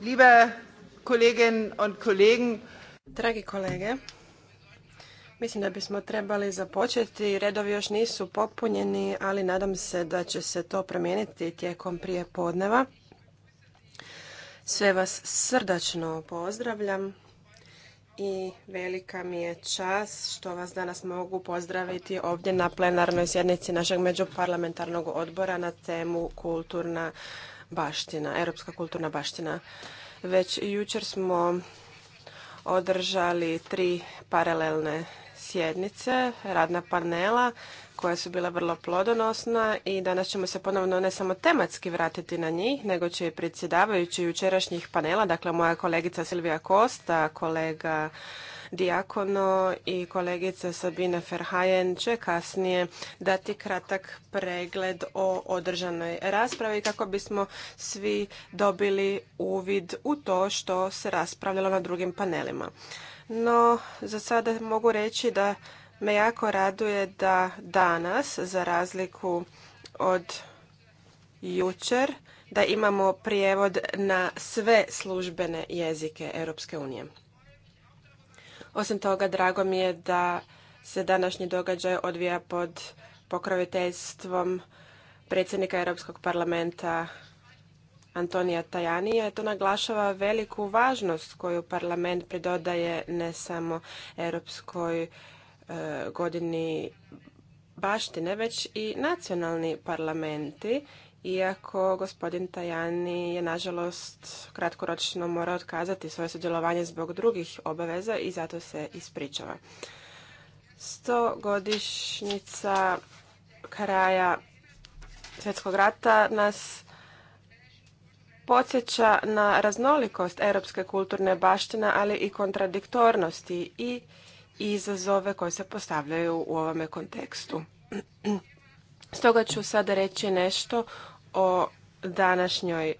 Liebe Kolleginnen und Kollegen, dragi kolege, mislim da bismo trebali započeti. Redovi još nisu popunjeni, ali nadam se da će se to promijeniti tijekom prije podneva. Sve vas srdačno pozdravljam i velika mi je čast što vas danas mogu pozdraviti ovdje na plenarnoj sjednici našeg međuparlamentarnog odbora na temu kulturna baština, europska kulturna baština. Već jučer smo održali tri paralelne sjednice, radna panela koja su bila vrlo plodonosna i danas ćemo se ponovno ne samo tematski vratiti na njih, nego će i predsjedavajući jučerašnjih panela, dakle moja kolegica Silvija Kosta, kolega Dijakono i kolegica Sabine Ferhajen će kasnije dati kratak pregled o održanoj raspravi kako bismo svi dobili uvid u to što se raspravljalo na drugim panelima. No, za sada mogu reći da me jako raduje da danas, za razliku od jučer, da imamo prijevod na sve službene jezike Europske unije. Osim toga, drago mi je da se današnji događaj odvija pod pokroviteljstvom predsjednika Europskog parlamenta Antonija Tajanija. To naglašava veliku važnost koju parlament pridodaje ne samo Europskoj e, godini baštine, već i nacionalni parlamenti iako gospodin Tajani je nažalost kratkoročno mora otkazati svoje sudjelovanje zbog drugih obaveza i zato se ispričava. godišnjica kraja svjetskog rata nas podsjeća na raznolikost europske kulturne baštine, ali i kontradiktornosti i izazove koje se postavljaju u ovome kontekstu. Stoga ću sada reći nešto o današnjoj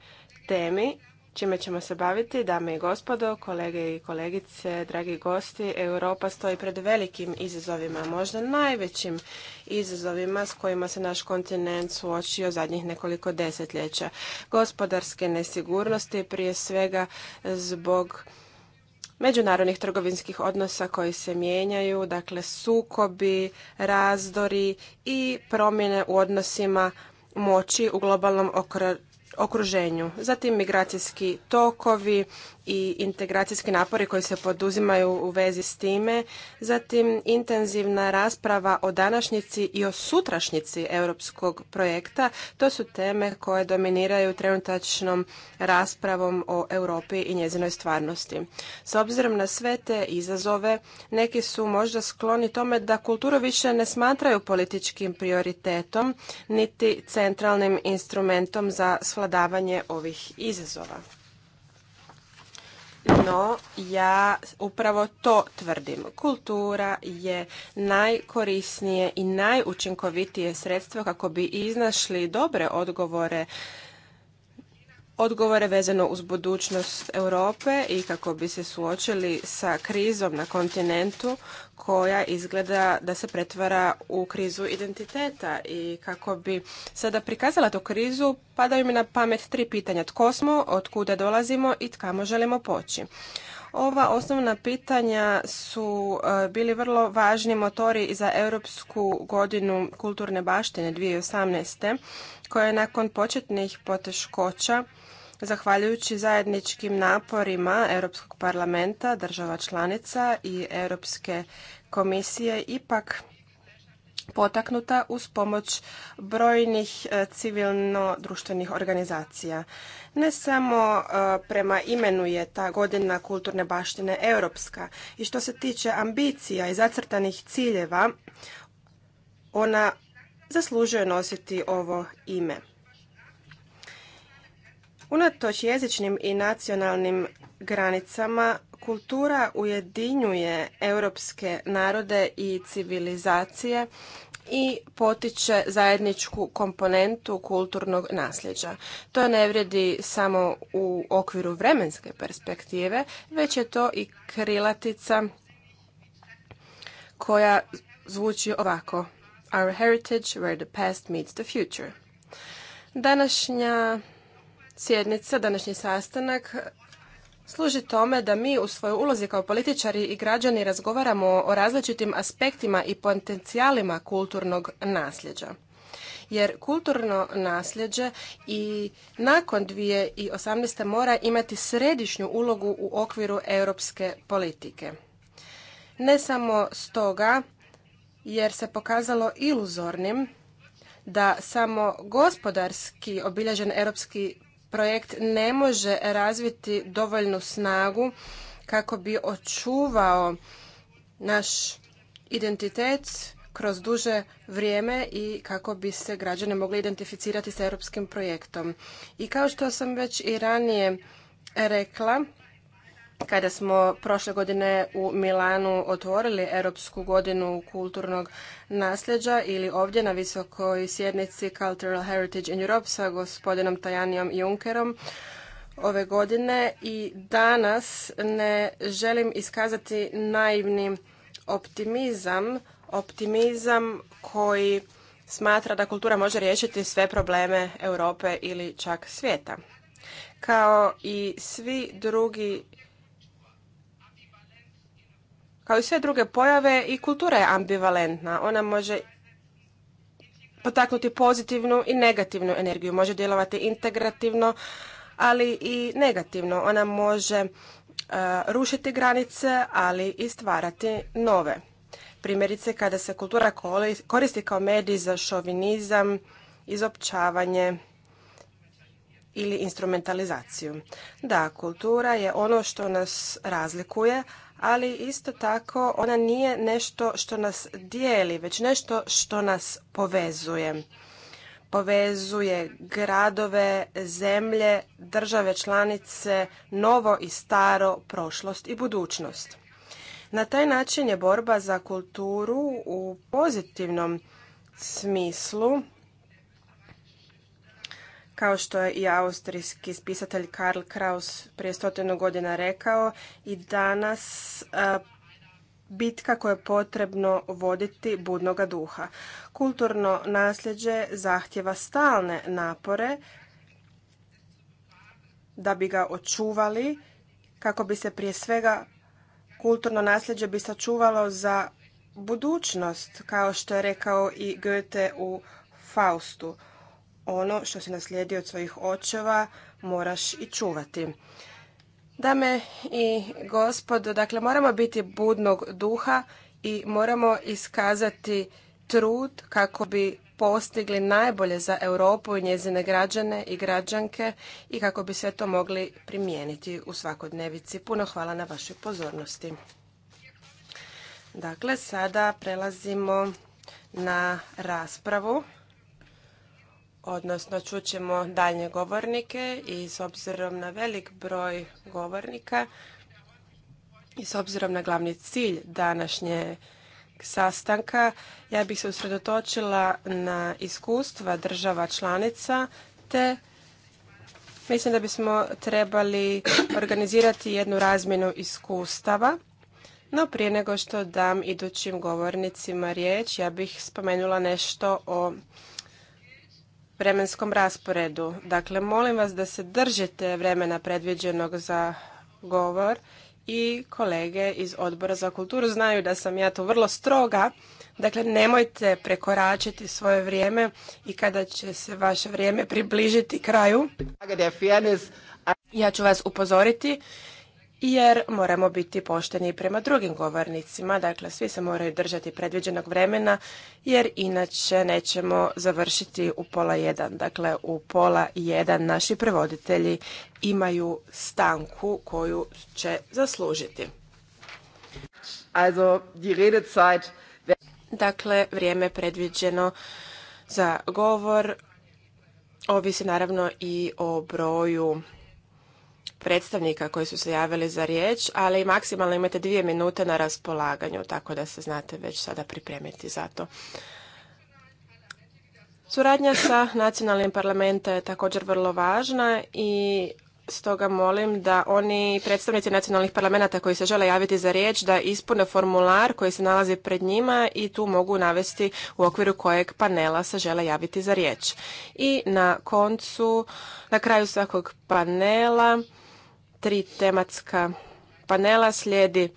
temi čime ćemo se baviti, dame i gospodo, kolege i kolegice, dragi gosti. Europa stoji pred velikim izazovima, možda najvećim izazovima s kojima se naš kontinent suočio zadnjih nekoliko desetljeća. Gospodarske nesigurnosti, prije svega zbog međunarodnih trgovinskih odnosa koji se mijenjaju, dakle sukobi, razdori i promjene u odnosima moći u globalnom okruženju. Zatim migracijski tokovi, i integracijski napori koji se poduzimaju u vezi s time, zatim intenzivna rasprava o današnjici i o sutrašnjici europskog projekta. To su teme koje dominiraju trenutačnom raspravom o Europi i njezinoj stvarnosti. S obzirom na sve te izazove, neki su možda skloni tome da kulturu više ne smatraju političkim prioritetom niti centralnim instrumentom za svladavanje ovih izazova no ja upravo to tvrdim. Kultura je najkorisnije i najučinkovitije sredstvo kako bi iznašli dobre odgovore odgovore vezano uz budućnost Europe i kako bi se suočili sa krizom na kontinentu koja izgleda da se pretvara u krizu identiteta i kako bi sada prikazala tu krizu padaju mi na pamet tri pitanja tko smo, od kuda dolazimo i kamo želimo poći. Ova osnovna pitanja su e, bili vrlo važni motori za Europsku godinu kulturne baštine 2018. koja je nakon početnih poteškoća Zahvaljujući zajedničkim naporima Europskog parlamenta, država članica i Europske komisije ipak potaknuta uz pomoć brojnih e, civilno-društvenih organizacija. Ne samo e, prema imenu je ta godina kulturne baštine europska i što se tiče ambicija i zacrtanih ciljeva, ona zaslužuje nositi ovo ime. Unatoč jezičnim i nacionalnim granicama, kultura ujedinjuje europske narode i civilizacije i potiče zajedničku komponentu kulturnog nasljeđa. To ne vrijedi samo u okviru vremenske perspektive, već je to i krilatica koja zvuči ovako. Our heritage where the past meets the future. Današnja sjednica, današnji sastanak služi tome da mi u svojoj ulozi kao političari i građani razgovaramo o različitim aspektima i potencijalima kulturnog nasljeđa. Jer kulturno nasljeđe i nakon 2018. mora imati središnju ulogu u okviru europske politike. Ne samo stoga jer se pokazalo iluzornim da samo gospodarski obilježen europski projekt ne može razviti dovoljnu snagu kako bi očuvao naš identitet kroz duže vrijeme i kako bi se građani mogli identificirati sa europskim projektom. I kao što sam već i ranije rekla, kada smo prošle godine u Milanu otvorili Europsku godinu kulturnog nasljeđa ili ovdje na visokoj sjednici Cultural Heritage in Europe sa gospodinom Tajanijom Junkerom, ove godine i danas ne želim iskazati naivni optimizam, optimizam koji smatra da kultura može riješiti sve probleme Europe ili čak svijeta. Kao i svi drugi kao i sve druge pojave i kultura je ambivalentna. Ona može potaknuti pozitivnu i negativnu energiju. Može djelovati integrativno, ali i negativno. Ona može e, rušiti granice, ali i stvarati nove. Primjerice, kada se kultura koristi kao medij za šovinizam, izopćavanje ili instrumentalizaciju. Da, kultura je ono što nas razlikuje, ali isto tako ona nije nešto što nas dijeli, već nešto što nas povezuje. Povezuje gradove, zemlje, države članice, novo i staro, prošlost i budućnost. Na taj način je borba za kulturu u pozitivnom smislu kao što je i austrijski spisatelj Karl Kraus prije stotinu godina rekao, i danas e, bitka koju je potrebno voditi budnoga duha. Kulturno nasljeđe zahtjeva stalne napore da bi ga očuvali, kako bi se prije svega kulturno nasljeđe bi sačuvalo za budućnost, kao što je rekao i Goethe u Faustu ono što se naslijedi od svojih očeva moraš i čuvati. Dame i gospod, dakle moramo biti budnog duha i moramo iskazati trud kako bi postigli najbolje za Europu i njezine građane i građanke i kako bi sve to mogli primijeniti u svakodnevici. Puno hvala na vašoj pozornosti. Dakle, sada prelazimo na raspravu odnosno čućemo daljnje govornike i s obzirom na velik broj govornika i s obzirom na glavni cilj današnjeg sastanka, ja bih se usredotočila na iskustva država članica te mislim da bismo trebali organizirati jednu razmjenu iskustava. No prije nego što dam idućim govornicima riječ, ja bih spomenula nešto o vremenskom rasporedu. Dakle, molim vas da se držite vremena predviđenog za govor i kolege iz Odbora za kulturu znaju da sam ja to vrlo stroga. Dakle, nemojte prekoračiti svoje vrijeme i kada će se vaše vrijeme približiti kraju, ja ću vas upozoriti jer moramo biti pošteni prema drugim govornicima, dakle svi se moraju držati predviđenog vremena jer inače nećemo završiti u pola jedan. Dakle u pola jedan naši prevoditelji imaju stanku koju će zaslužiti. Dakle, vrijeme predviđeno za govor ovisi naravno i o broju predstavnika koji su se javili za riječ, ali maksimalno imate dvije minute na raspolaganju, tako da se znate već sada pripremiti za to. Suradnja sa nacionalnim parlamentom je također vrlo važna i stoga molim da oni predstavnici nacionalnih parlamenta koji se žele javiti za riječ da ispune formular koji se nalazi pred njima i tu mogu navesti u okviru kojeg panela se žele javiti za riječ. I na koncu, na kraju svakog panela tri tematska panela slijedi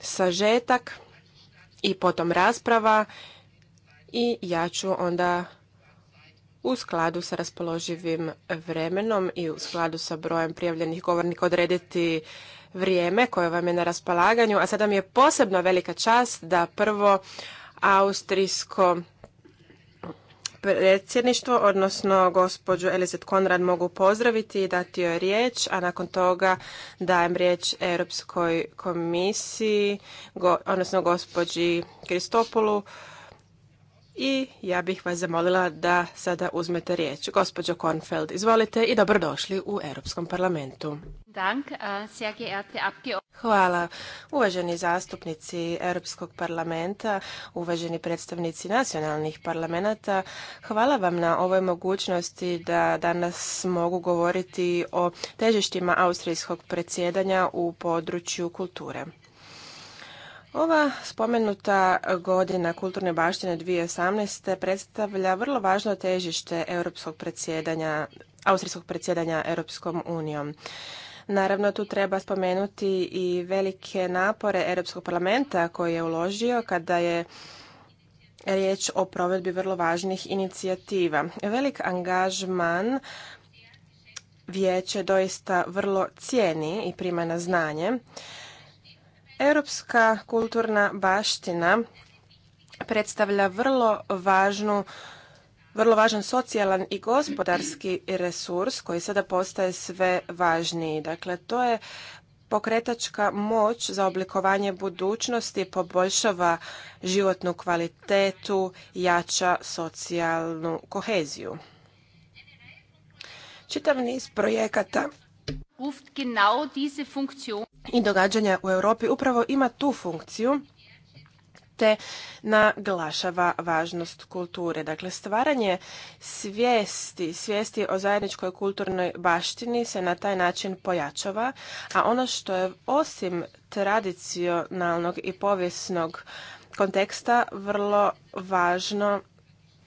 sažetak i potom rasprava i ja ću onda u skladu sa raspoloživim vremenom i u skladu sa brojem prijavljenih govornika odrediti vrijeme koje vam je na raspolaganju. A sada mi je posebno velika čast da prvo austrijsko predsjedništvo, odnosno gospođu Elizet Konrad mogu pozdraviti i dati joj riječ, a nakon toga dajem riječ Europskoj komisiji, odnosno gospođi Kristopolu i ja bih vas zamolila da sada uzmete riječ. Gospođo Kornfeld, izvolite i dobrodošli u Europskom parlamentu. Eh, hvala. Uvaženi zastupnici Europskog parlamenta, uvaženi predstavnici nacionalnih parlamenta, hvala vam na ovoj mogućnosti da danas mogu govoriti o težištima austrijskog predsjedanja u području kulture. Ova spomenuta godina kulturne baštine 2018. predstavlja vrlo važno težište europskog predsjedanja, austrijskog predsjedanja Europskom unijom. Naravno, tu treba spomenuti i velike napore Europskog parlamenta koji je uložio kada je riječ o provedbi vrlo važnih inicijativa. Velik angažman vijeće doista vrlo cijeni i prima na znanje. Europska kulturna baština predstavlja vrlo važnu vrlo važan socijalan i gospodarski resurs koji sada postaje sve važniji. Dakle, to je pokretačka moć za oblikovanje budućnosti, poboljšava životnu kvalitetu, jača socijalnu koheziju. Čitav niz projekata Ruft genau diese i događanja u Europi upravo ima tu funkciju te naglašava važnost kulture. Dakle, stvaranje svijesti, svijesti o zajedničkoj kulturnoj baštini se na taj način pojačava, a ono što je osim tradicionalnog i povijesnog konteksta vrlo važno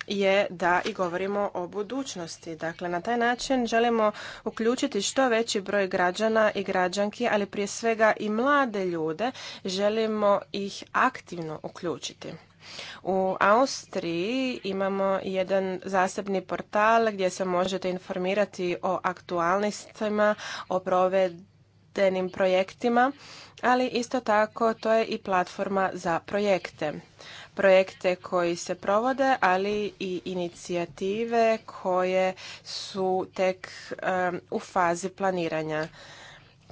je da i govorimo o budućnosti. Dakle, na taj način želimo uključiti što veći broj građana i građanki, ali prije svega i mlade ljude. Želimo ih aktivno uključiti. U Austriji imamo jedan zasebni portal gdje se možete informirati o aktualnostima, o provedenim projektima, ali isto tako to je i platforma za projekte projekte koji se provode, ali i inicijative koje su tek u fazi planiranja.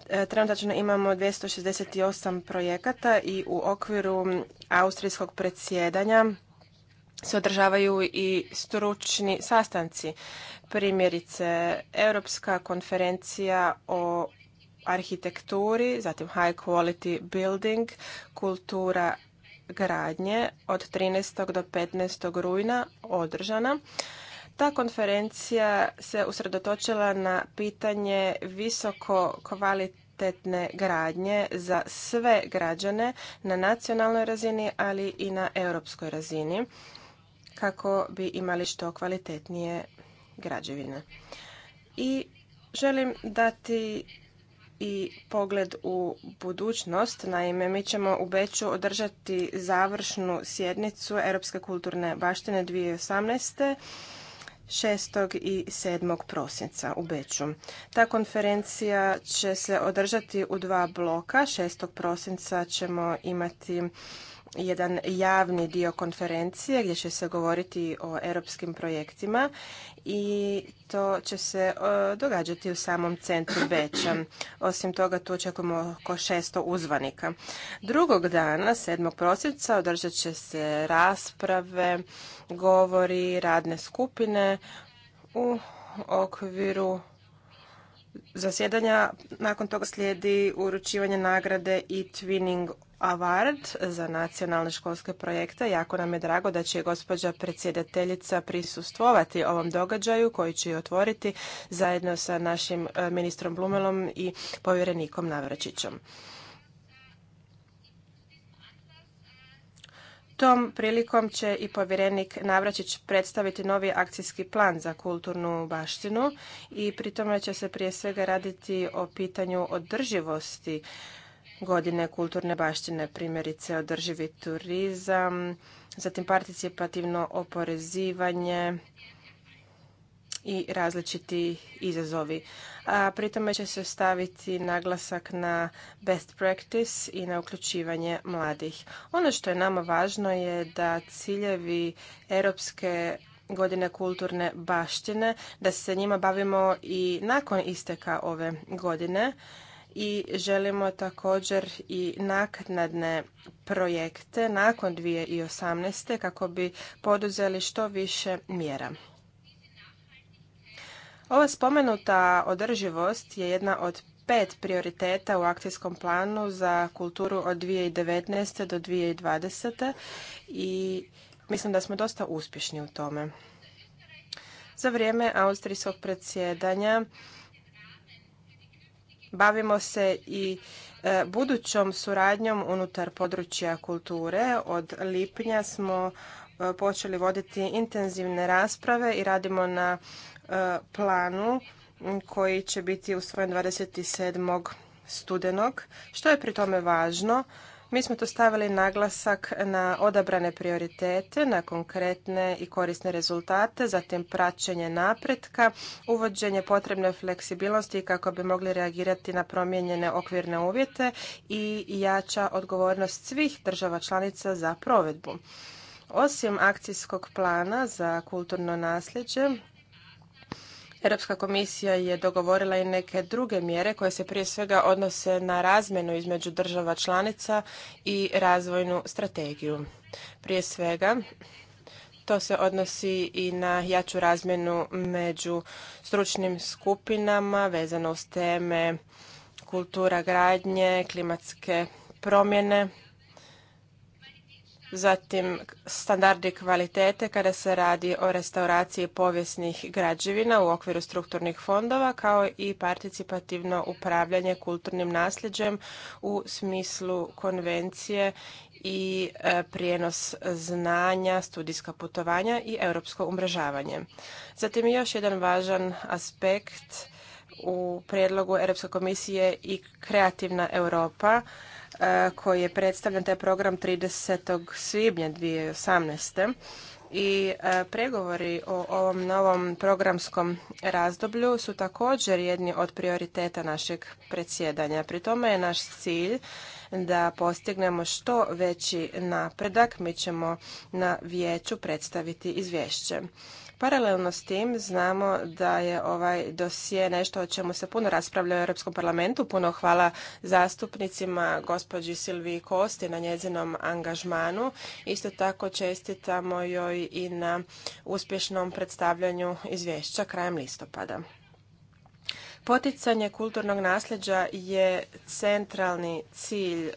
E, trenutačno imamo 268 projekata i u okviru austrijskog predsjedanja se održavaju i stručni sastanci. Primjerice, Europska konferencija o arhitekturi, zatim high quality building, kultura gradnje od 13. do 15. rujna održana. Ta konferencija se usredotočila na pitanje visoko kvalitetne gradnje za sve građane na nacionalnoj razini, ali i na europskoj razini, kako bi imali što kvalitetnije građevine. I želim dati i pogled u budućnost. Naime, mi ćemo u Beću održati završnu sjednicu Europske kulturne baštine 2018. 6. i 7. prosinca u Beću. Ta konferencija će se održati u dva bloka. 6. prosinca ćemo imati jedan javni dio konferencije gdje će se govoriti o europskim projektima i to će se e, događati u samom centru Beča. Osim toga tu očekujemo oko 600 uzvanika. Drugog dana, 7. prosinca, održat će se rasprave, govori, radne skupine u okviru zasjedanja. Nakon toga slijedi uručivanje nagrade i Twinning Award za nacionalne školske projekte. Jako nam je drago da će gospođa predsjedateljica prisustvovati ovom događaju koji će otvoriti zajedno sa našim e, ministrom Blumelom i povjerenikom Navračićom. Tom prilikom će i povjerenik Navračić predstaviti novi akcijski plan za kulturnu baštinu i pri tome će se prije svega raditi o pitanju održivosti godine kulturne baštine, primjerice održivi turizam, zatim participativno oporezivanje, i različiti izazovi. A pri tome će se staviti naglasak na best practice i na uključivanje mladih. Ono što je nama važno je da ciljevi europske godine kulturne baštine, da se njima bavimo i nakon isteka ove godine i želimo također i naknadne projekte nakon 2018. kako bi poduzeli što više mjera. Ova spomenuta održivost je jedna od pet prioriteta u akcijskom planu za kulturu od 2019. do 2020. i mislim da smo dosta uspješni u tome. Za vrijeme austrijskog predsjedanja bavimo se i e, budućom suradnjom unutar područja kulture. Od lipnja smo e, počeli voditi intenzivne rasprave i radimo na E, planu koji će biti usvojen 27. studenog. Što je pri tome važno? Mi smo tu stavili naglasak na odabrane prioritete, na konkretne i korisne rezultate, zatim praćenje napretka, uvođenje potrebne fleksibilnosti kako bi mogli reagirati na promijenjene okvirne uvjete i jača odgovornost svih država članica za provedbu. Osim akcijskog plana za kulturno nasljeđe, Europska komisija je dogovorila i neke druge mjere koje se prije svega odnose na razmjenu između država članica i razvojnu strategiju. Prije svega, to se odnosi i na jaču razmjenu među stručnim skupinama vezano uz teme kultura gradnje, klimatske promjene zatim standardi kvalitete kada se radi o restauraciji povijesnih građevina u okviru strukturnih fondova kao i participativno upravljanje kulturnim nasljeđem u smislu konvencije i e, prijenos znanja, studijska putovanja i europsko umrežavanje. Zatim još jedan važan aspekt u prijedlogu Europske komisije i kreativna Europa E, koji je predstavljen, taj program 30. svibnja 2018. I e, pregovori o ovom novom programskom razdoblju su također jedni od prioriteta našeg predsjedanja. Pri tome je naš cilj da postignemo što veći napredak. Mi ćemo na vijeću predstaviti izvješće. Paralelno s tim znamo da je ovaj dosije nešto o čemu se puno raspravlja u Europskom parlamentu. Puno hvala zastupnicima, gospođi Silviji Kosti na njezinom angažmanu. Isto tako čestitamo joj i na uspješnom predstavljanju izvješća krajem listopada. Poticanje kulturnog nasljeđa je centralni cilj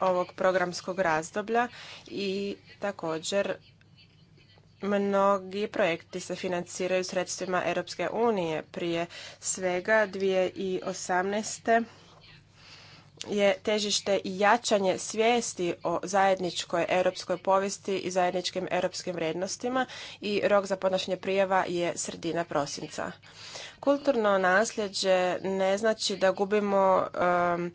ovog programskog razdoblja i također Mnogi projekti se financiraju sredstvima Europske unije. Prije svega 2018 je težište i jačanje svijesti o zajedničkoj europskoj povijesti i zajedničkim europskim vrijednostima i rok za podnošenje prijava je sredina prosinca. Kulturno nasljeđe ne znači da gubimo um,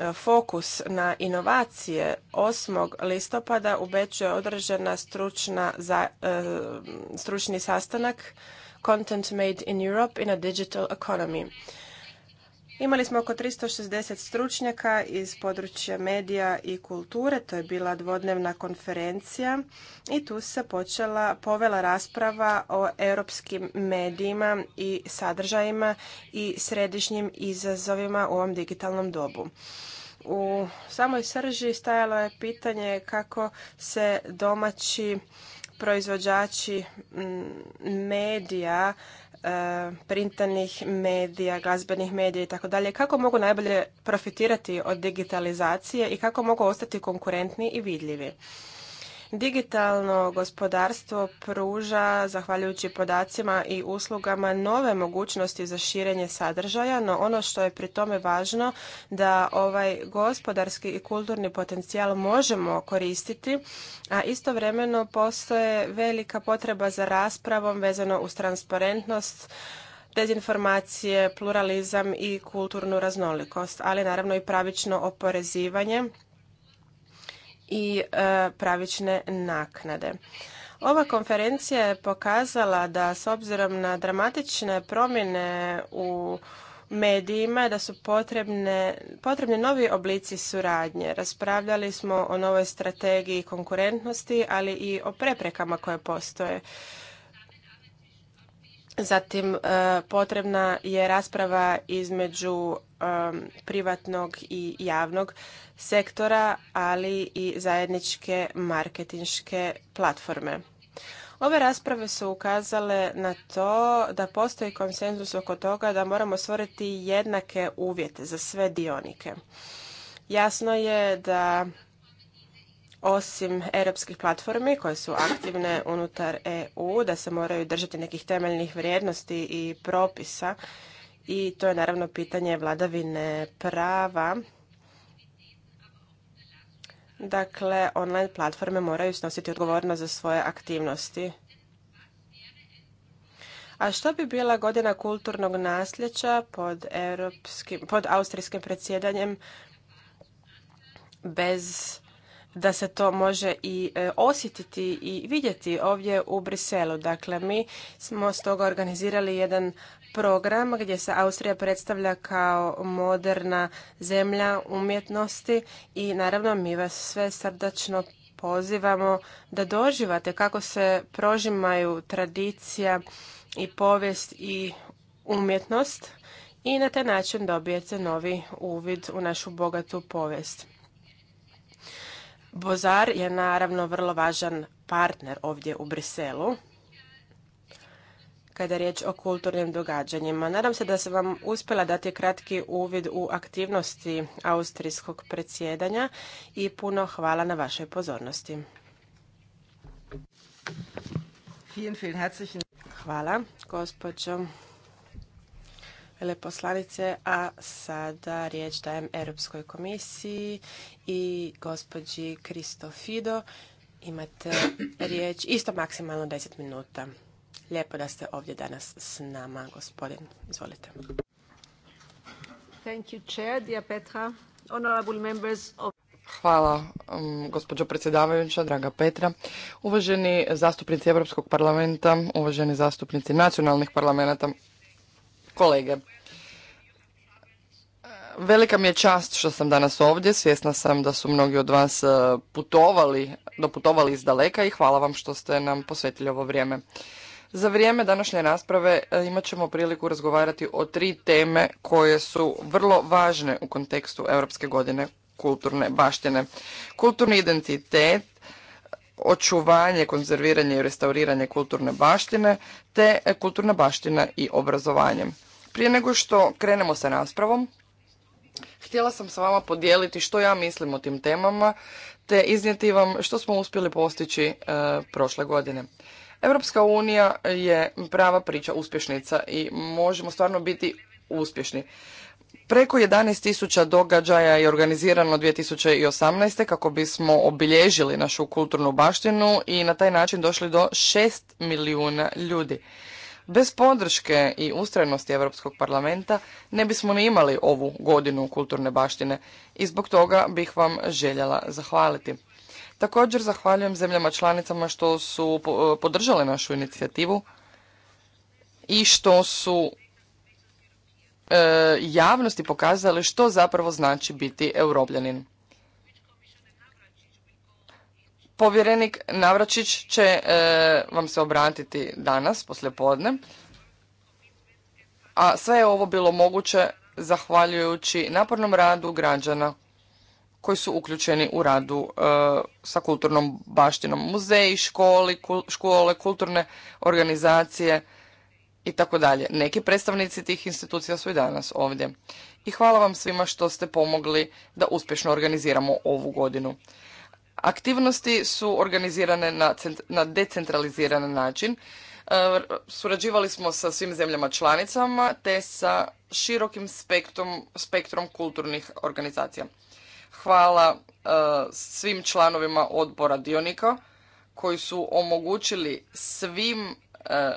E, fokus na inovacije 8. listopada u Beču je održana stručna za, e, stručni sastanak Content Made in Europe in a Digital Economy. Imali smo oko 360 stručnjaka iz područja medija i kulture, to je bila dvodnevna konferencija i tu se počela povela rasprava o europskim medijima i sadržajima i središnjim izazovima u ovom digitalnom dobu. U samoj srži stajalo je pitanje kako se domaći proizvođači medija E, printanih medija, glazbenih medija i tako dalje, kako mogu najbolje profitirati od digitalizacije i kako mogu ostati konkurentni i vidljivi. Digitalno gospodarstvo pruža, zahvaljujući podacima i uslugama, nove mogućnosti za širenje sadržaja, no ono što je pri tome važno da ovaj gospodarski i kulturni potencijal možemo koristiti, a istovremeno postoje velika potreba za raspravom vezano uz transparentnost, dezinformacije, pluralizam i kulturnu raznolikost, ali naravno i pravično oporezivanje i e, pravične naknade. Ova konferencija je pokazala da s obzirom na dramatične promjene u medijima da su potrebne, potrebni novi oblici suradnje. Raspravljali smo o novoj strategiji konkurentnosti, ali i o preprekama koje postoje. Zatim e, potrebna je rasprava između e, privatnog i javnog sektora, ali i zajedničke marketinške platforme. Ove rasprave su ukazale na to da postoji konsenzus oko toga da moramo stvoriti jednake uvjete za sve dionike. Jasno je da osim europskih platformi koje su aktivne unutar EU, da se moraju držati nekih temeljnih vrijednosti i propisa i to je naravno pitanje vladavine prava. Dakle, online platforme moraju snositi odgovornost za svoje aktivnosti. A što bi bila godina kulturnog nasljeća pod, europskim, pod austrijskim predsjedanjem bez da se to može i e, osjetiti i vidjeti ovdje u Briselu. Dakle, mi smo stoga organizirali jedan program gdje se Austrija predstavlja kao moderna zemlja umjetnosti i naravno mi vas sve srdačno pozivamo da doživate kako se prožimaju tradicija i povijest i umjetnost i na taj način dobijete novi uvid u našu bogatu povijest. Bozar je naravno vrlo važan partner ovdje u Briselu kada je riječ o kulturnim događanjima. Nadam se da sam vam uspjela dati kratki uvid u aktivnosti austrijskog predsjedanja i puno hvala na vašoj pozornosti. Hvala, gospođo veleposlanice, a sada riječ dajem Europskoj komisiji i gospođi Fido. Imate riječ isto maksimalno 10 minuta. Lijepo da ste ovdje danas s nama, gospodin. Izvolite. Thank you, Chair, dear Petra, honorable members of... Hvala, um, gospođo predsjedavajuća, draga Petra. Uvaženi zastupnici Europskog parlamenta, uvaženi zastupnici nacionalnih parlamenta, kolege. Velika mi je čast što sam danas ovdje, svjesna sam da su mnogi od vas e, putovali, doputovali iz daleka i hvala vam što ste nam posvetili ovo vrijeme. Za vrijeme današnje rasprave e, imat ćemo priliku razgovarati o tri teme koje su vrlo važne u kontekstu Europske godine kulturne baštine. Kulturni identitet, očuvanje, konzerviranje i restauriranje kulturne baštine te kulturna baština i obrazovanje. Prije nego što krenemo sa raspravom, htjela sam sa vama podijeliti što ja mislim o tim temama, te iznijeti vam što smo uspjeli postići e, prošle godine. Europska unija je prava priča uspješnica i možemo stvarno biti uspješni. Preko 11.000 događaja je organizirano 2018. kako bismo obilježili našu kulturnu baštinu i na taj način došli do 6 milijuna ljudi. Bez podrške i ustrajnosti Europskog parlamenta ne bismo ni imali ovu godinu kulturne baštine i zbog toga bih vam željela zahvaliti. Također zahvaljujem zemljama članicama što su e, podržale našu inicijativu i što su e, javnosti pokazali što zapravo znači biti europljanin. Povjerenik Navračić će e, vam se obratiti danas, podne, A sve je ovo bilo moguće zahvaljujući napornom radu građana koji su uključeni u radu e, sa kulturnom baštinom. Muzeji, školi, škole, kulturne organizacije i tako dalje. Neki predstavnici tih institucija su i danas ovdje. I hvala vam svima što ste pomogli da uspješno organiziramo ovu godinu. Aktivnosti su organizirane na, decentraliziran način. E, surađivali smo sa svim zemljama članicama te sa širokim spektrum spektrom kulturnih organizacija. Hvala e, svim članovima odbora dionika koji su omogućili svim e,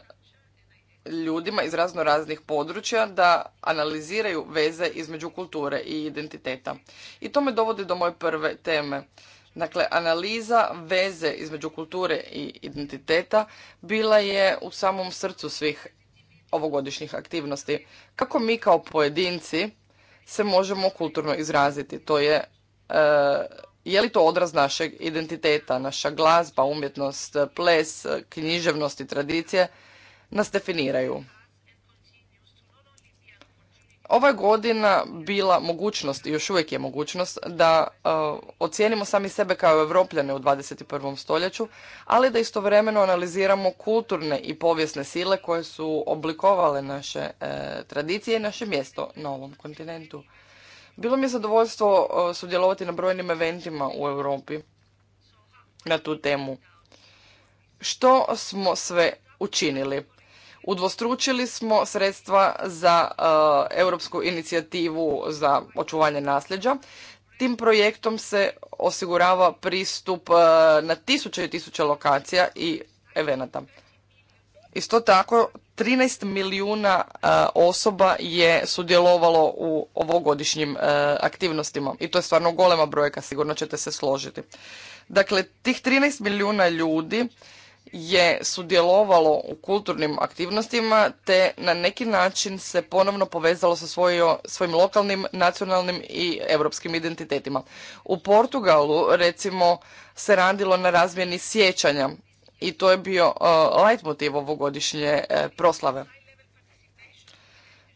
ljudima iz razno raznih područja da analiziraju veze između kulture i identiteta. I to me dovodi do moje prve teme. Dakle, analiza veze između kulture i identiteta bila je u samom srcu svih ovogodišnjih aktivnosti. Kako mi kao pojedinci se možemo kulturno izraziti? To je, eh, je li to odraz našeg identiteta, naša glazba, umjetnost, ples, književnost i tradicije nas definiraju. Ova je godina bila mogućnost i još uvijek je mogućnost da uh, ocijenimo sami sebe kao evropljane u 21. stoljeću, ali da istovremeno analiziramo kulturne i povijesne sile koje su oblikovale naše e, tradicije i naše mjesto na ovom kontinentu. Bilo mi je zadovoljstvo e, sudjelovati na brojnim eventima u Europi na tu temu. Što smo sve učinili? Udvostručili smo sredstva za e, europsku inicijativu za očuvanje nasljeđa. Tim projektom se osigurava pristup e, na tisuće i tisuće lokacija i evenata. Isto tako, 13 milijuna e, osoba je sudjelovalo u ovogodišnjim aktivnostima i to je stvarno golema brojka, sigurno ćete se složiti. Dakle, tih 13 milijuna ljudi je sudjelovalo u kulturnim aktivnostima te na neki način se ponovno povezalo sa svojo, svojim lokalnim, nacionalnim i europskim identitetima. U Portugalu recimo se radilo na razmjeni sjećanja i to je bio uh, leitmotiv ovogodišnje uh, proslave.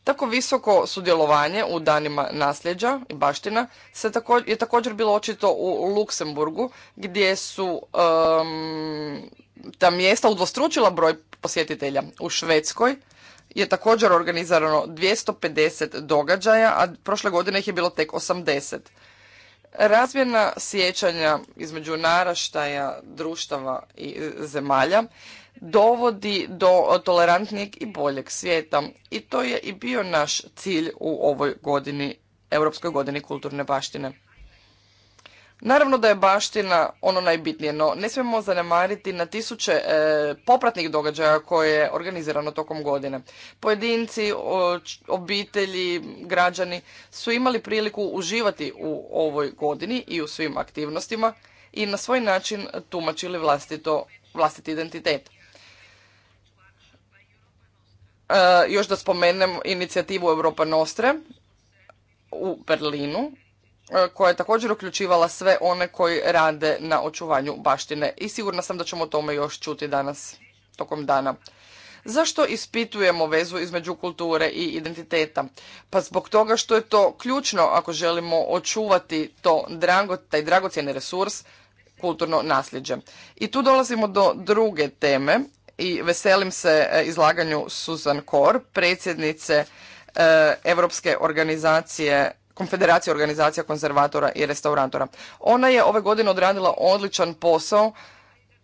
Tako visoko sudjelovanje u danima nasljeđa i baština se također, je također bilo očito u Luksemburgu gdje su ta mjesta udvostručila broj posjetitelja. U Švedskoj je također organizirano 250 događaja, a prošle godine ih je bilo tek 80. Razmjena sjećanja između naraštaja, društava i zemalja dovodi do tolerantnijeg i boljeg svijeta. I to je i bio naš cilj u ovoj godini, Europskoj godini kulturne baštine. Naravno da je baština ono najbitnije, no ne smijemo zanemariti na tisuće e, popratnih događaja koje je organizirano tokom godine. Pojedinci, obitelji, građani su imali priliku uživati u ovoj godini i u svim aktivnostima i na svoj način tumačili vlastito, vlastiti identitet. E, još da spomenem inicijativu Europa Nostre u Berlinu, e, koja je također uključivala sve one koji rade na očuvanju baštine i sigurna sam da ćemo o tome još čuti danas tokom dana. Zašto ispitujemo vezu između kulture i identiteta? Pa zbog toga što je to ključno ako želimo očuvati to taj dragocjeni resurs, kulturno nasljeđe. I tu dolazimo do druge teme i veselim se e, izlaganju Susan Kor, predsjednice Europske organizacije Konfederacije organizacija konzervatora i restauratora. Ona je ove godine odradila odličan posao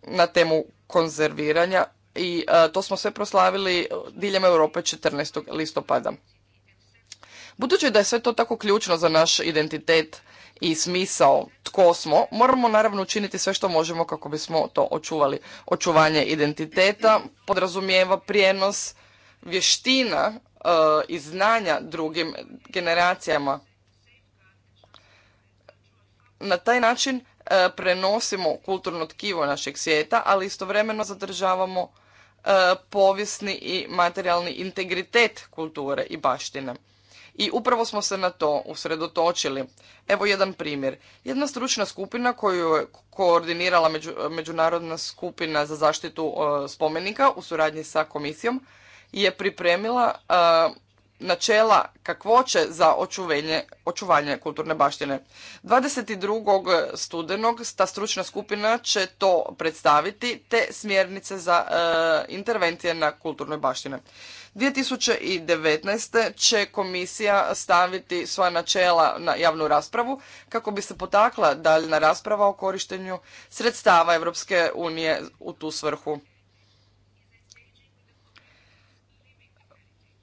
na temu konzerviranja i e, to smo sve proslavili diljem Europe 14. listopada. Budući da je sve to tako ključno za naš identitet, i smisao tko smo, moramo naravno učiniti sve što možemo kako bismo to očuvali. Očuvanje identiteta podrazumijeva prijenos vještina e, i znanja drugim generacijama. Na taj način e, prenosimo kulturno tkivo našeg svijeta, ali istovremeno zadržavamo e, povijesni i materijalni integritet kulture i baštine. I upravo smo se na to usredotočili. Evo jedan primjer. Jedna stručna skupina koju je koordinirala Međunarodna skupina za zaštitu e, spomenika u suradnji sa komisijom je pripremila e, načela kakvoće za očuvenje, očuvanje kulturne baštine. 22. studenog ta stručna skupina će to predstaviti te smjernice za e, intervencije na kulturnoj baštine. 2019. će komisija staviti sva načela na javnu raspravu kako bi se potakla daljna rasprava o korištenju sredstava Europske unije u tu svrhu.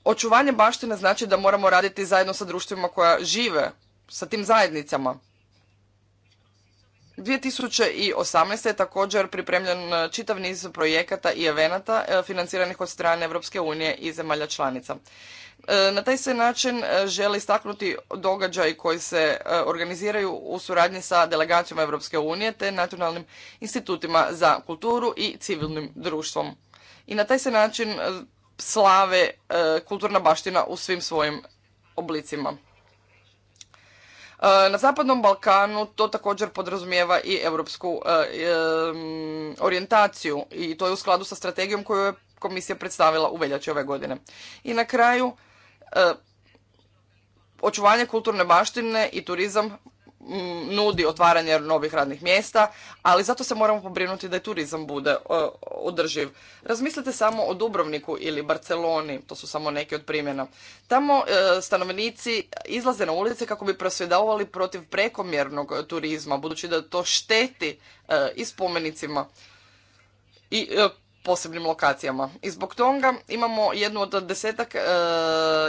Očuvanje baštine znači da moramo raditi zajedno sa društvima koja žive, sa tim zajednicama. 2018. je također pripremljen e, čitav niz projekata i evenata e, financiranih od strane Europske unije i zemalja članica. E, na taj se način želi istaknuti događaj koji se organiziraju u suradnji sa delegacijama Europske unije te nacionalnim institutima za kulturu i civilnim društvom. I na taj se način slave kulturna baština u svim svojim oblicima. Na Zapadnom Balkanu to također podrazumijeva i europsku e, e, orijentaciju i to je u skladu sa strategijom koju je komisija predstavila u veljači ove godine. I na kraju, e, očuvanje kulturne baštine i turizam nudi otvaranje novih radnih mjesta, ali zato se moramo pobrinuti da i turizam bude održiv. Razmislite samo o Dubrovniku ili Barceloni, to su samo neki od primjena. Tamo e, stanovnici izlaze na ulice kako bi prosvjedovali protiv prekomjernog turizma, budući da to šteti e, i spomenicima i e, posebnim lokacijama. I zbog toga imamo jednu od desetak e,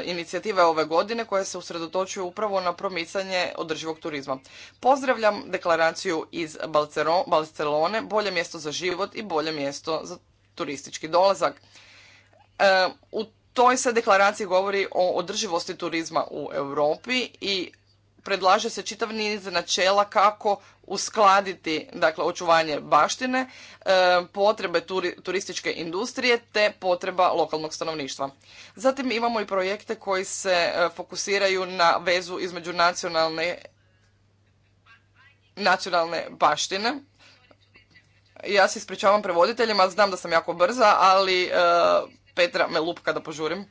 inicijative ove godine koje se usredotočuje upravo na promicanje održivog turizma. Pozdravljam deklaraciju iz Balcelone, bolje mjesto za život i bolje mjesto za turistički dolazak. E, u toj se deklaraciji govori o održivosti turizma u Europi i predlaže se čitav niz načela kako uskladiti dakle očuvanje baštine, e, potrebe turističke industrije te potreba lokalnog stanovništva. Zatim imamo i projekte koji se e, fokusiraju na vezu između nacionalne nacionalne baštine. Ja se ispričavam prevoditeljima, znam da sam jako brza, ali e, Petra me lupka da požurim.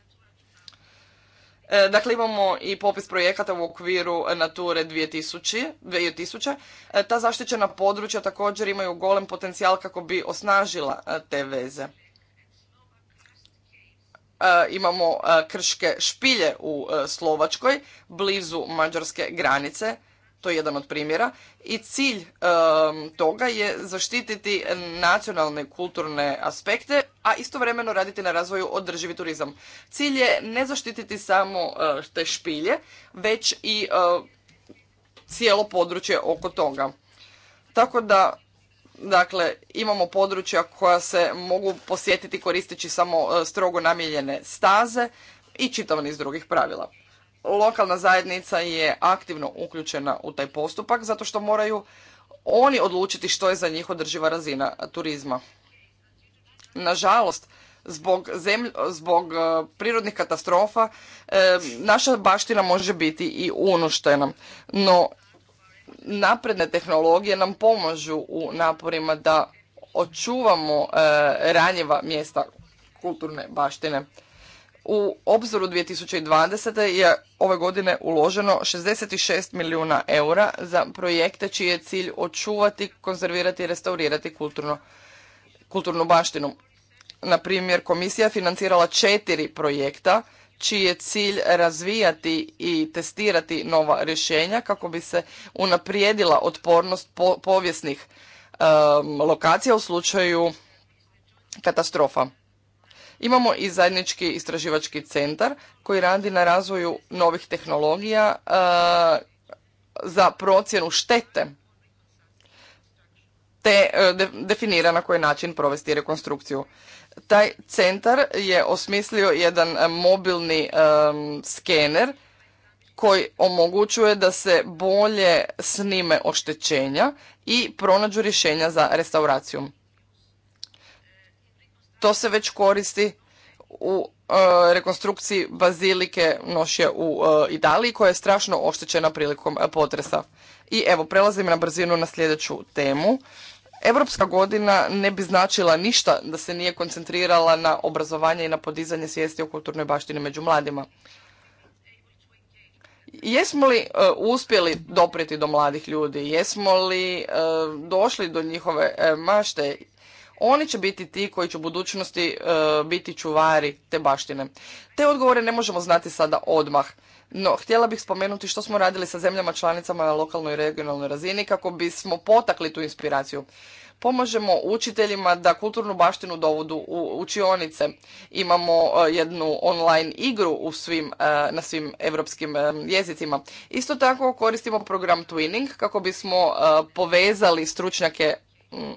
E, dakle, imamo i popis projekata u okviru Nature 2000. 2000. E, ta zaštićena područja također imaju golem potencijal kako bi osnažila e, te veze. Imamo krške špilje u Slovačkoj, blizu mađarske granice to je jedan od primjera i cilj toga je zaštititi nacionalne kulturne aspekte, a istovremeno raditi na razvoju održivi turizam. Cilj je ne zaštititi samo e, te špilje, već i e, cijelo područje oko toga. Tako da Dakle, imamo područja koja se mogu posjetiti koristeći samo e, strogo namijenjene staze i čitav iz drugih pravila lokalna zajednica je aktivno uključena u taj postupak zato što moraju oni odlučiti što je za njih održiva razina turizma. Nažalost, zbog, zbog e, prirodnih katastrofa e, naša baština može biti i unuštena. No, napredne tehnologije nam pomažu u naporima da očuvamo ranjeva ranjiva mjesta kulturne baštine. U obzoru 2020. je ove godine uloženo 66 milijuna eura za projekte čiji je cilj očuvati, konzervirati i restaurirati kulturno, kulturnu baštinu. Na primjer, komisija je financirala četiri projekta čiji je cilj razvijati i testirati nova rješenja kako bi se unaprijedila otpornost po povijesnih lokacija u slučaju katastrofa. Imamo i zajednički istraživački centar koji radi na razvoju novih tehnologija e, za procjenu štete te e, definira na koji način provesti rekonstrukciju. Taj centar je osmislio jedan mobilni e, skener koji omogućuje da se bolje snime oštećenja i pronađu rješenja za restauraciju. To se već koristi u e, rekonstrukciji bazilike nošje u e, Italiji koja je strašno oštećena prilikom e, potresa. I evo, prelazim na brzinu na sljedeću temu. Europska godina ne bi značila ništa da se nije koncentrirala na obrazovanje i na podizanje svijesti o kulturnoj baštini među mladima. Jesmo li uspjeli doprijeti do mladih ljudi? Jesmo li došli do njihove mašte? Oni će biti ti koji će u budućnosti e, biti čuvari te baštine. Te odgovore ne možemo znati sada odmah. No, htjela bih spomenuti što smo radili sa zemljama članicama na lokalnoj i regionalnoj razini kako bismo potakli tu inspiraciju. Pomažemo učiteljima da kulturnu baštinu dovodu u učionice. Imamo e, jednu online igru u svim, e, na svim europskim jezicima. Isto tako koristimo program Twinning kako bismo povezali stručnjake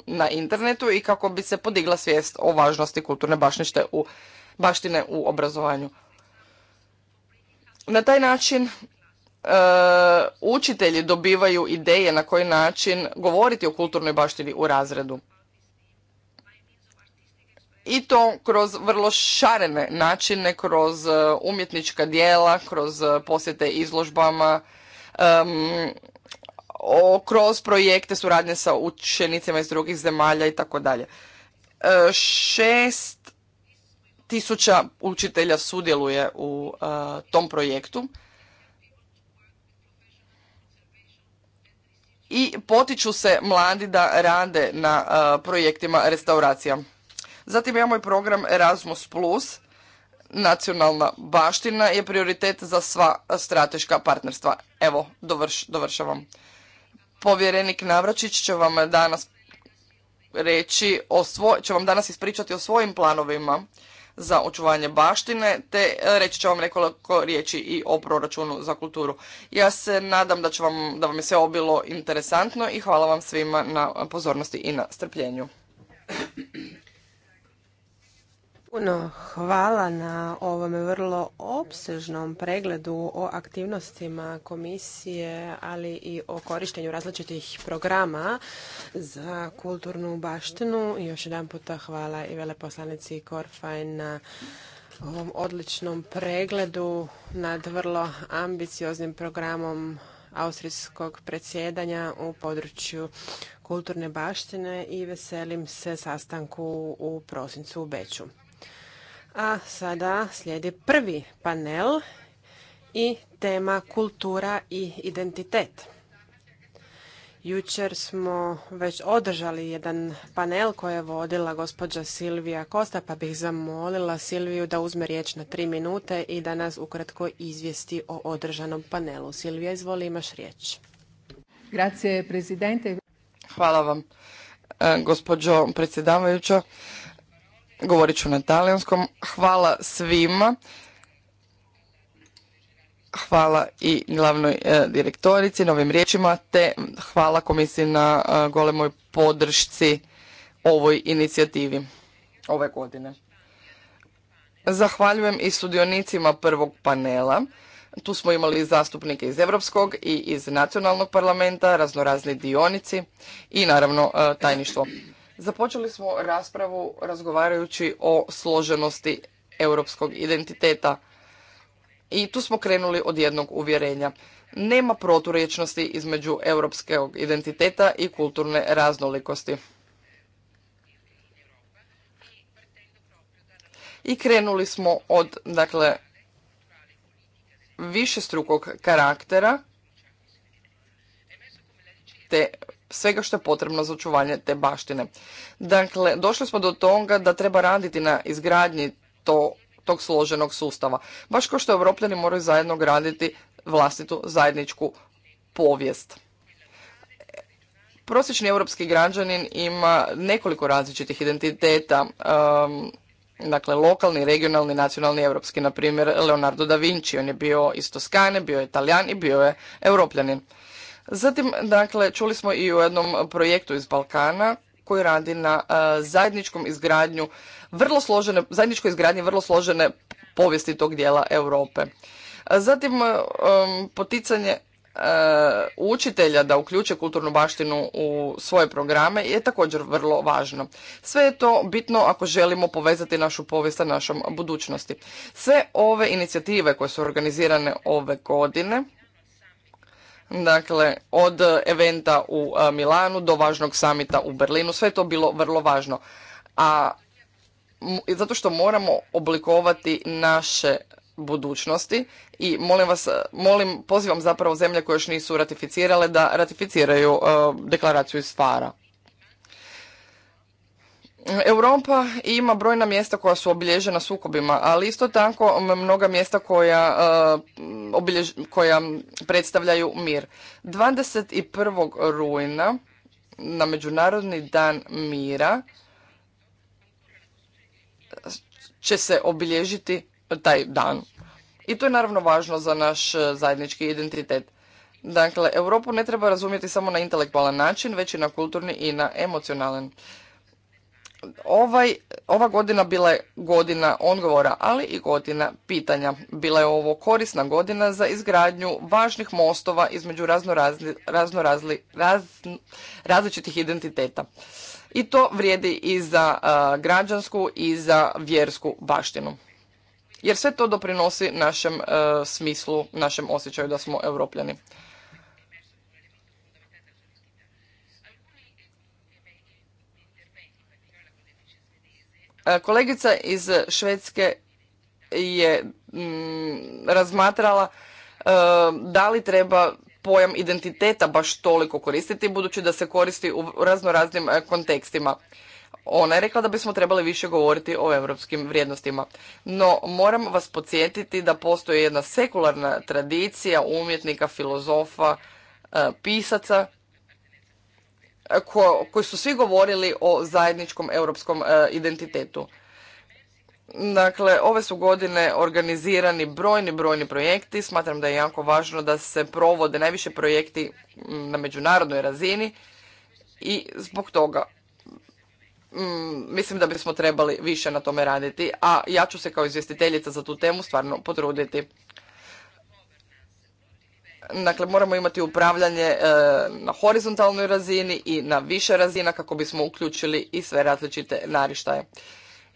na internetu i kako bi se podigla svijest o važnosti kulturne bašnište u, baštine u obrazovanju. Na taj način e, učitelji dobivaju ideje na koji način govoriti o kulturnoj baštini u razredu. I to kroz vrlo šarene načine, kroz e, umjetnička dijela, kroz e, posjete izložbama, kroz projekte suradnje sa učenicima iz drugih zemalja i tako dalje. E, šest tisuća učitelja sudjeluje u e, tom projektu i potiču se mladi da rade na e, projektima restauracija. Zatim imamo i program Erasmus+, nacionalna baština je prioritet za sva strateška partnerstva. Evo, dovršavam. Povjerenik Navračić će vam danas reći, će vam danas ispričati o svojim planovima za očuvanje baštine, te e, reći će vam nekoliko riječi i o proračunu za kulturu. Ja se nadam da, će vam, da vam je sve obilo interesantno i hvala vam svima na pozornosti i na strpljenju. Puno hvala na ovome vrlo opsežnom pregledu o aktivnostima komisije, ali i o korištenju različitih programa za kulturnu baštinu. Još jedan puta hvala i veleposlanici Korfaj na ovom odličnom pregledu nad vrlo ambicioznim programom austrijskog predsjedanja u području kulturne baštine i veselim se sastanku u prosincu u Beću. A sada slijedi prvi panel i tema kultura i identitet. Jučer smo već održali jedan panel koji je vodila gospođa Silvija Kosta, pa bih zamolila Silviju da uzme riječ na tri minute i da nas ukratko izvijesti o održanom panelu. Silvija, izvoli, imaš riječ. Grazie, Hvala vam, e, gospođo predsjedavajuća. Govorit ću na talijanskom. Hvala svima. Hvala i glavnoj e, direktorici na ovim riječima, te hvala komisiji na e, golemoj podršci ovoj inicijativi ove godine. Zahvaljujem i sudionicima prvog panela. Tu smo imali zastupnike iz Europskog i iz nacionalnog parlamenta, raznorazni dionici i naravno e, tajništvo. Započeli smo raspravu razgovarajući o složenosti europskog identiteta i tu smo krenuli od jednog uvjerenja. Nema proturječnosti između europskog identiteta i kulturne raznolikosti. I krenuli smo od, dakle, višestrukog karaktera te svega što je potrebno za očuvanje te baštine. Dakle, došli smo do toga da treba raditi na izgradnji tog složenog sustava. Baš kao što Evropljani moraju zajedno graditi vlastitu zajedničku povijest. Prosječni europski građanin ima nekoliko različitih identiteta, um, dakle lokalni, regionalni, nacionalni, europski, na primjer Leonardo da Vinci, on je bio iz Toskane, bio je Italijan i bio je Europljanin. Zatim, dakle, čuli smo i u jednom projektu iz Balkana koji radi na e, zajedničkom izgradnju vrlo složene, zajedničkoj izgradnji vrlo složene povijesti tog dijela Europe. Zatim, e, poticanje e, učitelja da uključe kulturnu baštinu u svoje programe je također vrlo važno. Sve je to bitno ako želimo povezati našu povijest sa našom budućnosti. Sve ove inicijative koje su organizirane ove godine dakle od eventa u e, Milanu do važnog samita u Berlinu, sve je to bilo vrlo važno. A zato što moramo oblikovati naše budućnosti i molim vas, e, molim, pozivam zapravo zemlje koje još nisu ratificirale da ratificiraju e, deklaraciju iz Fara. Europa ima brojna mjesta koja su obilježena sukobima, ali isto tako mnoga mjesta koja, eh, koja predstavljaju mir. 21. rujna na Međunarodni dan mira će se obilježiti taj dan. I to je naravno važno za naš eh, zajednički identitet. Dakle, Europu ne treba razumjeti samo na intelektualan način, već i na kulturni i na emocionalan. Ovaj, ova godina bila je godina odgovora, ali i godina pitanja. Bila je ovo korisna godina za izgradnju važnih mostova između razno, razli, raz, različitih identiteta. I to vrijedi i za građansku i za vjersku baštinu. Jer sve to doprinosi našem smislu, našem osjećaju da smo europljani. E, kolegica iz Švedske je mm, razmatrala e, da li treba pojam identiteta baš toliko koristiti budući da se koristi u raznoraznim e, kontekstima. Ona je rekla da bismo trebali više govoriti o europskim vrijednostima. No, moram vas podsjetiti da postoji jedna sekularna tradicija umjetnika, filozofa, pisaca E, koji su svi govorili o zajedničkom europskom e, identitetu. Dakle, ove su godine organizirani brojni, brojni projekti. Smatram da je jako važno da se provode najviše projekti na međunarodnoj razini i zbog toga mislim da bismo trebali više na tome raditi, a ja ću se kao izvjestiteljica za tu temu stvarno potruditi. Dakle, moramo imati upravljanje e, na horizontalnoj razini i na više razina kako bismo uključili i sve različite narištaje.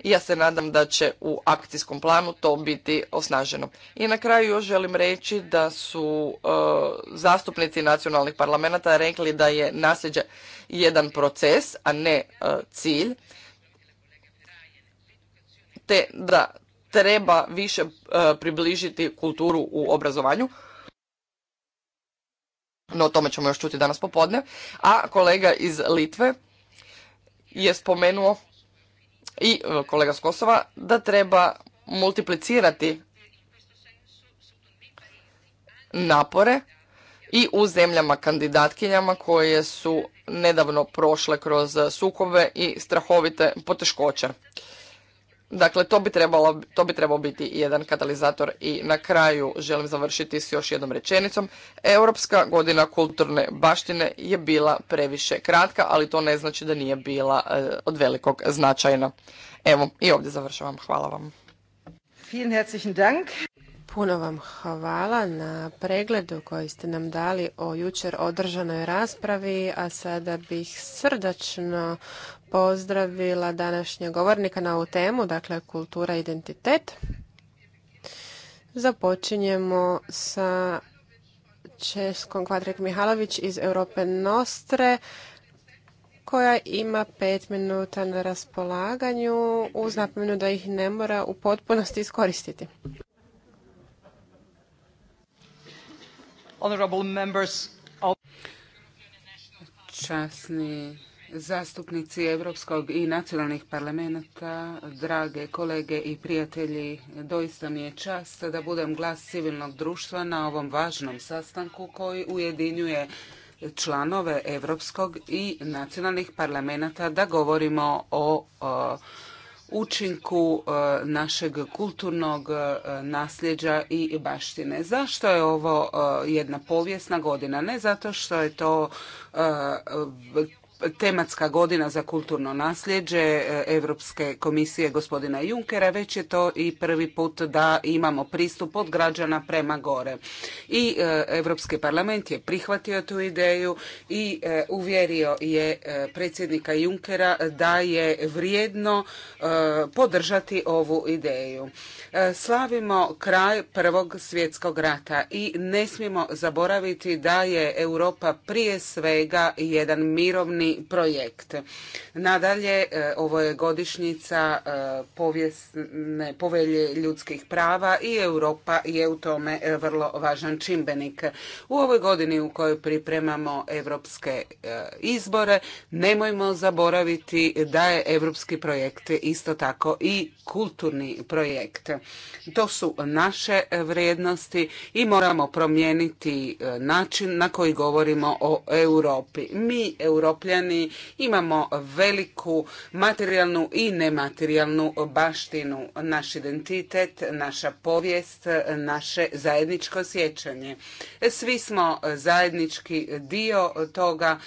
ja se nadam da će u akcijskom planu to biti osnaženo. I na kraju još želim reći da su e, zastupnici nacionalnih parlamenta rekli da je nasljeđe jedan proces, a ne e, cilj, te da treba više približiti kulturu u obrazovanju no o tome ćemo još čuti danas popodne. A kolega iz Litve je spomenuo i e, kolega s Kosova da treba multiplicirati napore i u zemljama kandidatkinjama koje su nedavno prošle kroz sukove i strahovite poteškoće. Dakle, to bi, trebalo, to bi trebao biti jedan katalizator i na kraju želim završiti s još jednom rečenicom. Europska godina kulturne baštine je bila previše kratka, ali to ne znači da nije bila e, od velikog značajna. Evo, i ovdje završavam. Hvala vam. Vielen herzlichen Dank. Puno vam hvala na pregledu koji ste nam dali o jučer održanoj raspravi, a sada bih srdačno pozdravila današnjeg govornika na ovu temu, dakle kultura i identitet. Započinjemo sa Českom Kvadrik Mihalović iz Europe Nostre koja ima pet minuta na raspolaganju uz napomenu da ih ne mora u potpunosti iskoristiti. honorable members Časni zastupnici Evropskog i nacionalnih parlamenta, drage kolege i prijatelji, doista mi je čast da budem glas civilnog društva na ovom važnom sastanku koji ujedinjuje članove Evropskog i nacionalnih parlamenta da govorimo o, o učinku e, našeg kulturnog e, nasljeđa i baštine. Zašto je ovo e, jedna povijesna godina? Ne zato što je to tematska godina za kulturno nasljeđe Europske komisije gospodina Junkera, već je to i prvi put da imamo pristup od građana prema gore. I Europski parlament je prihvatio tu ideju i e, uvjerio je e, predsjednika Junkera da je vrijedno e, podržati ovu ideju. Slavimo kraj Prvog svjetskog rata i ne smijemo zaboraviti da je Europa prije svega jedan mirovni projekt. Nadalje, e, ovo je godišnjica e, povijesne povelje ljudskih prava i Europa je u tome e, vrlo važan čimbenik. U ovoj godini u kojoj pripremamo europske izbore, nemojmo zaboraviti da je europski projekt isto tako i kulturni projekt. To su naše vrijednosti i moramo promijeniti način na koji govorimo o Europi. Mi, europljani, imamo veliku materijalnu i nematerijalnu baštinu, naš identitet, naša povijest, naše zajedničko sjećanje. Svi smo zajednički dio toga,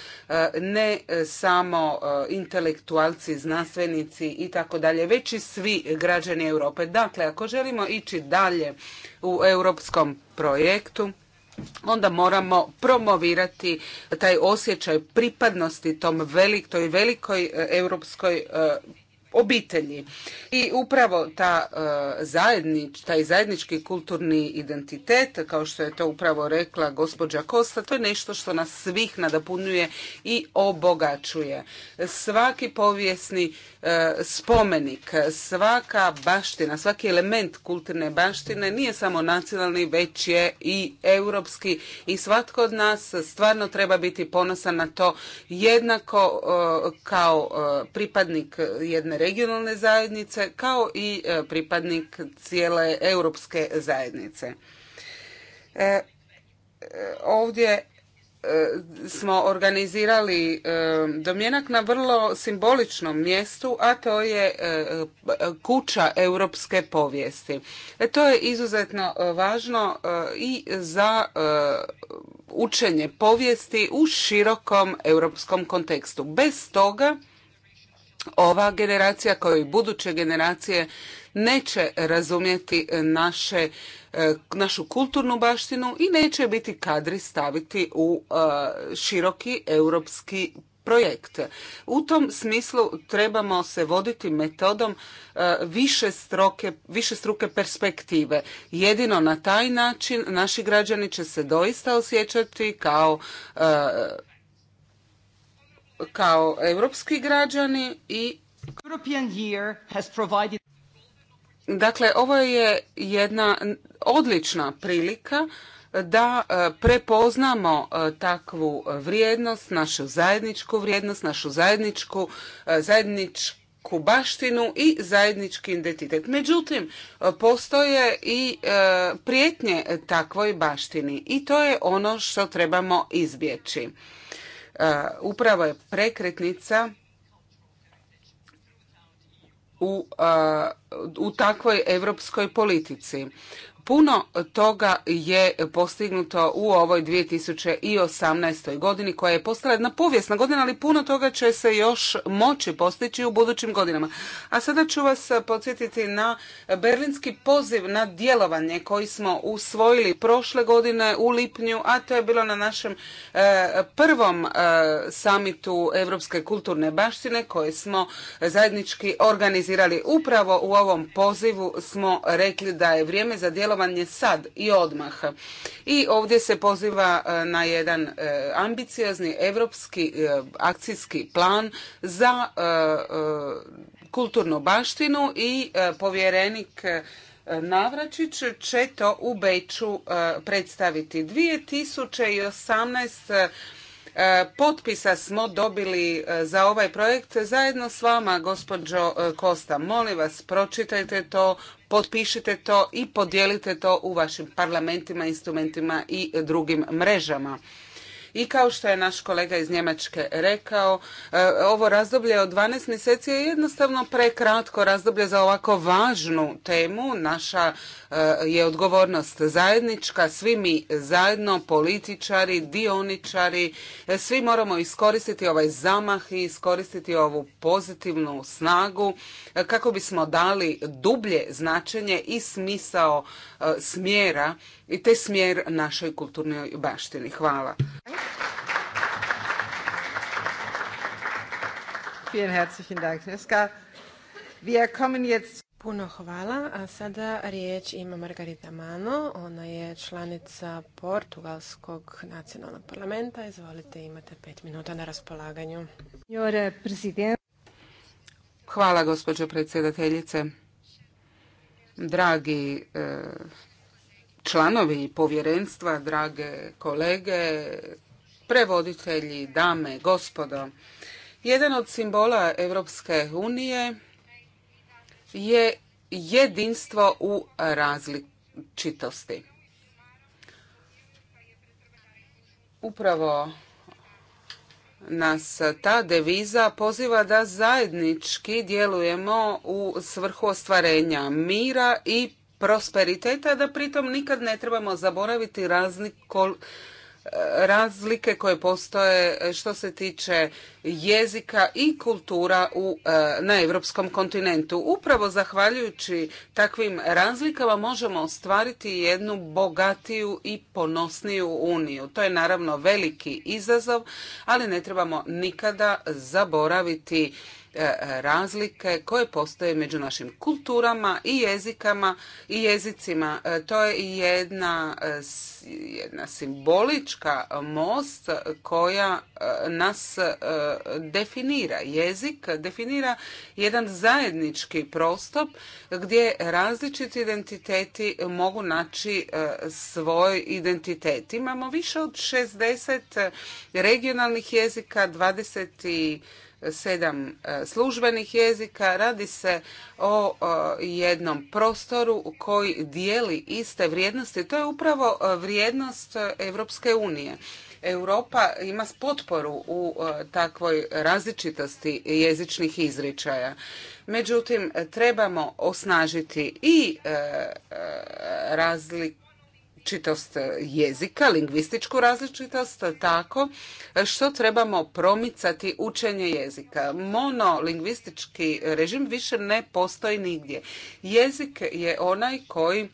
ne samo e, intelektualci, znanstvenici i tako dalje, već i svi građani Europe. Dakle, ako želimo ići dalje u europskom projektu, onda moramo promovirati taj osjećaj pripadnosti tom velik, toj velikoj e, europskoj e, obitelji. I upravo ta, e, zajednič, taj zajednički kulturni identitet, kao što je to upravo rekla gospođa Kosta, to je nešto što nas svih nadopunjuje i obogačuje. Svaki povijesni e, spomenik, svaka baština, svaki element kulturne baštine nije samo nacionalni, već je i europski i svatko od nas stvarno treba biti ponosan na to jednako e, kao pripadnik jedne regionalne zajednice kao i e, pripadnik cijele europske zajednice. E, e, ovdje smo organizirali domjenak na vrlo simboličnom mjestu, a to je kuća europske povijesti. To je izuzetno važno i za učenje povijesti u širokom europskom kontekstu. Bez toga ova generacija kao i buduće generacije neće razumjeti naše, e, našu kulturnu baštinu i neće biti kadri staviti u e, široki europski projekt. U tom smislu trebamo se voditi metodom e, više, stroke, više struke perspektive. Jedino na taj način naši građani će se doista osjećati kao kao europski građani i Dakle, ovo je jedna odlična prilika da e, prepoznamo e, takvu vrijednost, našu zajedničku vrijednost, našu zajedničku, e, zajedničku baštinu i zajednički identitet. Međutim, postoje i prijetnje takvoj baštini i to je ono što trebamo izbjeći. E, upravo je prekretnica u, e, takvoj europskoj politici. Puno toga je postignuto u ovoj 2018. godini koja je postala jedna povijesna godina, ali puno toga će se još moći postići u budućim godinama. A sada ću vas podsjetiti na berlinski poziv na djelovanje koji smo usvojili prošle godine u lipnju, a to je bilo na našem e, prvom e, samitu Europske kulturne baštine koje smo zajednički organizirali. Upravo u ovom pozivu smo rekli da je vrijeme za djelovanje djelovanje sad i odmah. I ovdje se poziva e, na jedan e, ambiciozni europski e, akcijski plan za kulturnu baštinu i povjerenik Navračić će to u Beču predstaviti. 2018 E, potpisa smo dobili e, za ovaj projekt zajedno s vama, gospođo e, Kosta. Molim vas, pročitajte to, potpišite to i podijelite to u vašim parlamentima, instrumentima i drugim mrežama. I kao što je naš kolega iz Njemačke rekao, e, ovo razdoblje od 12 mjeseci je jednostavno prekratko razdoblje za ovako važnu temu. Naša e, je odgovornost zajednička, svi mi zajedno, političari, dioničari, e, svi moramo iskoristiti ovaj zamah i iskoristiti ovu pozitivnu snagu kako bismo dali dublje značenje i smisao smjera i te smjer našoj kulturnoj baštini. Hvala. Puno hvala, a sada riječ ima Margarita Mano, ona je članica Portugalskog nacionalnog parlamenta. Izvolite, imate pet minuta na raspolaganju. Hvala, gospođo predsjedateljice. Dragi eh, članovi povjerenstva, drage kolege, prevoditelji, dame, gospodo. Jedan od simbola Europske unije je jedinstvo u različitosti. Upravo nas ta deviza poziva da zajednički djelujemo u svrhu ostvarenja mira i prosperiteta, da pritom nikad ne trebamo zaboraviti razlike koje postoje e, što se tiče jezika i kultura u, e, na europskom kontinentu. Upravo zahvaljujući takvim razlikama možemo ostvariti jednu bogatiju i ponosniju uniju. To je naravno veliki izazov, ali ne trebamo nikada zaboraviti E, razlike koje postoje među našim kulturama i jezikama i jezicima. E, to je jedna, e, jedna simbolička most koja nas definira. Jezik definira jedan zajednički prostor gdje različiti identiteti mogu naći svoj identitet. Imamo više od 60 regionalnih jezika, 20 sedam e, službenih jezika. Radi se o e, jednom prostoru koji dijeli iste vrijednosti. To je upravo e, vrijednost Europske unije. Europa ima potporu u takvoj različitosti jezičnih izričaja. Međutim, trebamo osnažiti i razliku različitost jezika, lingvističku različitost, tako što trebamo promicati učenje jezika. Monolingvistički režim više ne postoji nigdje. Jezik je onaj koji e,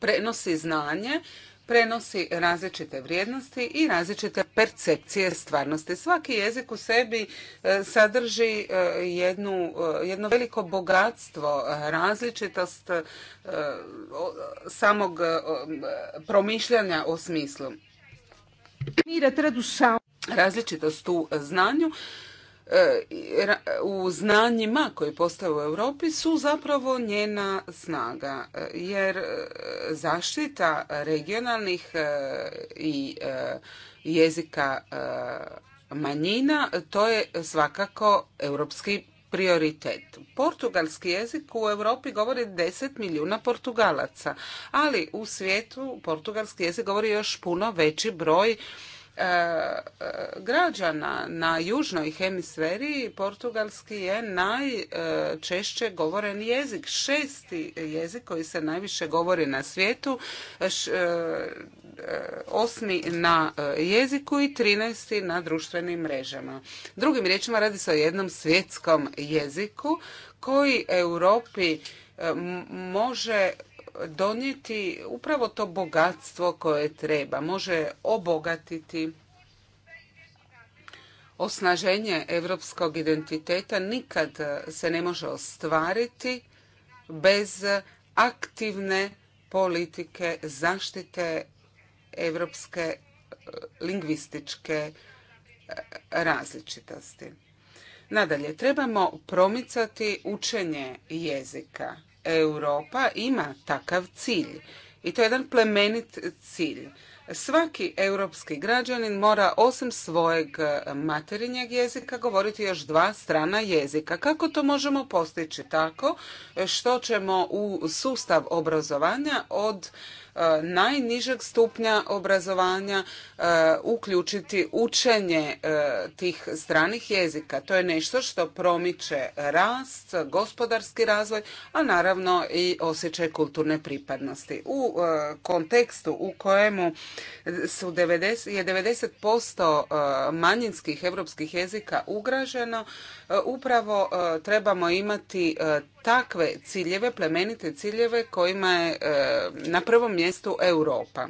prenosi znanje prenosi različite vrijednosti i različite percepcije stvarnosti. Svaki jezik u sebi e, sadrži e, jednu, e, jedno veliko bogatstvo, različitost samog promišljanja o smislu. Različitost u znanju E, u znanjima koji postoje u Europi su zapravo njena snaga e, jer e, zaštita regionalnih i jezika manjina to je svakako europski prioritet. Portugalski jezik u Europi govori 10 milijuna Portugalaca, ali u svijetu portugalski jezik govori još puno veći broj E, e, građana na južnoj hemisferi portugalski je najčešće govoren jezik. Šesti jezik koji se najviše govori na svijetu, e, osmi na jeziku i trinesti na društvenim mrežama. Drugim riječima radi se o jednom svjetskom jeziku koji Europi može donijeti upravo to bogatstvo koje treba. Može obogatiti osnaženje europskog identiteta nikad se ne može ostvariti bez aktivne politike zaštite europske e, lingvističke e, različitosti. Nadalje, trebamo promicati učenje jezika Europa ima takav cilj i to je jedan plemenit cilj. Svaki europski građanin mora osim svojeg materinjeg jezika govoriti još dva strana jezika. Kako to možemo postići? Tako što ćemo u sustav obrazovanja od E, najnižeg stupnja obrazovanja e, uključiti učenje e, tih stranih jezika. To je nešto što promiče rast, gospodarski razvoj, a naravno i osjećaj kulturne pripadnosti. U kontekstu u kojemu su 90, je 90% manjinskih europskih jezika ugraženo, upravo trebamo imati takve ciljeve, plemenite ciljeve kojima je na prvom mjestu Europa.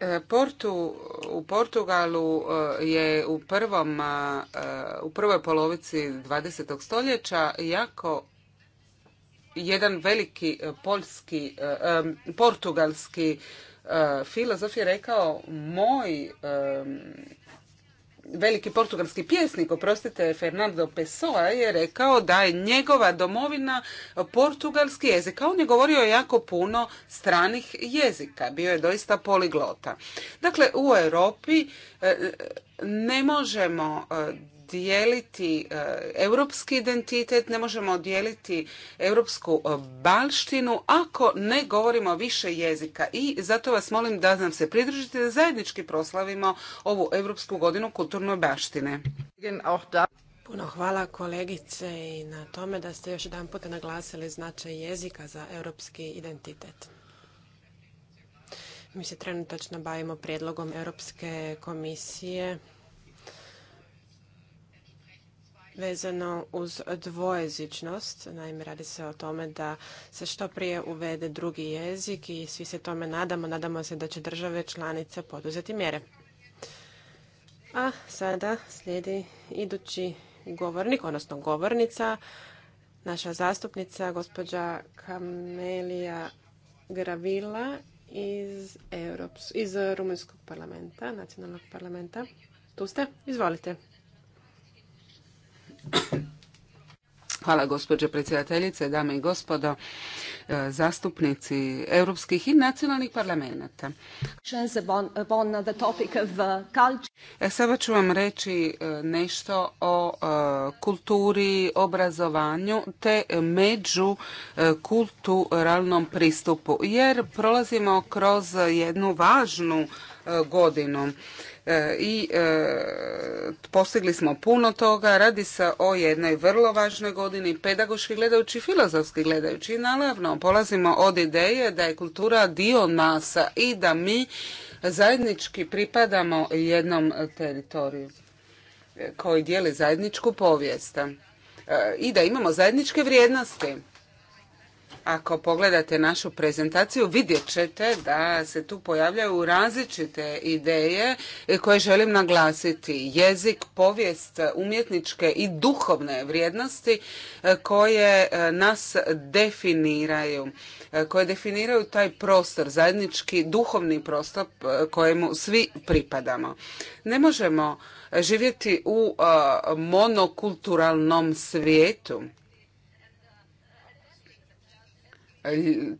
E, Portu, u Portugalu e, je u, prvom, e, u prvoj polovici 20. stoljeća jako jedan veliki poljski, portugalski filozof je rekao moj veliki portugalski pjesnik, oprostite, Fernando Pessoa je rekao da je njegova domovina portugalski jezik, a on je govorio jako puno stranih jezika, bio je doista poliglota. Dakle, u Europi e, ne možemo e, dijeliti eh, europski identitet, ne možemo dijeliti europsku eh, baštinu ako ne govorimo više jezika. I zato vas molim da nam se pridružite da zajednički proslavimo ovu Europsku godinu kulturne baštine. Puno hvala kolegice i na tome da ste još jedan naglasili značaj jezika za europski identitet. Mi se trenutačno bavimo prijedlogom Europske komisije vezano uz dvojezičnost. Naime, radi se o tome da se što prije uvede drugi jezik i svi se tome nadamo. Nadamo se da će države članice poduzeti mjere. A sada slijedi idući govornik, odnosno govornica, naša zastupnica, gospođa Kamelija Gravila iz, iz Rumunjskog parlamenta, nacionalnog parlamenta. Tu ste, izvolite. Hvala gospođo predsjedateljice, dame i gospodo, e, zastupnici europskih i nacionalnih parlamenta. Uh, e, sada ću vam reći e, nešto o kulturi, obrazovanju te među kulturalnom pristupu, jer prolazimo kroz jednu važnu godinu. E, i e, postigli smo puno toga. Radi se o jednoj vrlo važnoj godini, pedagoški gledajući, filozofski gledajući. Naravno, polazimo od ideje da je kultura dio masa i da mi zajednički pripadamo jednom teritoriju e, koji dijeli zajedničku povijest i da imamo zajedničke vrijednosti ako pogledate našu prezentaciju vidjet ćete da se tu pojavljaju različite ideje koje želim naglasiti. Jezik, povijest, umjetničke i duhovne vrijednosti e, koje e, nas definiraju, e, koje definiraju taj prostor, zajednički duhovni prostor kojemu svi pripadamo. Ne možemo živjeti u monokulturalnom svijetu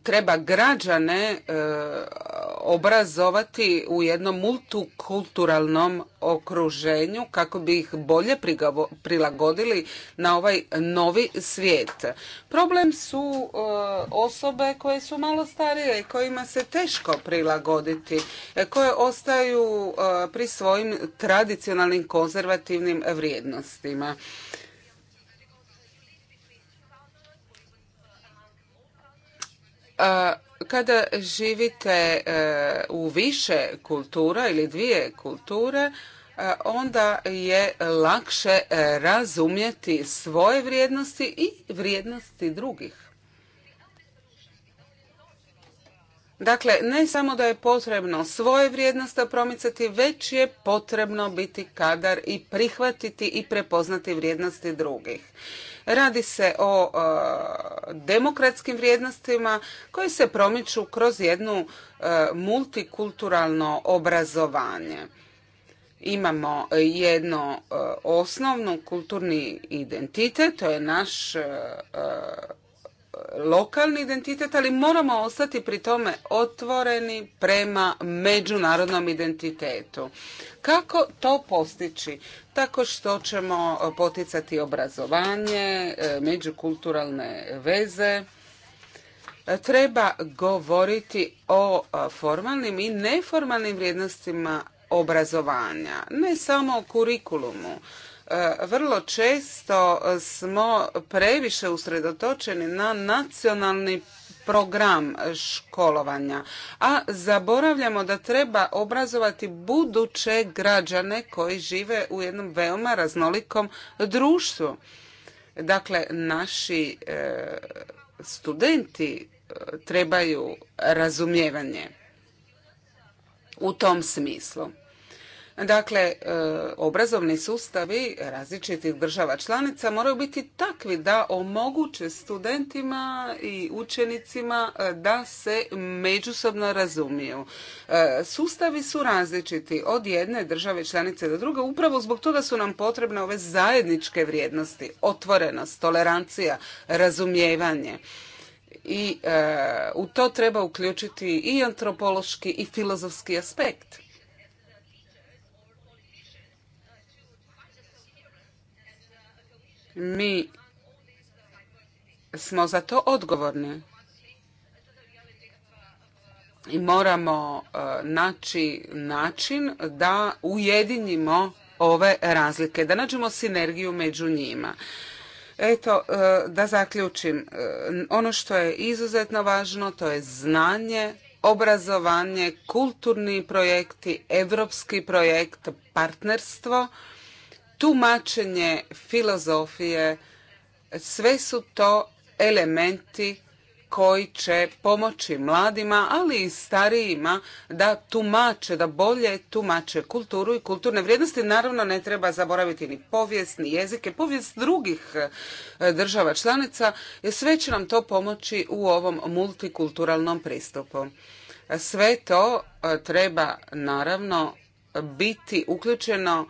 treba građane e, obrazovati u jednom multikulturalnom okruženju kako bi ih bolje prilagodili na ovaj novi svijet. Problem su e, osobe koje su malo starije, kojima se teško prilagoditi, e, koje ostaju pri svojim tradicionalnim konzervativnim vrijednostima. Kada živite e, u više kultura ili dvije kulture, e, onda je lakše e, razumjeti svoje vrijednosti i vrijednosti drugih. Dakle, ne samo da je potrebno svoje vrijednosti promicati, već je potrebno biti kadar i prihvatiti i prepoznati vrijednosti drugih. Radi se o e, demokratskim vrijednostima koji se promiču kroz jednu e, multikulturalno obrazovanje. Imamo jedno e, osnovnu kulturni identitet, to je naš lokalni identitet, ali moramo ostati pri tome otvoreni prema međunarodnom identitetu. Kako to postići? Tako što ćemo poticati obrazovanje, e, međukulturalne veze. E, treba govoriti o formalnim i neformalnim vrijednostima obrazovanja, ne samo o kurikulumu vrlo često smo previše usredotočeni na nacionalni program školovanja, a zaboravljamo da treba obrazovati buduće građane koji žive u jednom veoma raznolikom društvu. Dakle, naši e, studenti e, trebaju razumijevanje u tom smislu. Dakle, e, obrazovni sustavi različitih država članica moraju biti takvi da omoguće studentima i učenicima e, da se međusobno razumiju. E, sustavi su različiti od jedne države članice do druge, upravo zbog toga su nam potrebne ove zajedničke vrijednosti, otvorenost, tolerancija, razumijevanje i u to treba uključiti i antropološki i filozofski aspekt Mi smo za to odgovorni i moramo e, naći način da ujedinimo ove razlike, da nađemo sinergiju među njima. Eto, e, da zaključim, e, ono što je izuzetno važno, to je znanje, obrazovanje, kulturni projekti, evropski projekt, partnerstvo, tumačenje filozofije, sve su to elementi koji će pomoći mladima, ali i starijima da tumače, da bolje tumače kulturu i kulturne vrijednosti. Naravno, ne treba zaboraviti ni povijest, ni jezike, povijest drugih e, država članica. Sve će nam to pomoći u ovom multikulturalnom pristupu. Sve to e, treba, naravno, biti uključeno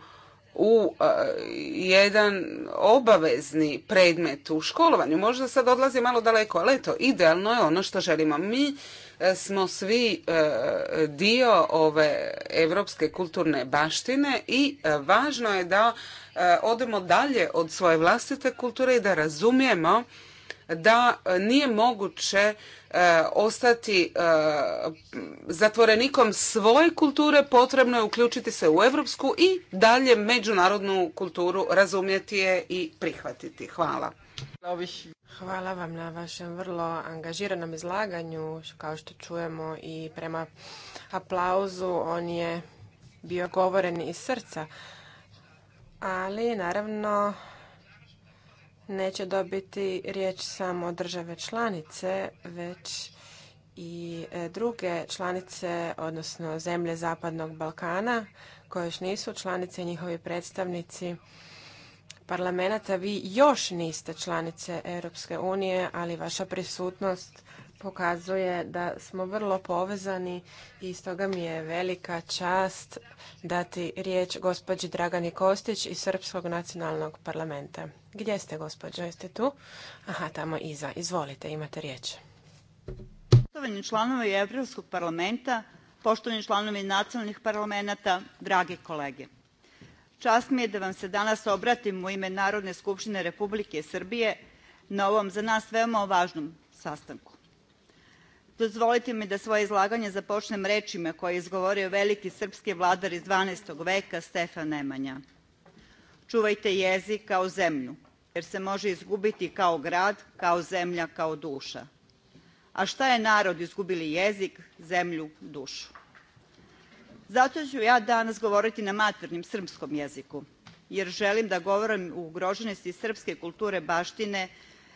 u e, jedan obavezni predmet u školovanju. Možda sad odlazi malo daleko, ali eto, idealno je ono što želimo. Mi e, smo svi e, dio ove evropske kulturne baštine i važno je da odemo dalje od svoje vlastite kulture i da razumijemo da nije moguće E, ostati e, zatvorenikom svoje kulture, potrebno je uključiti se u evropsku i dalje međunarodnu kulturu, razumjeti je i prihvatiti. Hvala. Hvala vam na vašem vrlo angažiranom izlaganju. Kao što čujemo i prema aplauzu, on je bio govoren iz srca. Ali, naravno, neće dobiti riječ samo države članice, već i e, druge članice, odnosno zemlje Zapadnog Balkana, koje još nisu članice, njihovi predstavnici parlamenta. Vi još niste članice Europske unije, ali vaša prisutnost pokazuje da smo vrlo povezani i stoga mi je velika čast dati riječ gospođi Dragani Kostić iz Srpskog nacionalnog parlamenta. Gdje ste gospođo? Jeste tu? Aha, tamo iza. Izvolite, imate riječ. Poštovani članovi Evropskog parlamenta, poštovani članovi nacionalnih parlamenta, dragi kolege. Čast mi je da vam se danas obratim u ime Narodne skupštine Republike Srbije na ovom za nas veoma važnom sastanku dozvolite mi da svoje izlaganje započnem rečima koje je izgovorio veliki srpski vladar iz 12. veka Stefan Nemanja. Čuvajte jezik kao zemlju, jer se može izgubiti kao grad, kao zemlja, kao duša. A šta je narod izgubili jezik, zemlju, dušu? Zato ću ja danas govoriti na maternim srpskom jeziku, jer želim da govorim u ugroženosti srpske kulture baštine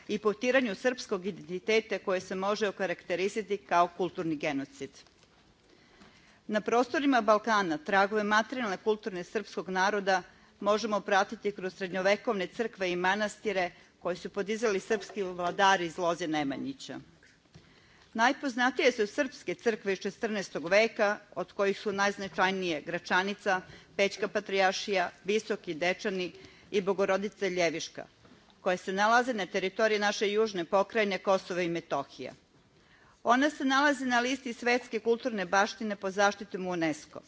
i potiranju srpskog identiteta koje se može okarakterizirati kao kulturni genocid. Na prostorima Balkana tragove materijalne kulturne srpskog naroda možemo pratiti kroz srednjovekovne crkve i manastire koje su podizali srpski vladari iz loze Nemanjića. Najpoznatije su srpske crkve iz 14. veka, od kojih su najznačajnije Gračanica, Pećka Patrijašija, Visoki Dečani i Bogorodice Ljeviška, koje se nalaze na teritoriji naše južne pokrajine kosova i Metohija. Ona se nalazi na listi svjetske kulturne baštine pod zaštitom unesco a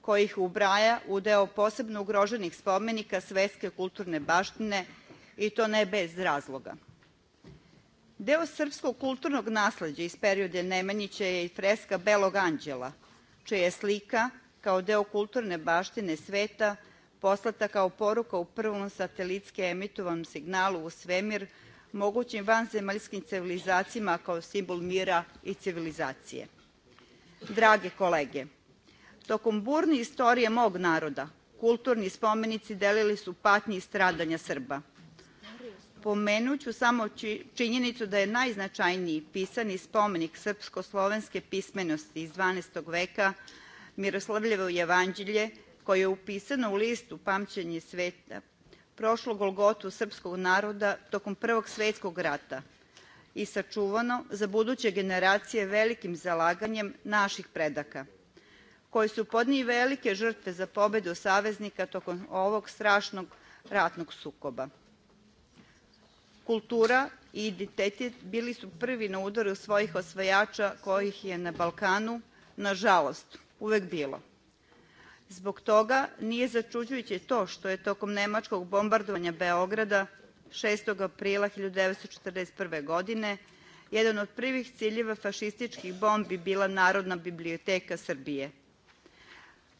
koji ubraja u deo posebno ugroženih spomenika svjetske kulturne baštine i to ne bez razloga. deo srpskog kulturnog nasleđa iz perioda nemanjića je i freska belog anđela čija je slika kao deo kulturne baštine sveta poslata kao poruka u prvom satelitski emitovanom signalu u svemir mogućim vanzemaljskim civilizacijama kao simbol mira i civilizacije. Drage kolege, tokom burne istorije mog naroda kulturni spomenici delili su patnje i stradanja Srba. Pomenuću samo činjenicu da je najznačajniji pisani spomenik srpsko-slovenske pismenosti iz 12. veka Miroslavljevo jevanđelje koje je upisano u listu pamćenje sveta prošlo golgotu srpskog naroda tokom prvog svjetskog rata i sačuvano za buduće generacije velikim zalaganjem naših predaka koji su podnijeli velike žrtve za pobjedu saveznika tokom ovog strašnog ratnog sukoba. Kultura i identitet bili su prvi na udaru svojih osvajača kojih je na Balkanu, nažalost, uvek bilo zbog toga nije začuđujuće to što je tokom nemačkog bombardovanja beograda. 6. aprila 1941. godine jedan od prvih ciljeva fašističkih bombi bila narodna biblioteka srbije.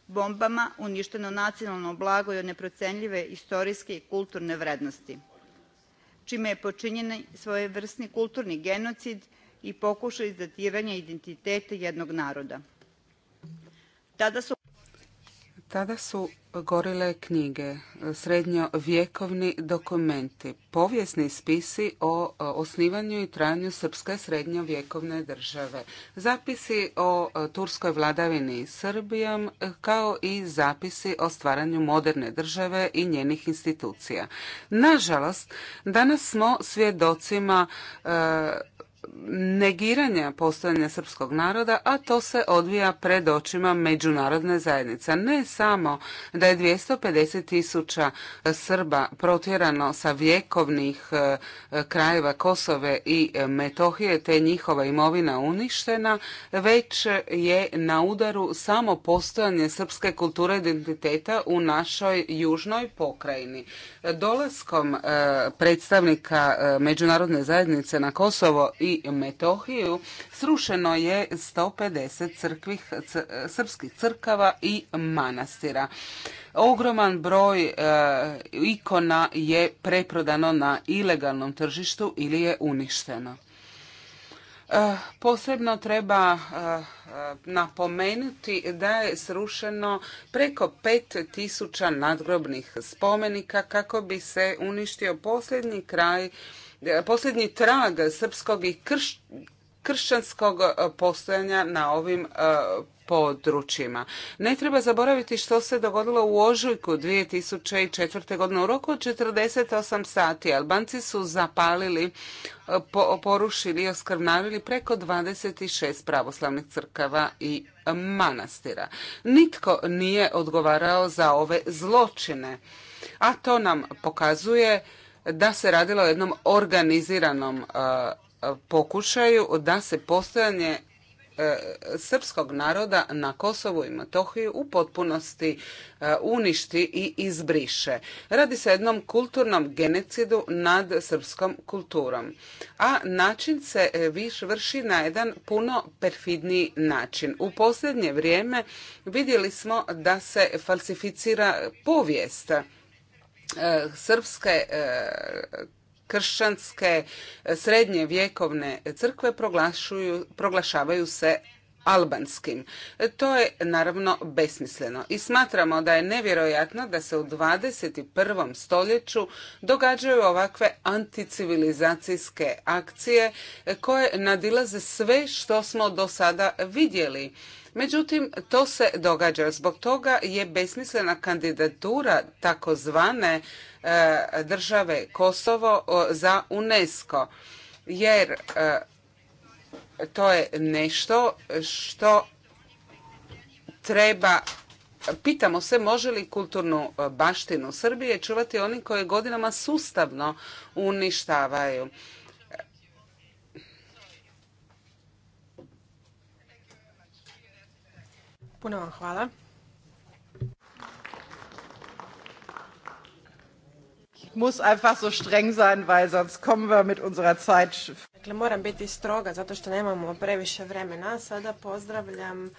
bombama uništeno nacionalno blago i od neprocenjive istorijske i kulturne vrednosti čime je počinjen svojevrsni kulturni genocid i pokušaj izdatiranja identiteta jednog naroda. tada su tada su gorile knjige, srednjovjekovni dokumenti, povijesni spisi o osnivanju i trajanju srpske srednjovjekovne države, zapisi o turskoj vladavini Srbijom, kao i zapisi o stvaranju moderne države i njenih institucija. Nažalost, danas smo svjedocima e, negiranja postojanja srpskog naroda, a to se odvija pred očima međunarodne zajednice. Ne samo da je 250 tisuća Srba protjerano sa vjekovnih e, krajeva Kosove i e, Metohije, te njihova imovina uništena, već je na udaru samo postojanje srpske kulture identiteta u našoj južnoj pokrajini. Dolaskom e, predstavnika međunarodne zajednice na Kosovo i Metohiju srušeno je 150 crkvih, srpskih crkava i manastira. Ogroman broj e, ikona je preprodano na ilegalnom tržištu ili je uništeno. E, posebno treba e, napomenuti da je srušeno preko 5000 nadgrobnih spomenika kako bi se uništio posljednji kraj E, posljednji trag srpskog i kršćanskog e, postojanja na ovim e, područjima. Ne treba zaboraviti što se dogodilo u Ožujku 2004. godine. U roku od 48 sati Albanci su zapalili, porušili i oskrvnavili preko 26 pravoslavnih crkava i manastira. Nitko nije odgovarao za ove zločine, a to nam pokazuje da se radilo o jednom organiziranom e, pokušaju da se postojanje e, srpskog naroda na Kosovu i Matohiju u potpunosti e, uništi i izbriše. Radi se o jednom kulturnom genocidu nad srpskom kulturom. A način se viš vrši na jedan puno perfidniji način. U posljednje vrijeme vidjeli smo da se falsificira povijest E, srpske e, kršćanske e, srednje vjekovne crkve proglašavaju se albanskim. To je naravno besmisleno i smatramo da je nevjerojatno da se u 21. stoljeću događaju ovakve anticivilizacijske akcije koje nadilaze sve što smo do sada vidjeli Međutim, to se događa. Zbog toga je besmislena kandidatura takozvane e, države Kosovo za UNESCO. Jer e, to je nešto što treba Pitamo se može li kulturnu baštinu Srbije čuvati oni koje godinama sustavno uništavaju. Puno vam hvala. einfach so streng sein, weil sonst kommen wir mit unserer Zeit. Dakle, moram biti stroga zato što nemamo previše vremena. Sada pozdravljam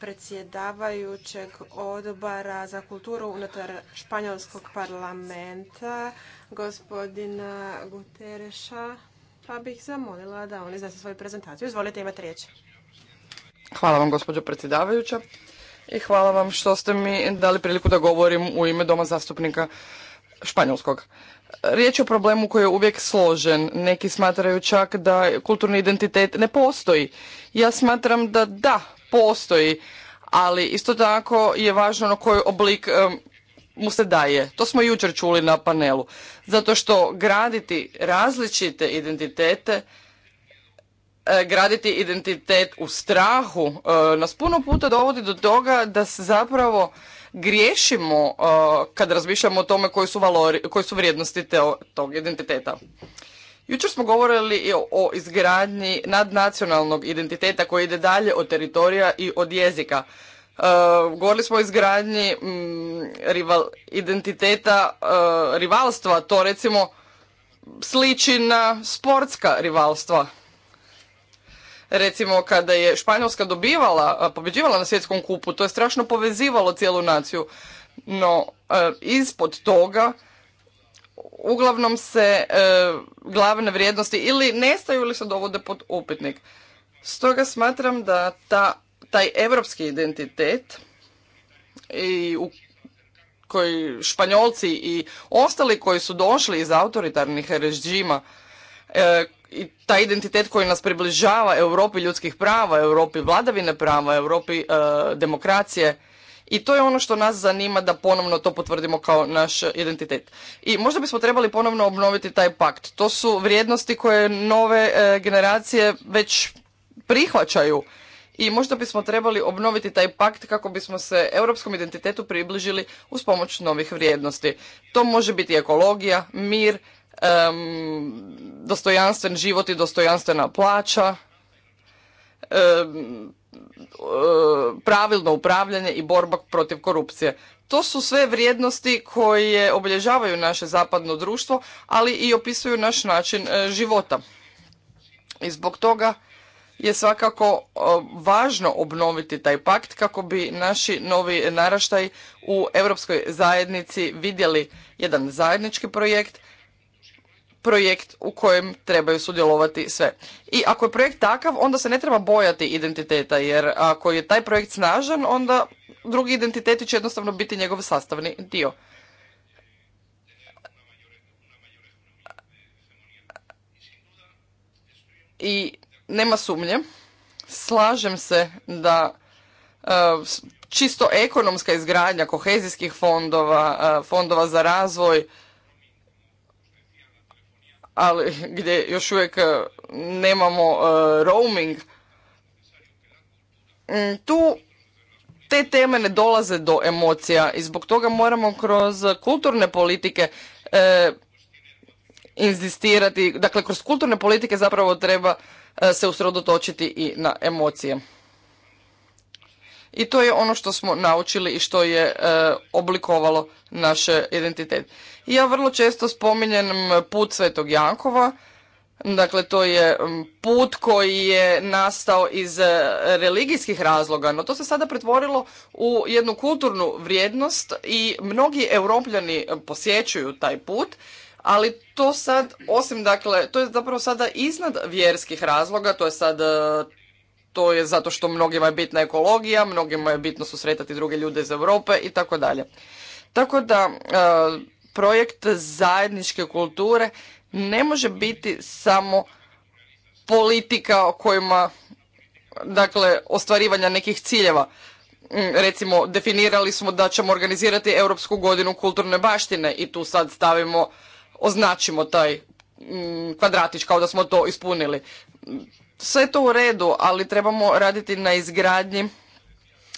predsjedavajućeg odbora za kulturu unutar španjolskog parlamenta, gospodina Gutereša, pa bih zamolila da on iznese svoju prezentaciju. Izvolite, imate riječ. Hvala vam gospođo predsjedavajuća i hvala vam što ste mi dali priliku da govorim u ime Doma zastupnika Španjolskog. Riječ je o problemu koji je uvijek složen. Neki smatraju čak da kulturni identitet ne postoji. Ja smatram da da, postoji, ali isto tako je važno na koji oblik mu se daje. To smo jučer čuli na panelu. Zato što graditi različite identitete E, graditi identitet u strahu e, nas puno puta dovodi do toga da se zapravo griješimo e, kad razmišljamo o tome koji su, valori, koji su vrijednosti tog identiteta. Jučer smo govorili o, izgradnji nadnacionalnog identiteta koji ide dalje od teritorija i od jezika. govorili smo o izgradnji mm, rival, identiteta rivalstva, to recimo sliči na sportska rivalstva recimo kada je Španjolska dobivala, pobjeđivala na svjetskom kupu, to je strašno povezivalo cijelu naciju. No, e, ispod toga uglavnom se e, glavne vrijednosti ili nestaju ili se dovode pod upitnik. Stoga smatram da ta, taj europski identitet i u koji Španjolci i ostali koji su došli iz autoritarnih režima e, i taj identitet koji nas približava Europi ljudskih prava, Europi vladavine prava, Europi e, demokracije i to je ono što nas zanima da ponovno to potvrdimo kao naš identitet. I možda bismo trebali ponovno obnoviti taj pakt. To su vrijednosti koje nove e, generacije već prihvaćaju i možda bismo trebali obnoviti taj pakt kako bismo se europskom identitetu približili uz pomoć novih vrijednosti. To može biti ekologija, mir, dostojanstven život i dostojanstvena plaća, pravilno upravljanje i borba protiv korupcije. To su sve vrijednosti koje obilježavaju naše zapadno društvo, ali i opisuju naš način e, života. I zbog toga je svakako e, važno obnoviti taj pakt kako bi naši novi naraštaj u Europskoj zajednici vidjeli jedan zajednički projekt projekt u kojem trebaju sudjelovati sve. I ako je projekt takav, onda se ne treba bojati identiteta, jer ako je taj projekt snažan, onda drugi identiteti će jednostavno biti njegov sastavni dio. I nema sumnje, slažem se da e, čisto ekonomska izgradnja kohezijskih fondova, e, fondova za razvoj, ali gdje još uvijek e, nemamo e, roaming, mm, tu te teme ne dolaze do emocija i zbog toga moramo kroz kulturne politike e, inzistirati, dakle kroz kulturne politike zapravo treba se usredotočiti i na emocije i to je ono što smo naučili i što je e, oblikovalo naš identitet. I ja vrlo često spominjem put Svetog Jankova, dakle to je put koji je nastao iz e, religijskih razloga, no to se sada pretvorilo u jednu kulturnu vrijednost i mnogi europljani posjećuju taj put, ali to sad, osim dakle, to je zapravo sada iznad vjerskih razloga, to je sad e, to je zato što mnogima je bitna ekologija, mnogima je bitno susretati druge ljude iz Europe i tako dalje. Tako da e, projekt zajedničke kulture ne može biti samo politika o kojima dakle ostvarivanja nekih ciljeva. Mm, recimo definirali smo da ćemo organizirati Europsku godinu kulturne baštine i tu sad stavimo označimo taj mm, kvadratić kao da smo to ispunili. Sve to u redu, ali trebamo raditi na izgradnji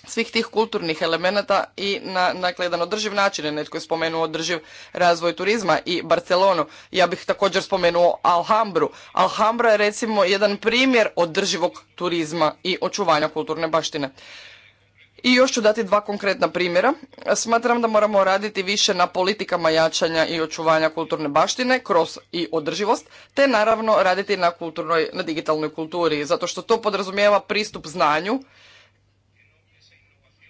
svih tih kulturnih elemenata i na, dakle, jedan održiv način. Netko je spomenuo održiv razvoj turizma i Barcelonu. Ja bih također spomenuo Alhambru. Alhambra je recimo jedan primjer održivog turizma i očuvanja kulturne baštine. I još ću dati dva konkretna primjera. Smatram da moramo raditi više na politikama jačanja i očuvanja kulturne baštine kroz i održivost, te naravno raditi na, kulturnoj, na digitalnoj kulturi, zato što to podrazumijeva pristup znanju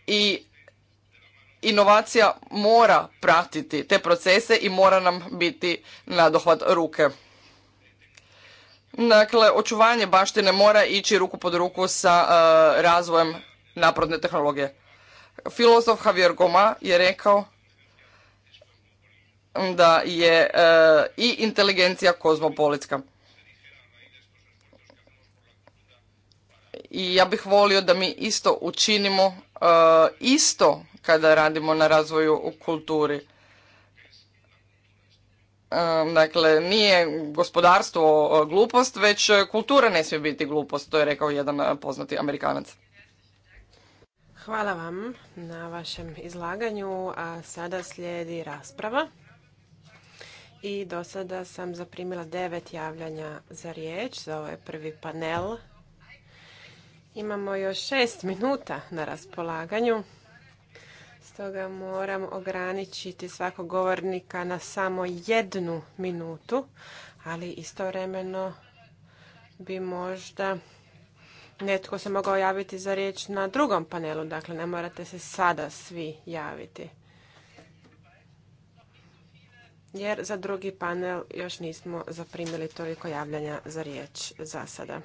i inovacija mora pratiti te procese i mora nam biti na dohvat ruke. Dakle, očuvanje baštine mora ići ruku pod ruku sa e, razvojem napredne tehnologije. Filozof Javier Goma je rekao da je e, i inteligencija kozmopolitska. I ja bih volio da mi isto učinimo e, isto kada radimo na razvoju u kulturi. E, dakle, nije gospodarstvo glupost, već kultura ne smije biti glupost, to je rekao jedan poznati Amerikanac. Hvala vam na vašem izlaganju, a sada slijedi rasprava. I do sada sam zaprimila devet javljanja za riječ za ovaj prvi panel. Imamo još šest minuta na raspolaganju. Stoga moram ograničiti svakog govornika na samo jednu minutu, ali istovremeno bi možda netko se mogao javiti za riječ na drugom panelu, dakle ne morate se sada svi javiti. Jer za drugi panel još nismo zaprimili toliko javljanja za riječ za sada.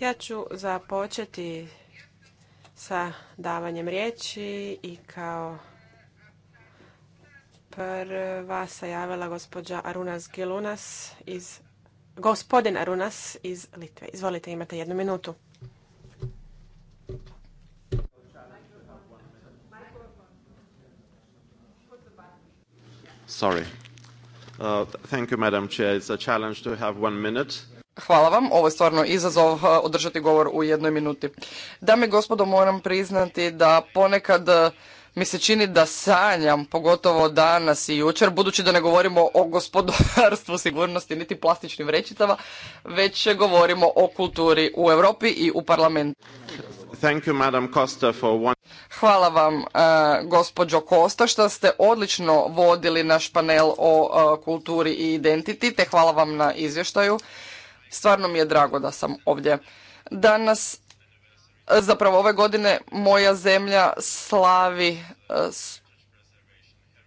Ja ću započeti sa davanjem riječi i kao prva se javila gospođa Arunas Gilunas iz Gospodin Arunas iz Litve. Izvolite, imate jednu minutu. Sorry. thank Hvala vam, ovo je stvarno izazov uh, održati govor u jednoj minuti. Dame i gospodo, moram priznati da ponekad mi se čini da sanjam, pogotovo danas i jučer, budući da ne govorimo o gospodarstvu sigurnosti niti plastičnim vrećicama, već govorimo o kulturi u Europi i u parlamentu. Thank you, Madam Costa, for one... Hvala vam, uh, gospođo Kosta, što ste odlično vodili naš panel o eh, kulturi i identiti, te hvala vam na izvještaju. Stvarno mi je drago da sam ovdje. Danas zapravo ove godine moja zemlja slavi e,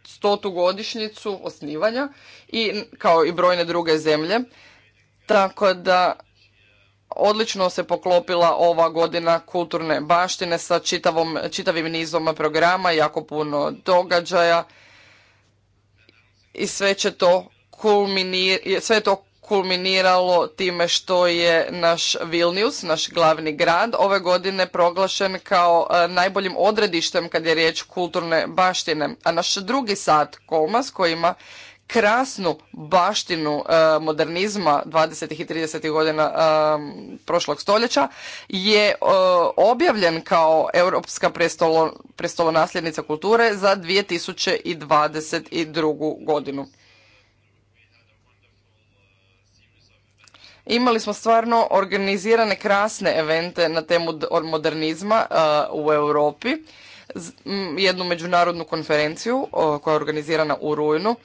stotu godišnjicu osnivanja i kao i brojne druge zemlje. Tako da odlično se poklopila ova godina kulturne baštine sa čitavom, čitavim nizom programa, jako puno događaja i sve će to kulminir, sve to kulminiralo time što je naš Vilnius, naš glavni grad, ove godine proglašen kao e, najboljim odredištem kad je riječ kulturne baštine. A naš drugi sad, Kolmas, koji ima krasnu baštinu e, modernizma 20. i 30. godina e, prošlog stoljeća je objavljen kao europska prestolonasljednica kulture za 2022. godinu. Imali smo stvarno organizirane krasne evente na temu modernizma uh, u Europi, jednu međunarodnu konferenciju uh, koja je organizirana u rujnu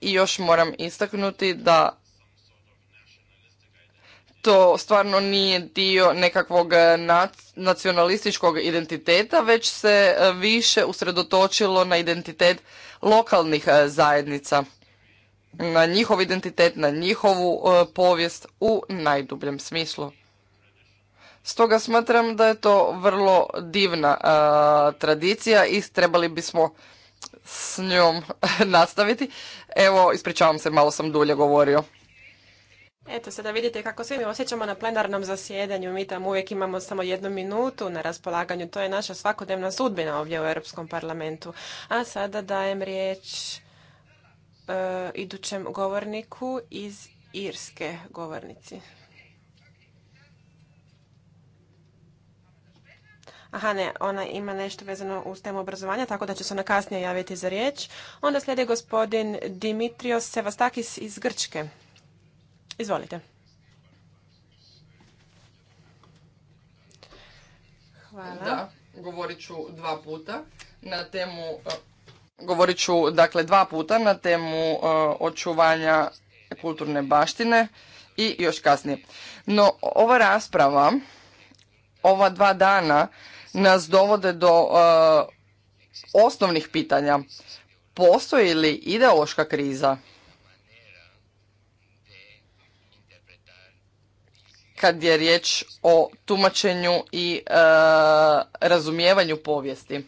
i još moram istaknuti da to stvarno nije dio nekakvog eh, nacionalističkog identiteta, već se eh, više usredotočilo na identitet lokalnih eh, zajednica na njihov identitet, na njihovu e, povijest u najdubljem smislu. Stoga smatram da je to vrlo divna e, tradicija i trebali bismo s njom nastaviti. Evo, ispričavam se, malo sam dulje govorio. Eto, sada vidite kako svi mi osjećamo na plenarnom zasjedanju. Mi tamo uvijek imamo samo jednu minutu na raspolaganju. To je naša svakodnevna sudbina ovdje u Europskom parlamentu. A sada dajem riječ E, idućem govorniku iz Irske govornici. Aha, ne, ona ima nešto vezano uz temu obrazovanja, tako da će se ona kasnije javiti za riječ. Onda slijedi gospodin Dimitrios Sevastakis iz Grčke. Izvolite. Hvala. Da, govorit ću dva puta na temu Govorit ću dakle dva puta na temu e, očuvanja kulturne baštine i još kasnije. No, ova rasprava, ova dva dana nas dovode do e, osnovnih pitanja. Postoji li ideološka kriza? kad je riječ o tumačenju i e, razumijevanju povijesti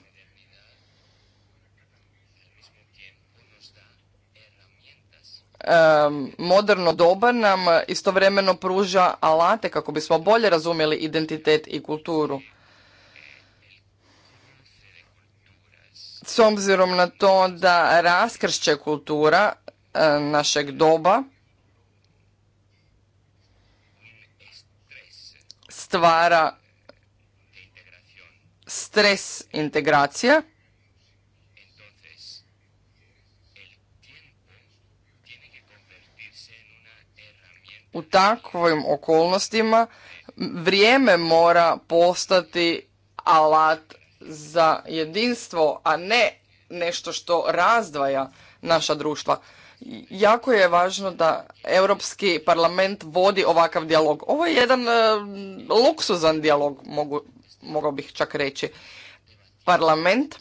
moderno doba nam istovremeno pruža alate kako bismo bolje razumjeli identitet i kulturu. S obzirom na to da raskršće kultura e, našeg doba stvara stres integracija, u takvim okolnostima vrijeme mora postati alat za jedinstvo, a ne nešto što razdvaja naša društva. Jako je važno da Europski parlament vodi ovakav dijalog. Ovo je jedan e, luksuzan dijalog, mogu, mogao bih čak reći. Parlament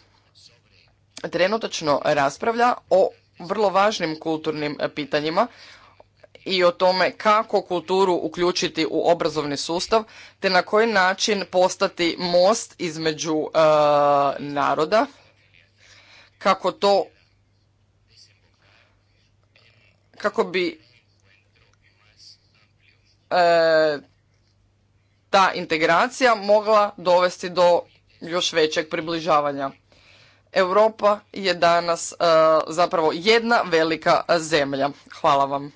trenutačno raspravlja o vrlo važnim kulturnim pitanjima i o tome kako kulturu uključiti u obrazovni sustav te na koji način postati most između uh, naroda kako to kako bi uh, ta integracija mogla dovesti do još većeg približavanja Europa je danas uh, zapravo jedna velika zemlja. Hvala vam.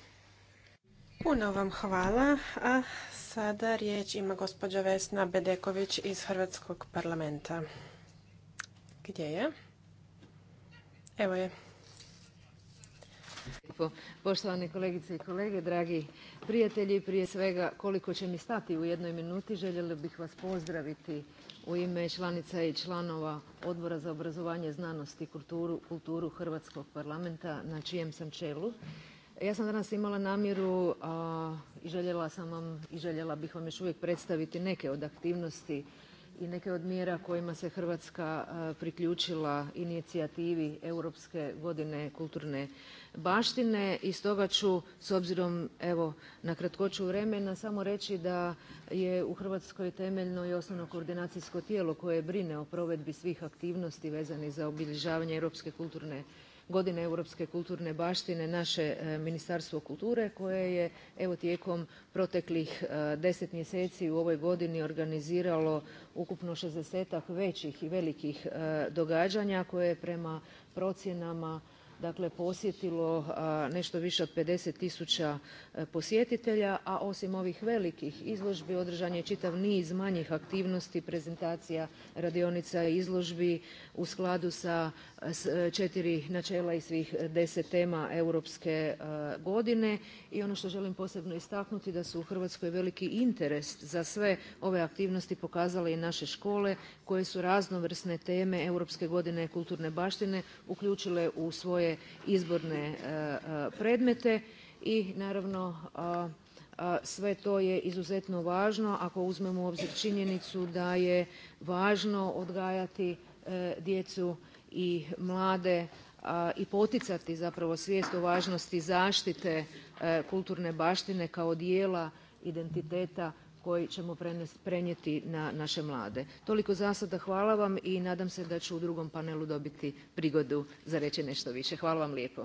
Puno vam hvala. A sada riječ ima gospođa Vesna Bedeković iz Hrvatskog parlamenta. Gdje je? Evo je. Poštovane kolegice i kolege, dragi prijatelji, prije svega koliko će mi stati u jednoj minuti, željela bih vas pozdraviti u ime članica i članova Odbora za obrazovanje, znanost i kulturu, kulturu Hrvatskog parlamenta na čijem sam čelu. Ja sam danas imala namjeru i željela sam vam i željela bih vam još uvijek predstaviti neke od aktivnosti i neke od mjera kojima se Hrvatska priključila inicijativi Europske godine kulturne baštine i stoga ću s obzirom evo na kratkoću vremena samo reći da je u Hrvatskoj temeljno i osnovno koordinacijsko tijelo koje brine o provedbi svih aktivnosti vezanih za obilježavanje europske kulturne godine europske kulturne baštine naše e, Ministarstvo kulture koje je evo tijekom proteklih e, deset mjeseci u ovoj godini organiziralo ukupno 60-tak većih i velikih e, događanja koje prema procjenama dakle posjetilo nešto više od 50 tisuća e, posjetitelja, a osim ovih velikih izložbi održan je čitav niz manjih aktivnosti, prezentacija, radionica, i izložbi u skladu sa e, e, četiri načela i svih deset tema Europske godine i ono što želim posebno istaknuti da su u Hrvatskoj veliki interes za sve ove aktivnosti pokazale i naše škole koje su raznovrsne teme Europske godine kulturne baštine uključile u svoje svoje izborne e, e, predmete i naravno sve to je izuzetno važno ako uzmemo u obzir činjenicu da je važno odgajati e, djecu i mlade i poticati zapravo svijest o važnosti zaštite kulturne baštine kao dijela identiteta koji ćemo prenijeti na naše mlade. Toliko za sada, hvala vam i nadam se da ću u drugom panelu dobiti prigodu za reći nešto više. Hvala vam lijepo.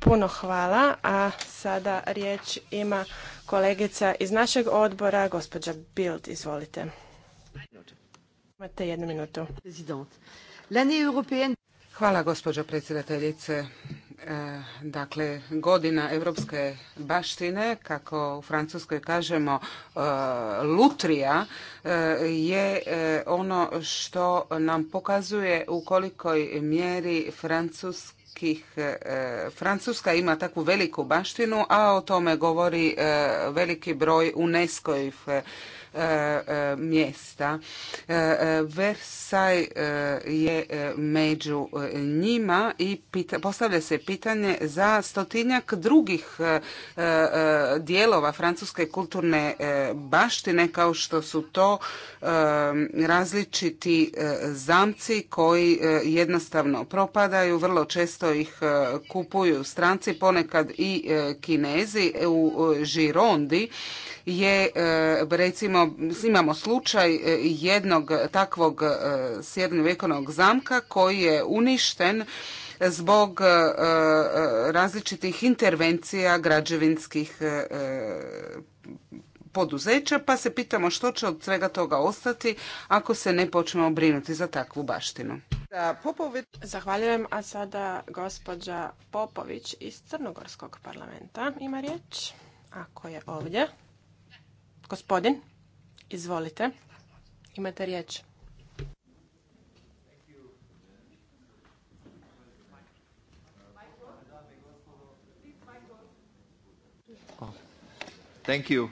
Puno hvala, a sada riječ ima kolegica iz našeg odbora, gospođa Bild, izvolite. Imate jednu minutu. Hvala, gospođo predsjedateljice. Eh, dakle godina europske baštine kako u francuskoj kažemo eh, lutrija eh, je ono što nam pokazuje u kolikoj mjeri francuska Francuska ima takvu veliku baštinu, a o tome govori veliki broj UNESCO-ih E, e, mjesta. E, Versaj je među njima i postavlja se pitanje za stotinjak drugih dijelova francuske kulturne baštine kao što su to različiti zamci koji jednostavno propadaju, vrlo često ih kupuju stranci, ponekad i kinezi u Žirondi je e, recimo imamo slučaj e, jednog takvog e, sjevernovjekovnog zamka koji je uništen zbog različitih intervencija građevinskih poduzeća, pa se pitamo što će od svega toga ostati ako se ne počnemo brinuti za takvu baštinu. Zahvaljujem, a sada gospođa Popović iz Crnogorskog parlamenta ima riječ, ako je ovdje. Gospodin, izvolite. Imate riječ. Thank you.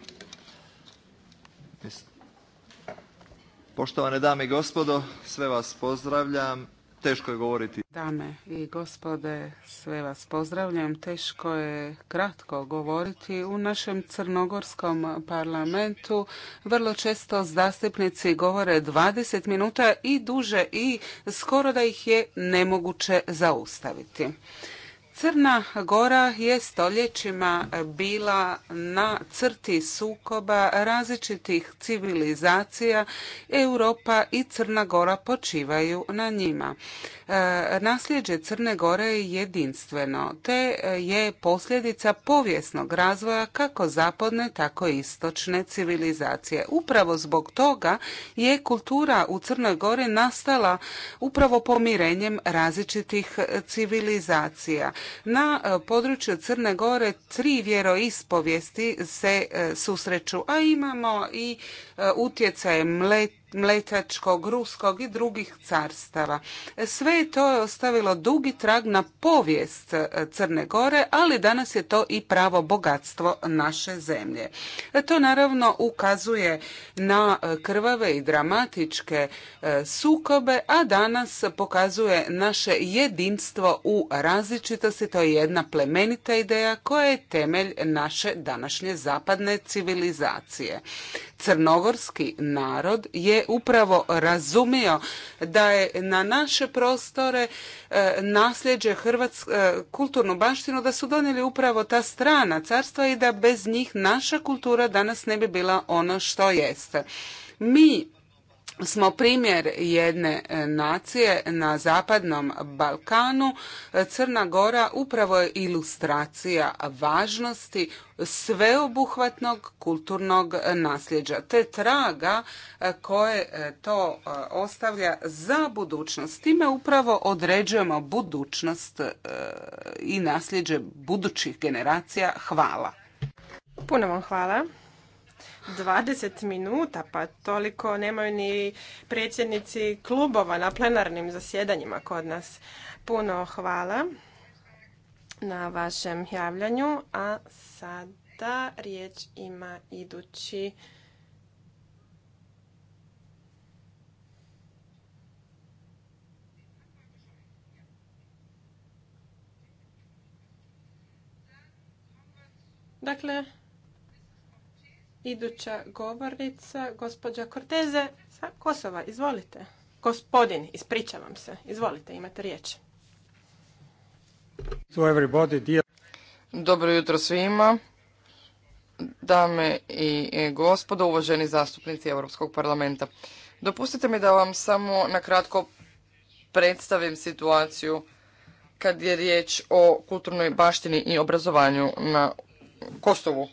Poštovane dame i gospodo, sve vas pozdravljam Teško je govoriti. Dame i gospode, sve vas pozdravljam. Teško je kratko govoriti. U našem crnogorskom parlamentu vrlo često zastupnici govore 20 minuta i duže i skoro da ih je nemoguće zaustaviti. Crna Gora je stoljećima bila na crti sukoba različitih civilizacija. Europa i Crna Gora počivaju na njima. E, nasljeđe Crne Gore je jedinstveno, te e, je posljedica povijesnog razvoja kako zapadne, tako i istočne civilizacije. Upravo zbog toga je kultura u Crnoj Gori nastala upravo pomirenjem različitih e, civilizacija. Na području Crne Gore tri vjeroispovijesti se susreću, a imamo i utjecaje mlet mletačkog, ruskog i drugih carstava. Sve je to ostavilo dugi trag na povijest Crne Gore, ali danas je to i pravo bogatstvo naše zemlje. To naravno ukazuje na krvave i dramatičke e, sukobe, a danas pokazuje naše jedinstvo u različitosti. To je jedna plemenita ideja koja je temelj naše današnje zapadne civilizacije. Crnogorski narod je upravo razumio da je na naše prostore e, nasljeđe e, kulturnu baštinu, da su donijeli upravo ta strana carstva i da bez njih naša kultura danas ne bi bila ono što jeste. Mi smo primjer jedne e, nacije na zapadnom Balkanu. Crna Gora upravo je ilustracija važnosti sveobuhvatnog kulturnog nasljeđa te traga e, koje e, to ostavlja za budućnost. Time upravo određujemo budućnost i nasljeđe budućih generacija. Hvala. Puno vam hvala. 20 minuta, pa toliko nemaju ni predsjednici klubova na plenarnim zasjedanjima kod nas. Puno hvala na vašem javljanju, a sada riječ ima idući Dakle, Iduća govornica, gospođa Korteze sa Kosova. Izvolite. Gospodin, ispričavam se. Izvolite, imate riječ. Dobro jutro svima. Dame i gospodo, uvaženi zastupnici Europskog parlamenta. Dopustite mi da vam samo na kratko predstavim situaciju kad je riječ o kulturnoj baštini i obrazovanju na Kosovu.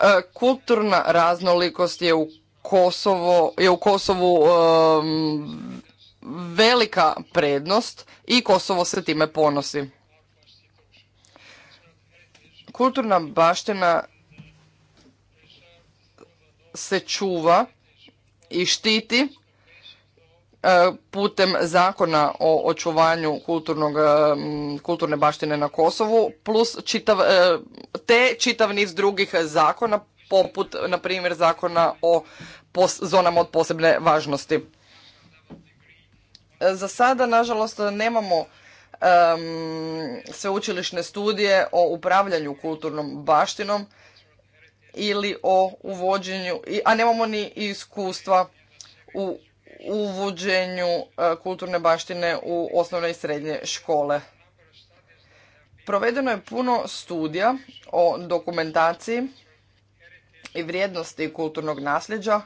E, kulturna raznolikost je u je u Kosovu velika prednost i Kosovo se time ponosi. Kulturna baština se čuva i štiti E, putem zakona o očuvanju kulturnog, e, kulturne baštine na Kosovu, plus čitav, e, te čitav niz drugih zakona, poput, na primjer, zakona o zonama od posebne važnosti. Za sada, nažalost, nemamo sveučilišne studije o upravljanju kulturnom baštinom ili o uvođenju, a nemamo ni iskustva u uvođenju e, kulturne baštine u osnovne i srednje škole. Provedeno je puno studija o dokumentaciji i vrijednosti kulturnog nasljeđa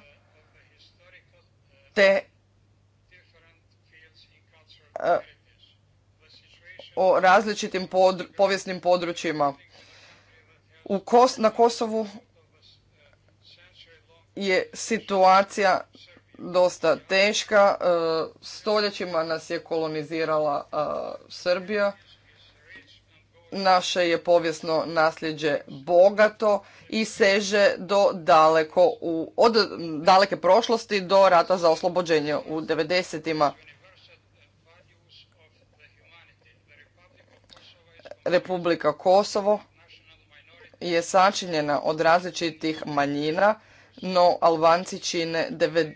te e, o različitim povijesnim područjima. U na Kosovu je situacija dosta teška. E, stoljećima nas je kolonizirala e, Srbija. Naše je povijesno nasljeđe bogato i seže do daleko u, od daleke prošlosti do rata za oslobođenje u 90-ima. Republika Kosovo je sačinjena od različitih manjina no Albanci čine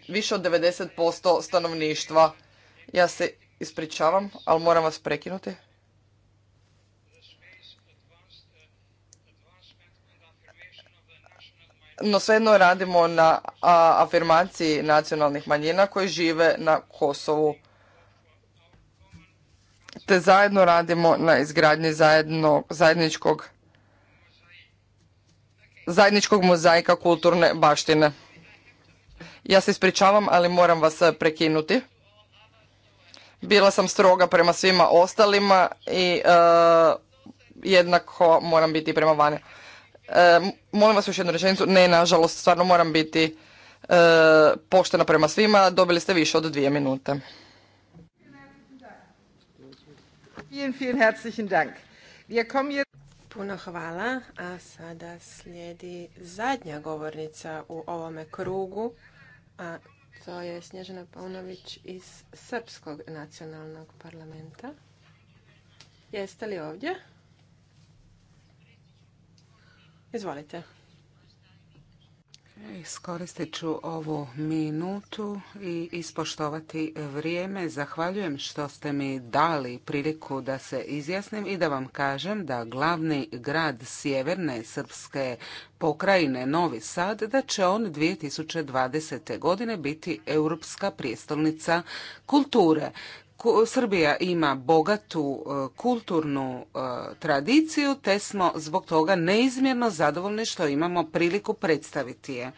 više od 90% stanovništva. Ja se ispričavam, ali moram vas prekinuti. No svejedno radimo na afirmaciji nacionalnih manjina koji žive na Kosovu. Te zajedno radimo na izgradnji zajedno, zajedničkog zajedničkog mozaika kulturne baštine. Ja se ispričavam, ali moram vas e, prekinuti. Bila sam stroga prema svima ostalima i e, jednako moram biti prema vane. Uh, molim vas još jednu rečenicu. Ne, nažalost, stvarno moram biti e, poštena prema svima. Dobili ste više od dvije minute. Vielen, vielen herzlichen Dank. Wir kommen Puno hvala, a sada slijedi zadnja govornica u ovome krugu, a to je Snježana Paunović iz Srpskog nacionalnog parlamenta. Jeste li ovdje? Izvolite. Iskoristit ću ovu minutu i ispoštovati vrijeme. Zahvaljujem što ste mi dali priliku da se izjasnim i da vam kažem da glavni grad sjeverne srpske pokrajine Novi Sad da će on 2020. godine biti europska prijestolnica kulture. Srbija ima bogatu e, kulturnu e, tradiciju, te smo zbog toga neizmjerno zadovoljni što imamo priliku predstaviti je.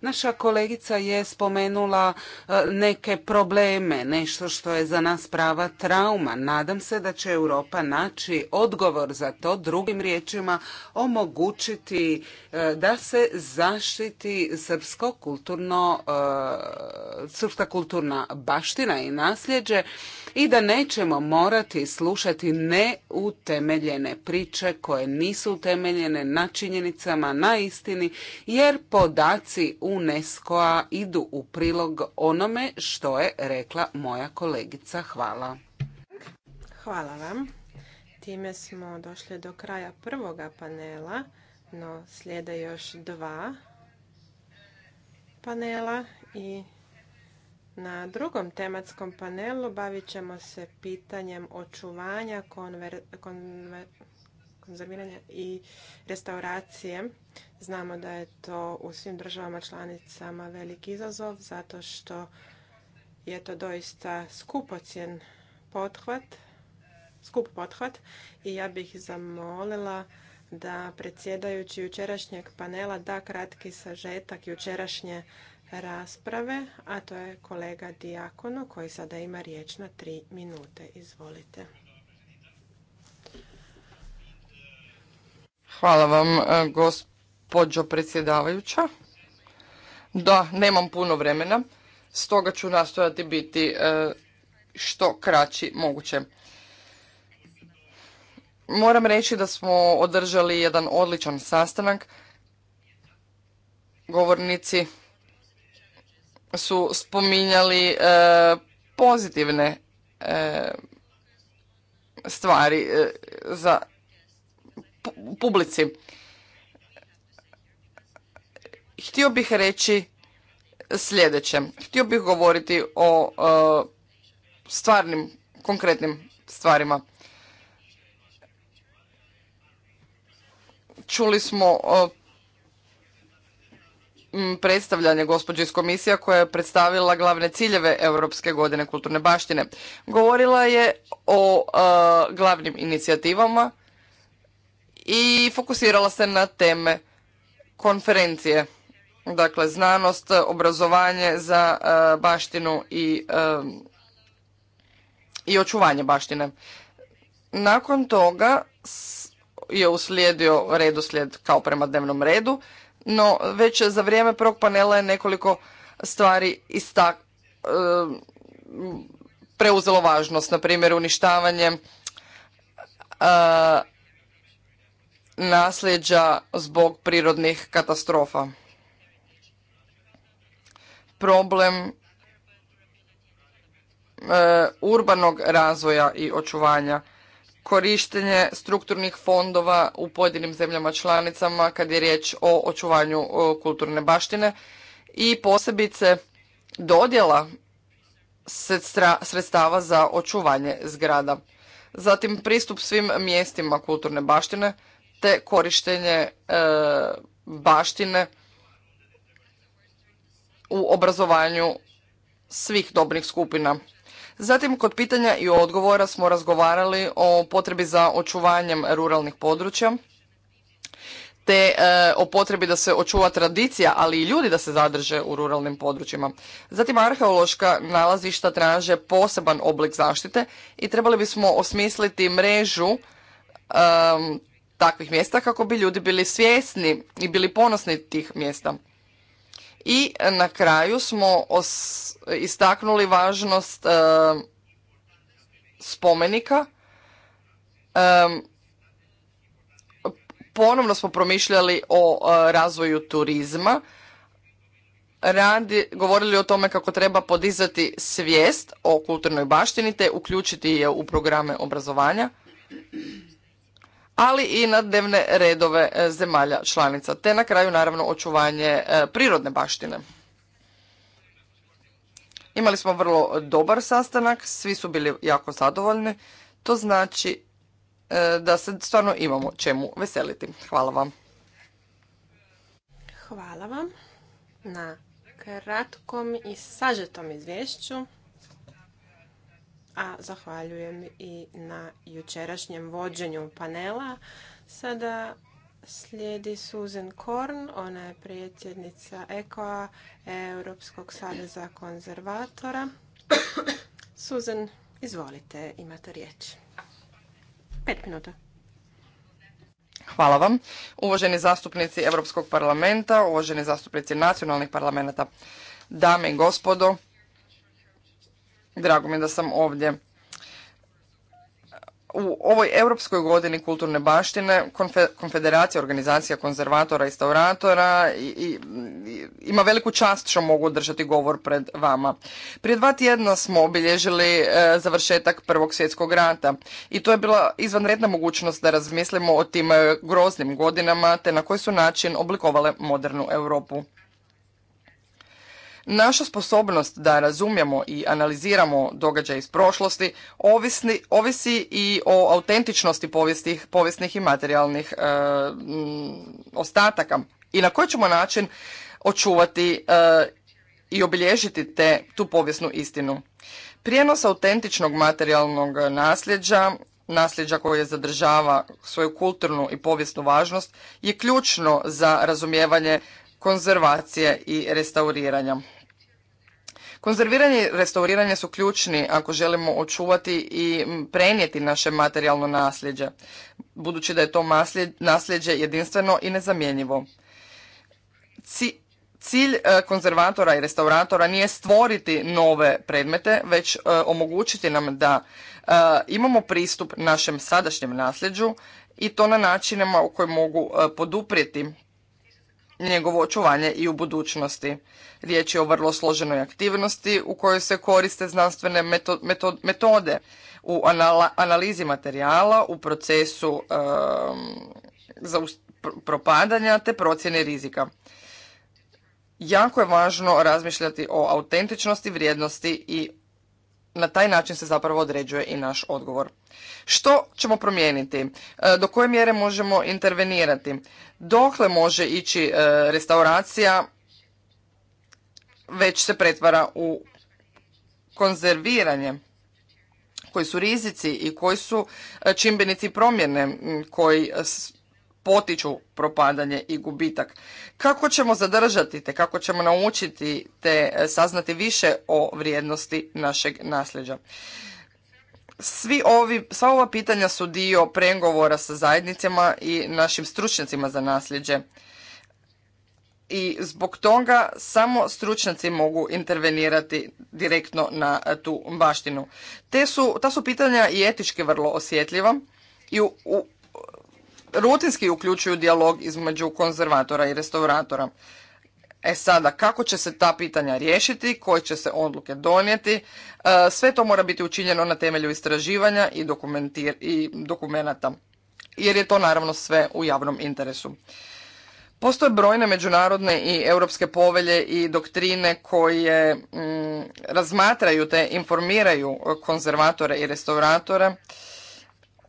Naša kolegica je spomenula e, neke probleme, nešto što je za nas prava trauma. Nadam se da će Europa naći odgovor za to, drugim riječima omogućiti da se zaštiti srpsko kulturno, srpska kulturna baština i nasljeđe i da nećemo morati slušati neutemeljene priče koje nisu utemeljene na činjenicama, na istini, jer podaci UNESCO-a idu u prilog onome što je rekla moja kolegica. Hvala. Hvala vam. Time smo došli do kraja prvoga panela, no slijede još dva panela i na drugom tematskom panelu bavit ćemo se pitanjem očuvanja, konzerviranja i restauracije. Znamo da je to u svim državama članicama velik izazov zato što je to doista skupocjen pothvat, skup pothvat i ja bih zamolila da predsjedajući jučerašnjeg panela da kratki sažetak jučerašnje rasprave, a to je kolega Dijakono koji sada ima riječ na tri minute. Izvolite. Hvala vam, e, gospođo predsjedavajuća. Da, nemam puno vremena, stoga ću nastojati biti e, što kraći moguće. Moram reći da smo održali jedan odličan sastanak. Govornici su spominjali e, pozitivne e, stvari e, za publici. Htio bih reći sljedeće. Htio bih govoriti o stvarnim, konkretnim stvarima. Čuli smo predstavljanje gospođe iz komisija koja je predstavila glavne ciljeve Europske godine kulturne baštine. Govorila je o glavnim inicijativama i fokusirala se na teme konferencije. Dakle, znanost, obrazovanje za baštinu i, i očuvanje baštine. Nakon toga je uslijedio redoslijed kao prema dnevnom redu no već za vrijeme prvog panela je nekoliko stvari istak, preuzelo važnost, na primjer uništavanje nasljeđa zbog prirodnih katastrofa. Problem e, urbanog razvoja i očuvanja korištenje strukturnih fondova u pojedinim zemljama članicama kad je riječ o očuvanju kulturne baštine i posebice dodjela sredstava za očuvanje zgrada. Zatim pristup svim mjestima kulturne baštine te korištenje e, baštine u obrazovanju svih dobrih skupina. Zatim, kod pitanja i odgovora smo razgovarali o potrebi za očuvanjem ruralnih područja, te e, o potrebi da se očuva tradicija, ali i ljudi da se zadrže u ruralnim područjima. Zatim, arheološka nalazišta traže poseban oblik zaštite i trebali bismo osmisliti mrežu e, takvih mjesta kako bi ljudi bili svjesni i bili ponosni tih mjesta. I e, na kraju smo istaknuli važnost e, spomenika. E, ponovno smo promišljali o razvoju turizma. Radi, govorili o tome kako treba podizati svijest o kulturnoj baštini te uključiti je u programe obrazovanja ali i na dnevne redove e, zemalja članica, te na kraju naravno očuvanje e, prirodne baštine. Imali smo vrlo dobar sastanak, svi su bili jako zadovoljni, to znači e, da se stvarno imamo čemu veseliti. Hvala vam. Hvala vam na kratkom i sažetom izvješću a zahvaljujem i na jučerašnjem vođenju panela. Sada slijedi Susan Korn, ona je predsjednica EKOA, Europskog za konzervatora. Susan, izvolite, imate riječ. Pet minuta. Hvala vam. Uvaženi zastupnici Europskog parlamenta, uvaženi zastupnici nacionalnih parlamenta, dame i gospodo, Drago mi je da sam ovdje. U ovoj Europskoj godini kulturne baštine Konfederacija organizacija konzervatora i restauratora i, ima veliku čast što mogu držati govor pred vama. Prije dva tjedna smo obilježili e, završetak Prvog svjetskog rata i to je bila izvanredna mogućnost da razmislimo o tim e, groznim godinama te na koji su način oblikovale modernu Europu. Naša sposobnost da razumijemo i analiziramo događaje iz prošlosti ovisni, ovisi i o autentičnosti povijestih, povijesnih i materijalnih e, ostataka i na koji ćemo način očuvati e, i obilježiti te, tu povijesnu istinu. Prijenos autentičnog materijalnog nasljeđa nasljeđa koje zadržava svoju kulturnu i povijesnu važnost je ključno za razumijevanje konzervacije i restauriranja. Konzerviranje i restauriranje su ključni ako želimo očuvati i prenijeti naše materijalno nasljeđe, budući da je to nasljeđe jedinstveno i nezamjenjivo. Cilj e, konzervatora i restauratora nije stvoriti nove predmete, već e, omogućiti nam da e, imamo pristup našem sadašnjem nasljeđu i to na načinima u kojem mogu poduprijeti njegovo očuvanje i u budućnosti. Riječ je o vrlo složenoj aktivnosti u kojoj se koriste znanstvene metode u analizi materijala, u procesu za propadanja te procjene rizika. Jako je važno razmišljati o autentičnosti, vrijednosti i na taj način se zapravo određuje i naš odgovor. Što ćemo promijeniti? E, do koje mjere možemo intervenirati? Dokle može ići e, restauracija već se pretvara u konzerviranje? Koji su rizici i koji su e, čimbenici promjene koji potiču propadanje i gubitak. Kako ćemo zadržati te, kako ćemo naučiti te e, saznati više o vrijednosti našeg nasljeđa? Svi ovi, sva ova pitanja su dio pregovora sa zajednicama i našim stručnjacima za nasljeđe. I zbog toga samo stručnjaci mogu intervenirati direktno na e, tu baštinu. Te su, ta su pitanja i etički vrlo osjetljiva i u rutinski uključuju dijalog između konzervatora i restauratora. E sada, kako će se ta pitanja riješiti, koje će se odluke donijeti, e, sve to mora biti učinjeno na temelju istraživanja i, i dokumenata, jer je to naravno sve u javnom interesu. Postoje brojne međunarodne i europske povelje i doktrine koje mm, razmatraju te informiraju konzervatore i restauratore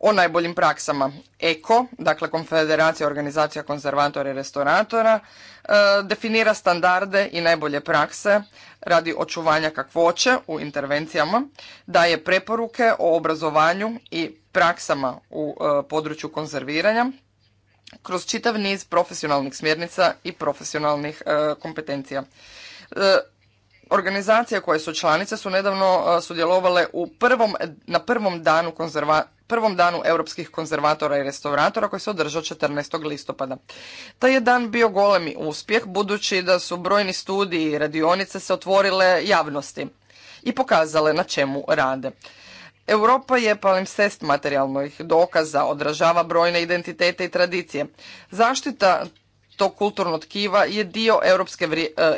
o najboljim praksama. EKO, dakle Konfederacija organizacija konzervatora i restoratora, e, definira standarde i najbolje prakse radi očuvanja kakvoće u intervencijama, daje preporuke o obrazovanju i praksama u e, području konzerviranja kroz čitav niz profesionalnih smjernica i profesionalnih e, kompetencija. Organizacije koje su članice su nedavno sudjelovale u prvom, na prvom danu konzervatora prvom danu europskih konzervatora i restauratora koji se održao 14. listopada. Taj je dan bio golemi uspjeh budući da su brojni studiji i radionice se otvorile javnosti i pokazale na čemu rade. Europa je sest materijalnih dokaza, odražava brojne identitete i tradicije. Zaštita tog kulturnog tkiva je dio e,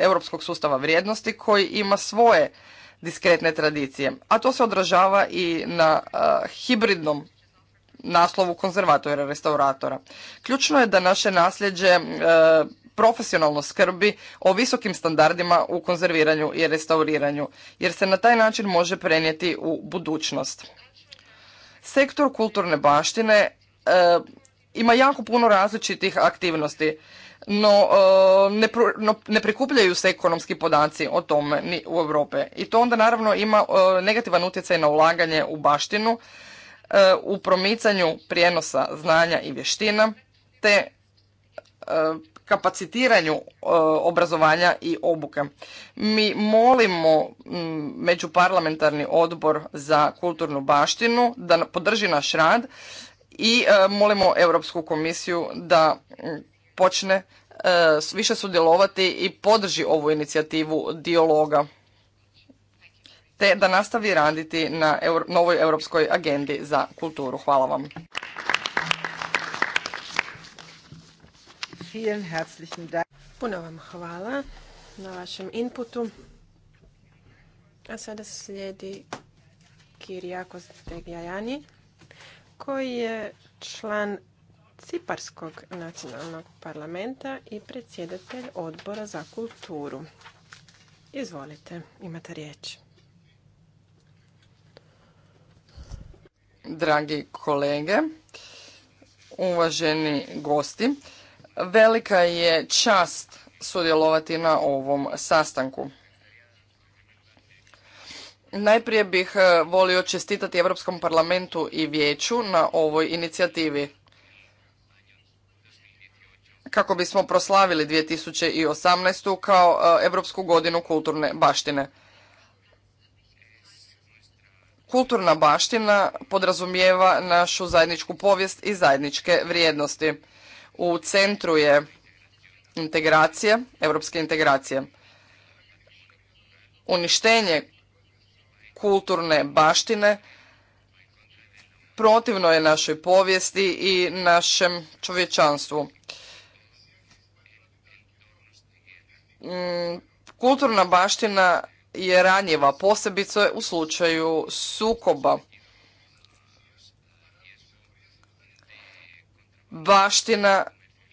europskog sustava vrijednosti koji ima svoje diskretne tradicije. A to se odražava i na hibridnom naslovu konzervatora restauratora. Ključno je da naše nasljeđe e, profesionalno skrbi o visokim standardima u konzerviranju i restauriranju, jer se na taj način može prenijeti u budućnost. Sektor kulturne baštine e, ima jako puno različitih aktivnosti no e, ne, ne prikupljaju se ekonomski podaci o tome ni u Europe. I to onda naravno ima e, negativan utjecaj na ulaganje u baštinu, e, u promicanju prijenosa znanja i vještina, te kapacitiranju obrazovanja i obuke. Mi molimo Međuparlamentarni odbor za kulturnu baštinu da podrži naš rad i molimo Europsku komisiju da počne e, više sudjelovati i podrži ovu inicijativu dijaloga te da nastavi raditi na novoj europskoj agendi za kulturu. Hvala vam. Puno vam hvala na vašem inputu. A sada slijedi Kirijako Stegljajani, koji je član Ciparskog nacionalnog parlamenta i predsjedatelj odbora za kulturu. Izvolite, imate riječ. Dragi kolege, uvaženi gosti, velika je čast sudjelovati na ovom sastanku. Najprije bih eh, volio čestitati Europskom parlamentu i vijeću na ovoj inicijativi kako bismo proslavili 2018. kao Europsku godinu kulturne baštine. Kulturna baština podrazumijeva našu zajedničku povijest i zajedničke vrijednosti. U centru je integracija europske integracije. Uništenje kulturne baštine protivno je našoj povijesti i našem čovječanstvu. Mm, kulturna baština je ranjiva, posebice u slučaju sukoba. Baština,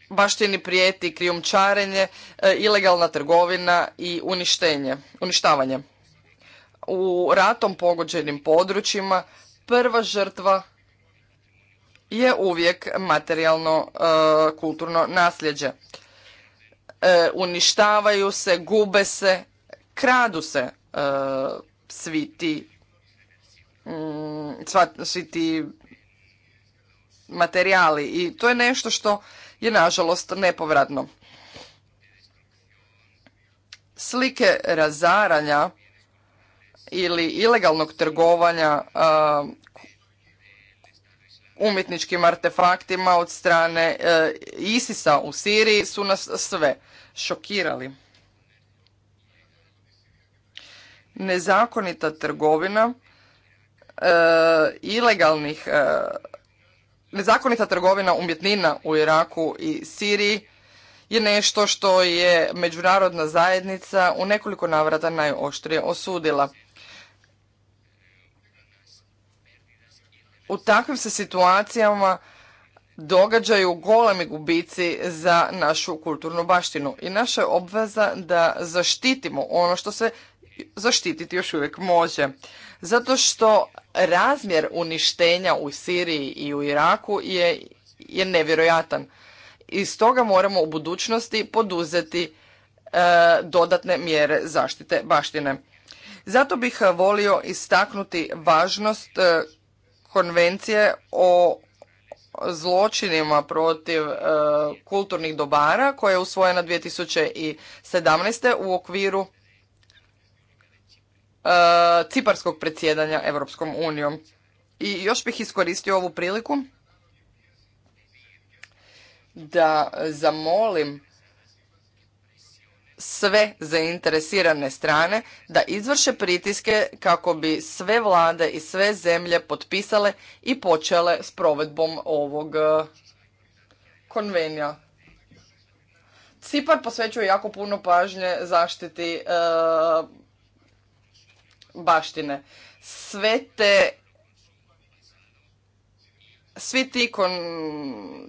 baštini prijeti krijumčarenje, e, ilegalna trgovina i uništenje, uništavanje. U ratom pogođenim područjima prva žrtva je uvijek materijalno e, kulturno nasljeđe. E, uništavaju se, gube se, kradu se e, svi ti, mm, svi ti materijali i to je nešto što je nažalost nepovratno. Slike razaranja ili ilegalnog trgovanja e, umjetničkim artefaktima od strane e, Isisa u Siriji su nas sve šokirali. Nezakonita trgovina e, ilegalnih e, nezakonita trgovina umjetnina u Iraku i Siriji je nešto što je međunarodna zajednica u nekoliko navrata najoštrije osudila. u takvim se situacijama događaju golemi gubici za našu kulturnu baštinu i naša je obveza da zaštitimo ono što se zaštititi još uvijek može. Zato što razmjer uništenja u Siriji i u Iraku je, je nevjerojatan. I stoga moramo u budućnosti poduzeti e, dodatne mjere zaštite baštine. Zato bih volio istaknuti važnost e, konvencije o zločinima protiv e, kulturnih dobara koja je usvojena 2017. u okviru e, ciparskog predsjedanja Europskom unijom. I još bih iskoristio ovu priliku da zamolim sve zainteresirane strane da izvrše pritiske kako bi sve vlade i sve zemlje potpisale i počele s provedbom ovog e, konvenija. Cipar posvećuje jako puno pažnje zaštiti e, baštine. Sve te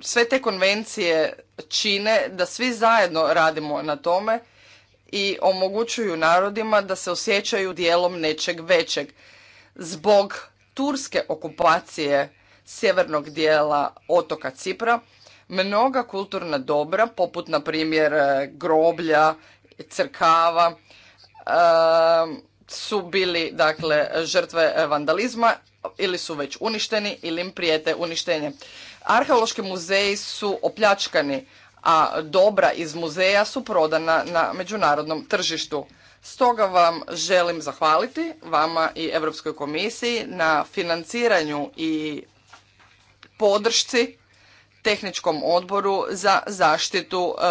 sve te konvencije čine da svi zajedno radimo na tome i omogućuju narodima da se osjećaju dijelom nečeg većeg. Zbog turske okupacije sjevernog dijela otoka Cipra, mnoga kulturna dobra, poput na primjer e, groblja, crkava, e, su bili dakle žrtve vandalizma ili su već uništeni ili im prijete uništenje. Arheološki muzeji su opljačkani a dobra iz muzeja su prodana na međunarodnom tržištu. Stoga vam želim zahvaliti vama i Europskoj komisiji na financiranju i podršci tehničkom odboru za zaštitu e,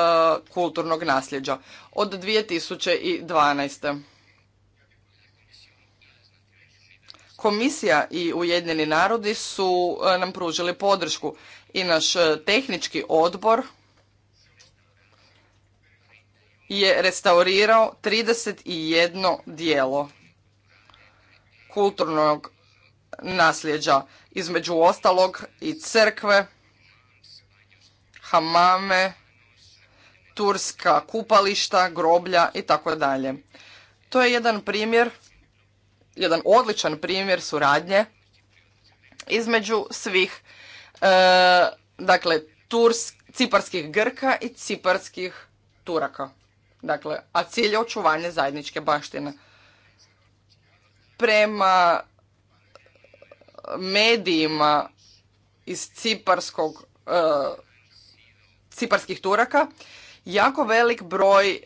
kulturnog nasljeđa od 2012. Komisija i Ujedinjeni narodi su e, nam pružili podršku i naš e, tehnički odbor je restaurirao 31 dijelo kulturnog nasljeđa, između ostalog i crkve, hamame, turska kupališta, groblja i tako dalje. To je jedan primjer, jedan odličan primjer suradnje između svih e, dakle ciparskih Grka i ciparskih Turaka. Dakle, a cilj je očuvanje zajedničke baštine. Prema medijima iz Ciparskog, e, Ciparskih Turaka, jako velik broj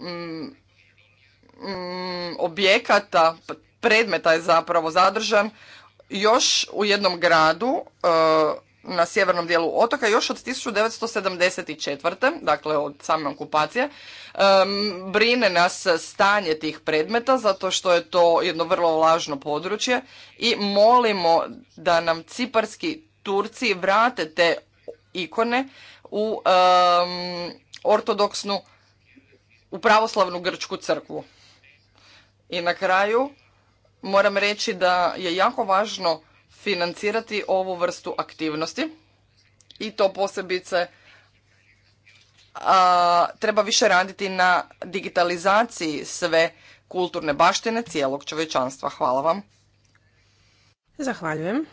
mm, mm, objekata, predmeta je zapravo zadržan još u jednom gradu e, na sjevernom dijelu otoka još od 1974. dakle od same okupacije. brine nas stanje tih predmeta zato što je to jedno vrlo lažno područje i molimo da nam ciparski Turci vrate te ikone u ortodoksnu, u pravoslavnu grčku crkvu. I na kraju moram reći da je jako važno financirati ovu vrstu aktivnosti i to posebice treba više raditi na digitalizaciji sve kulturne baštine cijelog čovječanstva. Hvala vam. Zahvaljujem.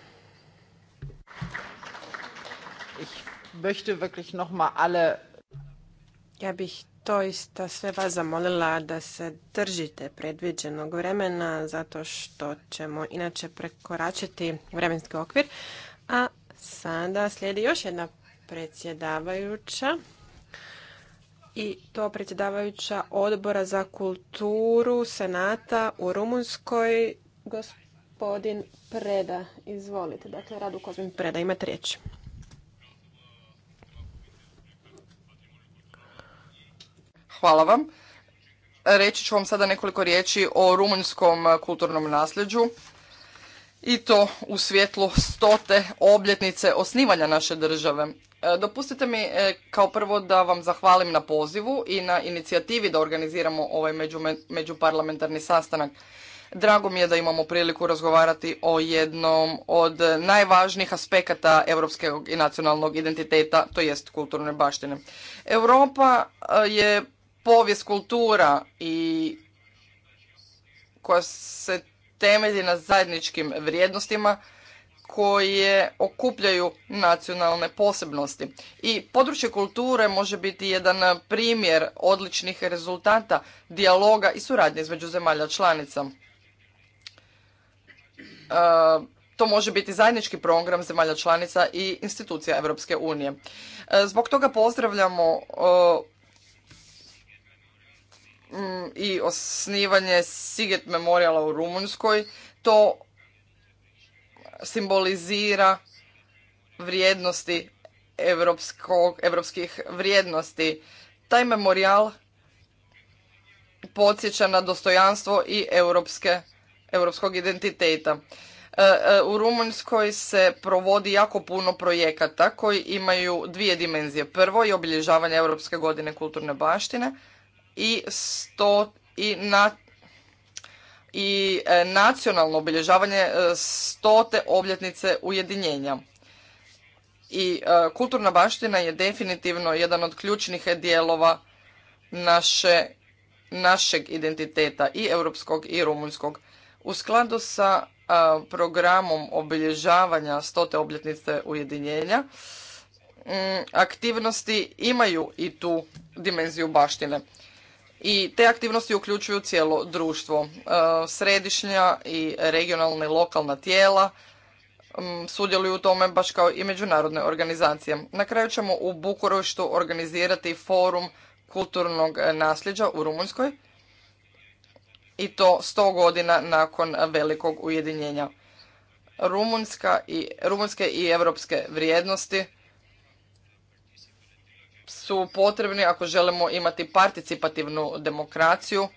ja bih doista sve vas zamolila da se držite predviđenog vremena zato što ćemo inače prekoračiti vremenski okvir. A sada slijedi još jedna predsjedavajuća i to predsjedavajuća odbora za kulturu Senata u Rumunskoj, gospodin Preda. Izvolite, dakle, Radu Kozmin Preda, imate riječ. Hvala vam. Reći ću vam sada nekoliko riječi o rumunjskom kulturnom nasljeđu i to u svjetlu stote obljetnice osnivanja naše države. E, dopustite mi e, kao prvo da vam zahvalim na pozivu i na inicijativi da organiziramo ovaj međuparlamentarni sastanak. Drago mi je da imamo priliku razgovarati o jednom od najvažnijih aspekata europskog i nacionalnog identiteta, to jest kulturne baštine. Europa e, je povijest kultura i koja se temelji na zajedničkim vrijednostima koje okupljaju nacionalne posebnosti. I područje kulture može biti jedan primjer odličnih rezultata, dijaloga i suradnje između zemalja članica. E, to može biti zajednički program zemalja članica i institucija Europske unije. E, zbog toga pozdravljamo e, i osnivanje Siget Memoriala u Rumunjskoj, to simbolizira vrijednosti evropskih vrijednosti. Taj memorial podsjeća na dostojanstvo i europskog identiteta. E, e, u Rumunjskoj se provodi jako puno projekata koji imaju dvije dimenzije. Prvo je obilježavanje Europske godine kulturne baštine, i, sto, i, na, i e, nacionalno obilježavanje e, stote obljetnice ujedinjenja. I e, kulturna baština je definitivno jedan od ključnih dijelova naše, našeg identiteta i europskog i rumunjskog. U skladu sa programom obilježavanja stote obljetnice ujedinjenja mm, aktivnosti imaju i tu dimenziju baštine i te aktivnosti uključuju cijelo društvo, e, središnja i regionalna i lokalna tijela, sudjeluju u tome baš kao i međunarodne organizacije. Na kraju ćemo u Bukureštu organizirati forum kulturnog e, nasljeđa u Rumunjskoj i to 100 godina nakon velikog ujedinjenja. i, rumunjske i evropske vrijednosti su potrebni ako želimo imati participativnu demokraciju.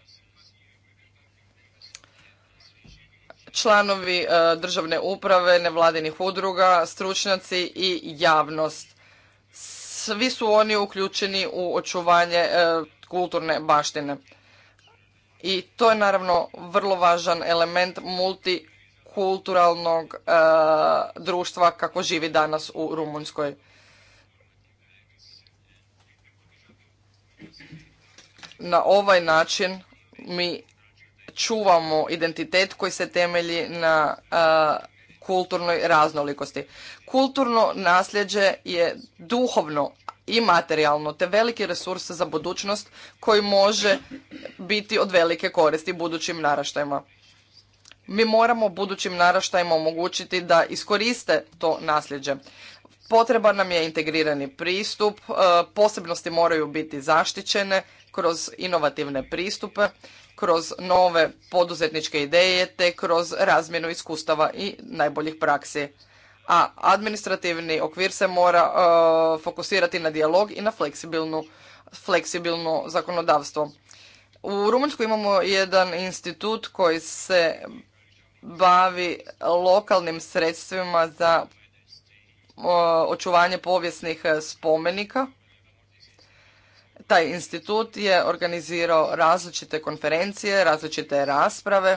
Članovi e, državne uprave, nevladinih udruga, stručnjaci i javnost. Svi su oni uključeni u očuvanje e, kulturne baštine. I to je naravno vrlo važan element multikulturalnog e, društva kako živi danas u Rumunjskoj. Na ovaj način mi čuvamo identitet koji se temelji na kulturnoj raznolikosti. Kulturno nasljeđe je duhovno i materijalno te veliki resurs za budućnost koji može biti od velike koristi budućim naraštajima. Mi moramo budućim naraštajima omogućiti da iskoriste to nasljeđe. Potreban nam je integrirani pristup, posebnosti moraju biti zaštićene kroz inovativne pristupe, kroz nove poduzetničke ideje te kroz razmjenu iskustava i najboljih praksi. A administrativni okvir se mora e, fokusirati na dijalog i na fleksibilnu, fleksibilno zakonodavstvo. U Rumunjskoj imamo jedan institut koji se bavi lokalnim sredstvima za e, očuvanje povijesnih spomenika taj institut je organizirao različite konferencije, različite rasprave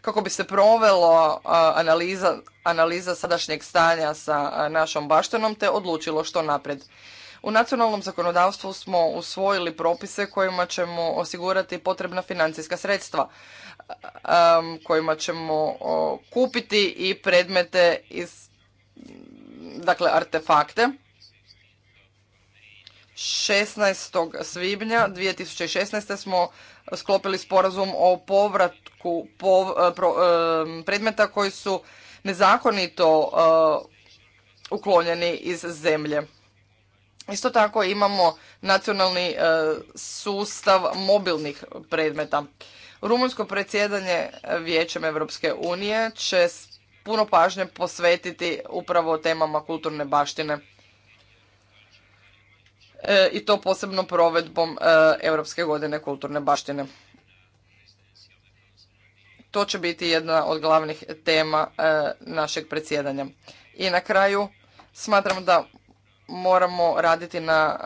kako bi se provelo analiza, analiza sadašnjeg stanja sa našom baštenom te odlučilo što napred. U nacionalnom zakonodavstvu smo usvojili propise kojima ćemo osigurati potrebna financijska sredstva, kojima ćemo kupiti i predmete iz, dakle, artefakte 16. svibnja 2016. smo sklopili sporazum o povratku e, e, predmeta koji su nezakonito e, uklonjeni iz zemlje. Isto tako imamo nacionalni sustav mobilnih predmeta. Rumunjsko predsjedanje Vijećem Europske unije će puno pažnje posvetiti upravo temama kulturne baštine. E, i to posebno provedbom e, Europske godine kulturne baštine. To će biti jedna od glavnih tema e, našeg predsjedanja. I na kraju smatram da moramo raditi na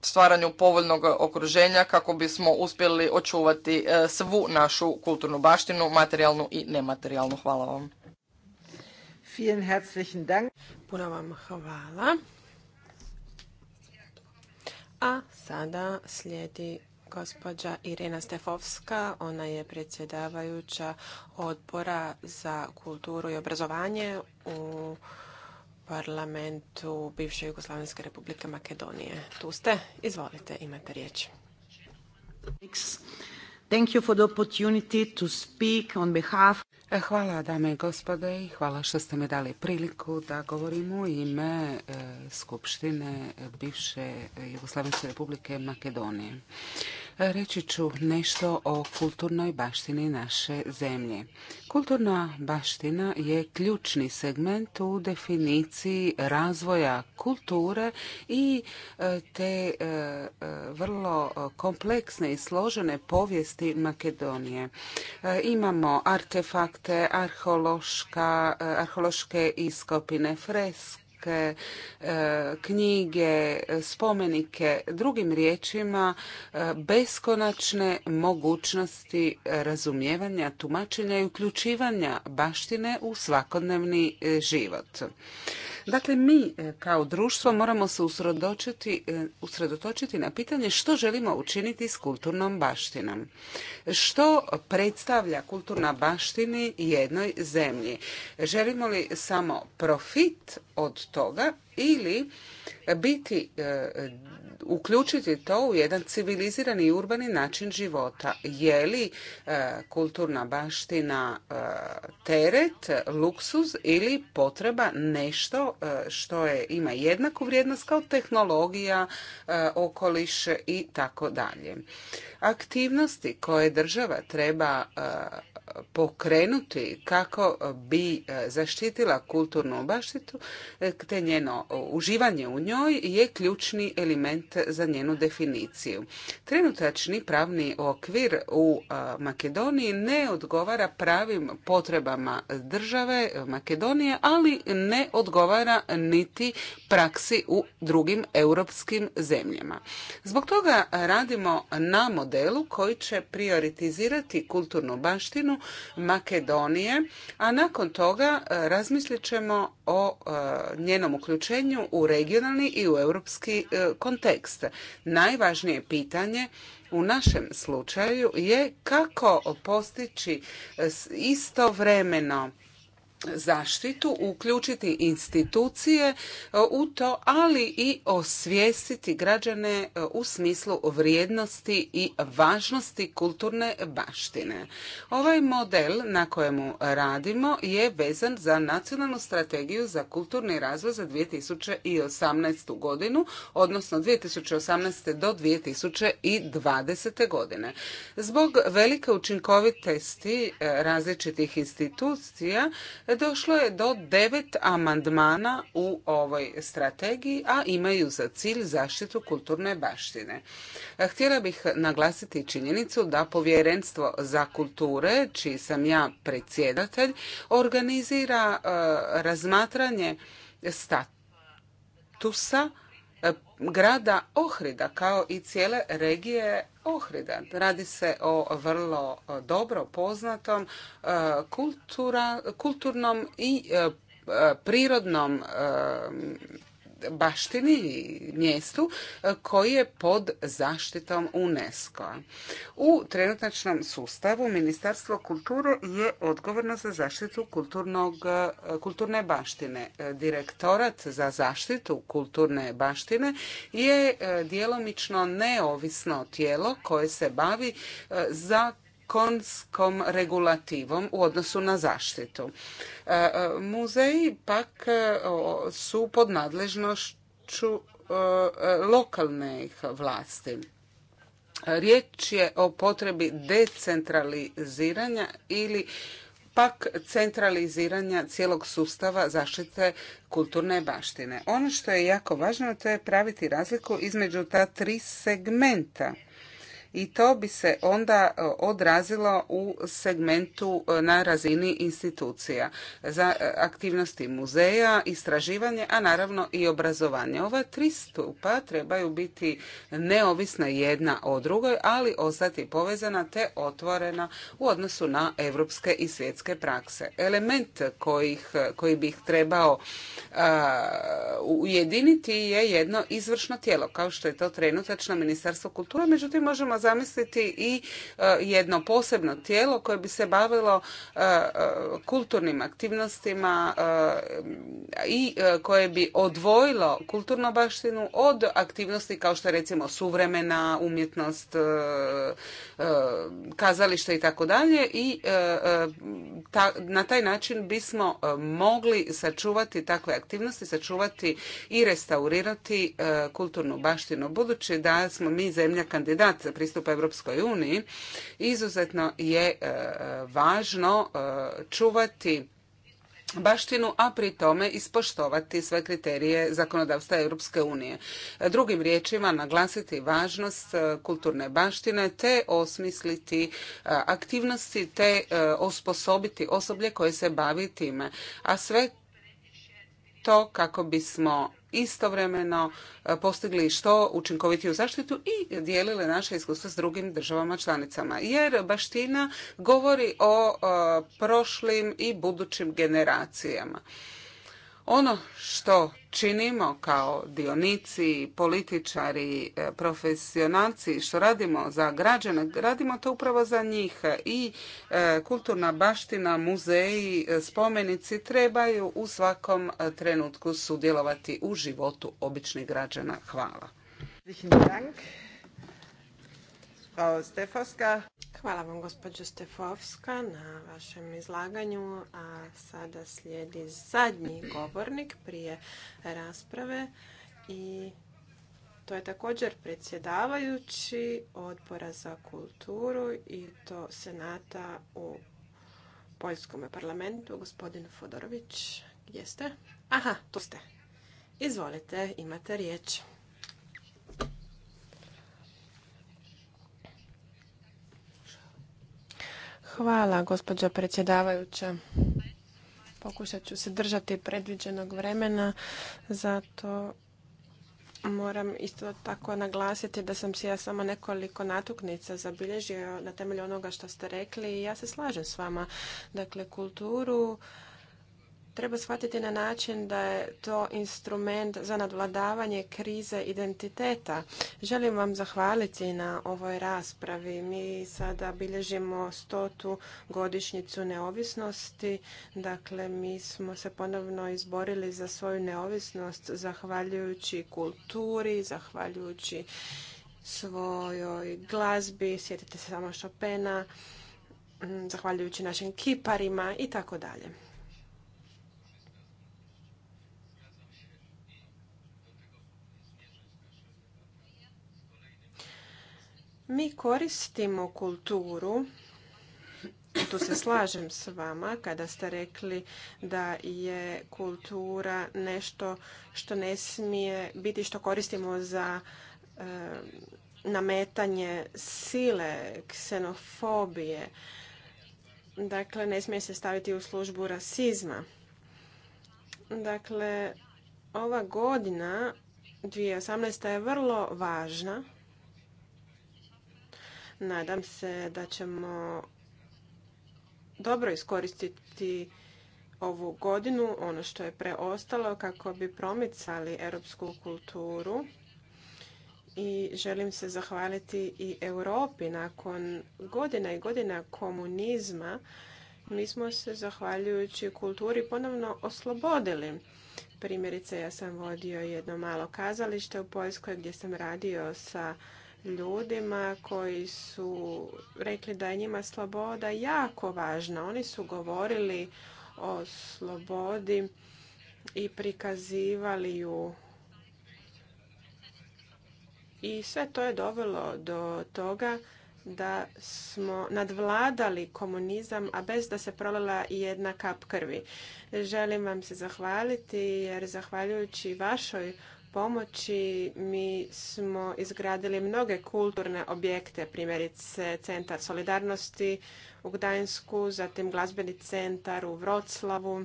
stvaranju povoljnog okruženja kako bismo uspjeli očuvati svu našu kulturnu baštinu, materijalnu i nematerijalnu. Hvala vam. Puno vam hvala. A sada slijedi gospođa Irena Stefovska. Ona je predsjedavajuća odbora za kulturu i obrazovanje u parlamentu bivše Jugoslavenske republike Makedonije. Tu ste. Izvolite, imate riječ. Thank you for the opportunity to speak on behalf Hvala dame i gospode i hvala što ste mi dali priliku da govorim u ime e, Skupštine bivše Jugoslavenske republike Makedonije reći ću nešto o kulturnoj baštini naše zemlje. Kulturna baština je ključni segment u definiciji razvoja kulture i e, te e, e, vrlo kompleksne i složene povijesti Makedonije. Imamo artefakte, arheološke iskopine, fresk. E, knjige, spomenike, drugim riječima e, beskonačne mogućnosti razumijevanja, tumačenja i uključivanja baštine u svakodnevni e, život. Dakle, mi e, kao društvo moramo se e, usredotočiti na pitanje što želimo učiniti s kulturnom baštinom. Što predstavlja kulturna baštini jednoj zemlji? Želimo li samo profit od toga ili biti e, uključiti to u jedan civilizirani i urbani način života. Je li e, kulturna baština e, teret, luksuz ili potreba nešto e, što je, ima jednaku vrijednost kao tehnologija, okoliš i tako dalje. Aktivnosti koje država treba pokrenuti kako bi e, zaštitila kulturnu baštitu, e, te njeno e, uživanje u njoj je ključni element za njenu definiciju. Trenutačni pravni okvir u Makedoniji ne odgovara pravim potrebama države Makedonije, ali ne odgovara niti praksi u drugim europskim zemljama. Zbog toga radimo na modelu koji će prioritizirati kulturnu baštinu Makedonije, a nakon toga e, razmislit ćemo o e, njenom uključenju u regionalni i u europski e, kontekst. Najvažnije pitanje u našem slučaju je kako postići istovremeno zaštitu, uključiti institucije e, u to, ali i osvijestiti građane e, u smislu vrijednosti i važnosti kulturne baštine. Ovaj model na kojemu radimo je vezan za nacionalnu strategiju za kulturni razvoj za 2018. godinu, odnosno 2018. do 2020. godine. Zbog velike učinkovitosti e, različitih institucija došlo je do devet amandmana u ovoj strategiji, a imaju za cilj zaštitu kulturne baštine. Htjela bih naglasiti činjenicu da povjerenstvo za kulture, čiji sam ja predsjedatelj, organizira e, razmatranje statusa e, grada Ohrida kao i cijele regije Ohrida. Radi se o vrlo e, dobro poznatom e, kultura, kulturnom i e, prirodnom baštini i mjestu e, koji je pod zaštitom unesco U trenutačnom sustavu Ministarstvo kulture je odgovorno za zaštitu e, kulturne baštine. E, Direktorat za zaštitu kulturne baštine je djelomično neovisno tijelo koje se bavi za zakonskom regulativom u odnosu na zaštitu. E, e, muzeji pak e, su pod nadležnošću lokalnih vlasti. Riječ je o potrebi decentraliziranja ili pak centraliziranja cijelog sustava zaštite kulturne baštine. Ono što je jako važno to je praviti razliku između ta tri segmenta i to bi se onda e, odrazilo u segmentu e, na razini institucija za e, aktivnosti muzeja, istraživanje, a naravno i obrazovanje. Ova tri stupa trebaju biti neovisna jedna o drugoj, ali ostati povezana te otvorena u odnosu na europske i svjetske prakse. Element kojih, koji bih trebao ujediniti je jedno izvršno tijelo, kao što je to trenutačno Ministarstvo kulture, međutim možemo zamisliti i e, jedno posebno tijelo koje bi se bavilo e, e, kulturnim aktivnostima i koje bi odvojilo kulturnu baštinu od aktivnosti kao što je recimo suvremena umjetnost, kazalište i tako dalje i na taj način bismo mogli sačuvati takve aktivnosti, sačuvati i restaurirati kulturnu baštinu. Budući da smo mi zemlja kandidat za pristup Europskoj uniji, izuzetno je e, važno e, čuvati baštinu, a pri tome ispoštovati sve kriterije zakonodavstva Europske unije. E, drugim riječima naglasiti važnost kulturne baštine te osmisliti aktivnosti te osposobiti osoblje koje se bavi time. A sve to kako bismo istovremeno e, postigli što učinkovitiju zaštitu i dijelile naše iskustva s drugim državama članicama. Jer baština govori o e, prošlim i budućim generacijama. Ono što činimo kao dionici, političari, e, profesionalci, što radimo za građane, radimo to upravo za njih i e, kulturna baština, muzeji, e, spomenici trebaju u svakom trenutku sudjelovati u životu običnih građana. Hvala. Hvala vam gospođo Stefovska na vašem izlaganju, a sada slijedi zadnji govornik prije rasprave i to je također predsjedavajući odbora za kulturu i to senata u Poljskom parlamentu, gospodin Fodorović. Gdje ste? Aha, tu ste. Izvolite, imate riječ. Hvala, gospođo predsjedavajuća. Pokušat ću se držati predviđenog vremena, zato moram isto tako naglasiti da sam si ja samo nekoliko natuknica zabilježio na temelju onoga što ste rekli i ja se slažem s vama. Dakle, kulturu treba shvatiti na način da je to instrument za nadvladavanje krize identiteta. Želim vam zahvaliti na ovoj raspravi. Mi sada bilježimo stotu godišnjicu neovisnosti. Dakle, mi smo se ponovno izborili za svoju neovisnost zahvaljujući kulturi, zahvaljujući svojoj glazbi, sjetite se samo Chopina, zahvaljujući našim kiparima i tako dalje. Mi koristimo kulturu tu se slažem s vama kada ste rekli da je kultura nešto što ne smije biti što koristimo za eh, nametanje sile, ksenofobije. Dakle, ne smije se staviti u službu rasizma. Dakle, ova godina 2018. je vrlo važna Nadam se da ćemo dobro iskoristiti ovu godinu, ono što je preostalo, kako bi promicali europsku kulturu. I želim se zahvaliti i Europi nakon godina i godina komunizma. Mi smo se zahvaljujući kulturi ponovno oslobodili. Primjerice, ja sam vodio jedno malo kazalište u Poljskoj gdje sam radio sa ljudima koji su rekli da je njima sloboda jako važna. Oni su govorili o slobodi i prikazivali ju. I sve to je dovelo do toga da smo nadvladali komunizam, a bez da se prolila jedna kap krvi. Želim vam se zahvaliti jer zahvaljujući vašoj pomoći mi smo izgradili mnoge kulturne objekte, primjerice Centar solidarnosti u Gdansku, zatim glazbeni centar u Vroclavu.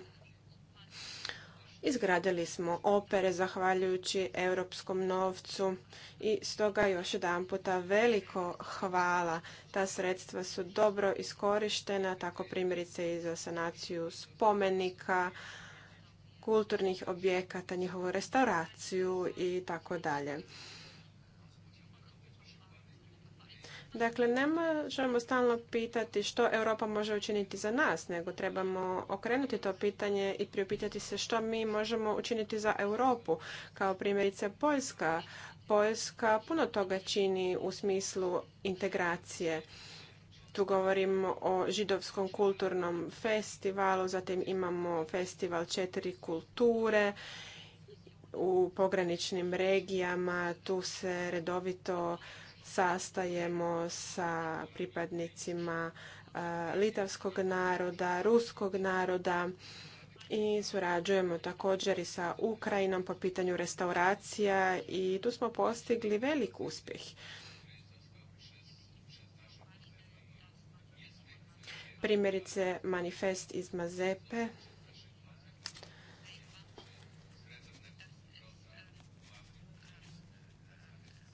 Izgradili smo opere zahvaljujući europskom novcu i stoga još jedan puta veliko hvala. Ta sredstva su dobro iskorištena, tako primjerice i za sanaciju spomenika, kulturnih objekata, njihovu restauraciju i tako dalje. Dakle, ne možemo stalno pitati što Europa može učiniti za nas, nego trebamo okrenuti to pitanje i priupitati se što mi možemo učiniti za Europu. Kao primjerice Poljska. Poljska puno toga čini u smislu integracije. Tu govorimo o židovskom kulturnom festivalu, zatim imamo festival četiri kulture u pograničnim regijama. Tu se redovito sastajemo sa pripadnicima litavskog naroda, ruskog naroda i surađujemo također i sa Ukrajinom po pitanju restauracija i tu smo postigli velik uspjeh. primjerice manifest iz Mazepe.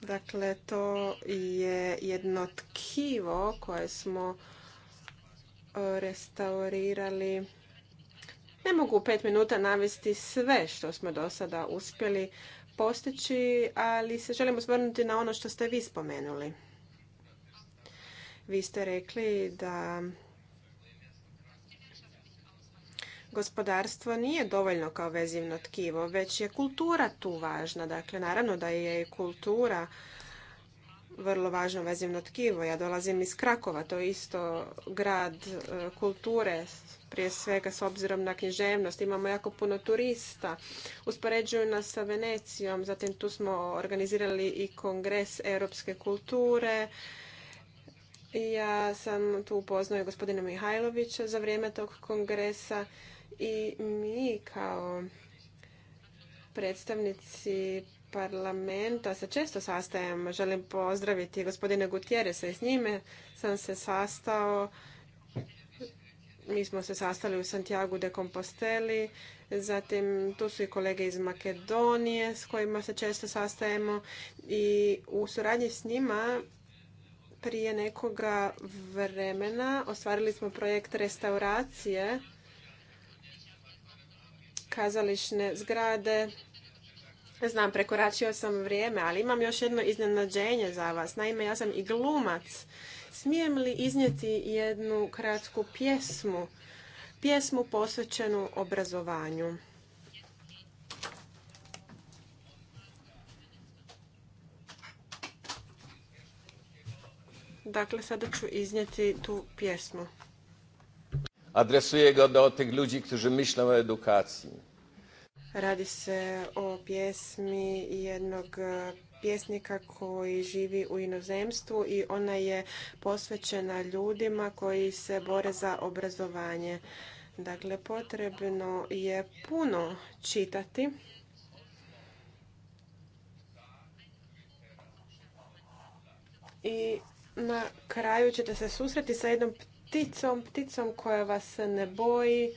Dakle, to je jedno tkivo koje smo e, restaurirali. Ne mogu u pet minuta navesti sve što smo do sada uspjeli postići, ali se želimo osvrnuti na ono što ste vi spomenuli. Vi ste rekli da gospodarstvo nije dovoljno kao vezivno tkivo, već je kultura tu važna. Dakle, naravno da je i kultura vrlo važno vezivno tkivo. Ja dolazim iz Krakova, to je isto grad e, kulture, prije svega s obzirom na književnost. Imamo jako puno turista. Uspoređuju nas sa Venecijom, zatim tu smo organizirali i kongres europske kulture. Ja sam tu upoznao i gospodina Mihajlovića za vrijeme tog kongresa i mi kao predstavnici parlamenta se često sastajemo. Želim pozdraviti gospodine Gutjeresa i s njime sam se sastao. Mi smo se sastali u Santiago de Composteli, zatim tu su i kolege iz Makedonije s kojima se često sastajemo i u suradnji s njima prije nekoga vremena ostvarili smo projekt restauracije kazališne zgrade. Znam, prekoračio sam vrijeme, ali imam još jedno iznenađenje za vas. Naime, ja sam i glumac. Smijem li iznijeti jednu kratku pjesmu? Pjesmu posvećenu obrazovanju. Dakle, sada ću iznijeti tu pjesmu. Adresuję go do tych ludzi, którzy myślą o edukacji. Radi se o pjesmi jednog e, pjesnika koji živi u inozemstvu i ona je posvećena ljudima koji se bore za obrazovanje. Dakle, potrebno je puno čitati. I na kraju ćete se susreti sa jednom pticom, pticom koja vas ne boji.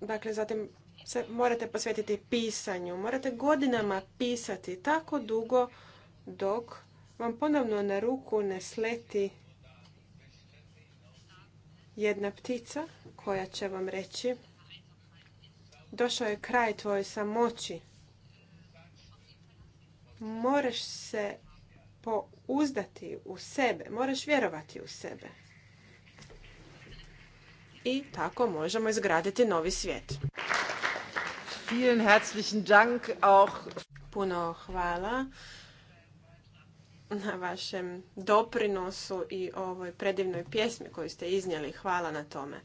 Dakle, zatim se morate posvetiti pisanju. Morate godinama pisati tako dugo dok vam ponovno na ruku ne sleti jedna ptica koja će vam reći došao je kraj tvoje samoći. Moraš se pouzdati u sebe, moraš vjerovati u sebe. I tako možemo izgraditi novi svijet. Puno hvala na vašem doprinosu i ovoj predivnoj pjesmi koju ste iznijeli. Hvala na tome.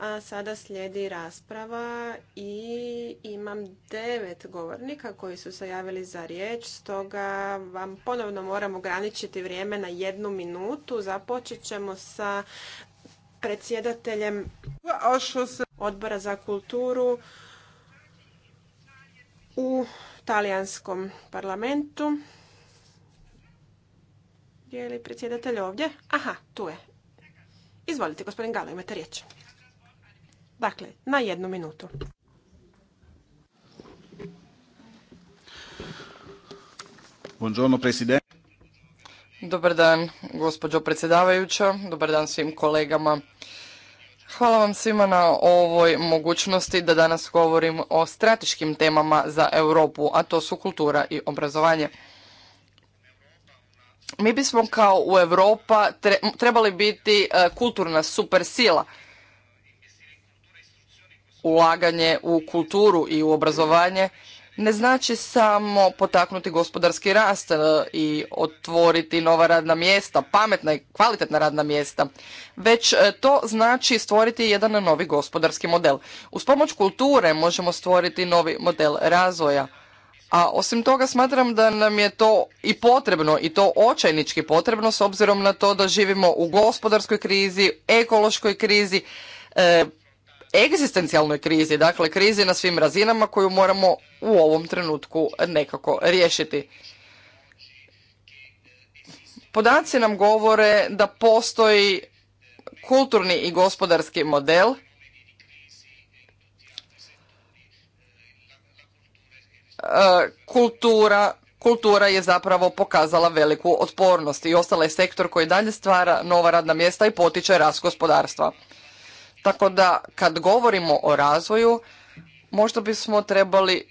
A sada slijedi rasprava i imam devet govornika koji su se javili za riječ, stoga vam ponovno moram ograničiti vrijeme na jednu minutu. Započet ćemo sa predsjedateljem odbora za kulturu u talijanskom parlamentu. Je li predsjedatelj ovdje? Aha, tu je. Izvolite, gospodin Galo, imate riječ. Dakle, na jednu minutu. Dobar dan, gospođo predsjedavajuća. Dobar dan svim kolegama. Hvala vam svima na ovoj mogućnosti da danas govorim o strateškim temama za Europu, a to su kultura i obrazovanje. Mi bismo kao u Europa trebali biti e, kulturna supersila ulaganje u kulturu i u obrazovanje ne znači samo potaknuti gospodarski rast e, i otvoriti nova radna mjesta, pametna i kvalitetna radna mjesta, već e, to znači stvoriti jedan novi gospodarski model. Uz pomoć kulture možemo stvoriti novi model razvoja, a osim toga smatram da nam je to i potrebno i to očajnički potrebno s obzirom na to da živimo u gospodarskoj krizi, ekološkoj krizi, e, egzistencijalnoj krizi, dakle krizi na svim razinama koju moramo u ovom trenutku nekako riješiti. Podaci nam govore da postoji kulturni i gospodarski model kultura kultura je zapravo pokazala veliku otpornost i ostala je sektor koji dalje stvara nova radna mjesta i potiče rast gospodarstva. Tako da kad govorimo o razvoju, možda bismo trebali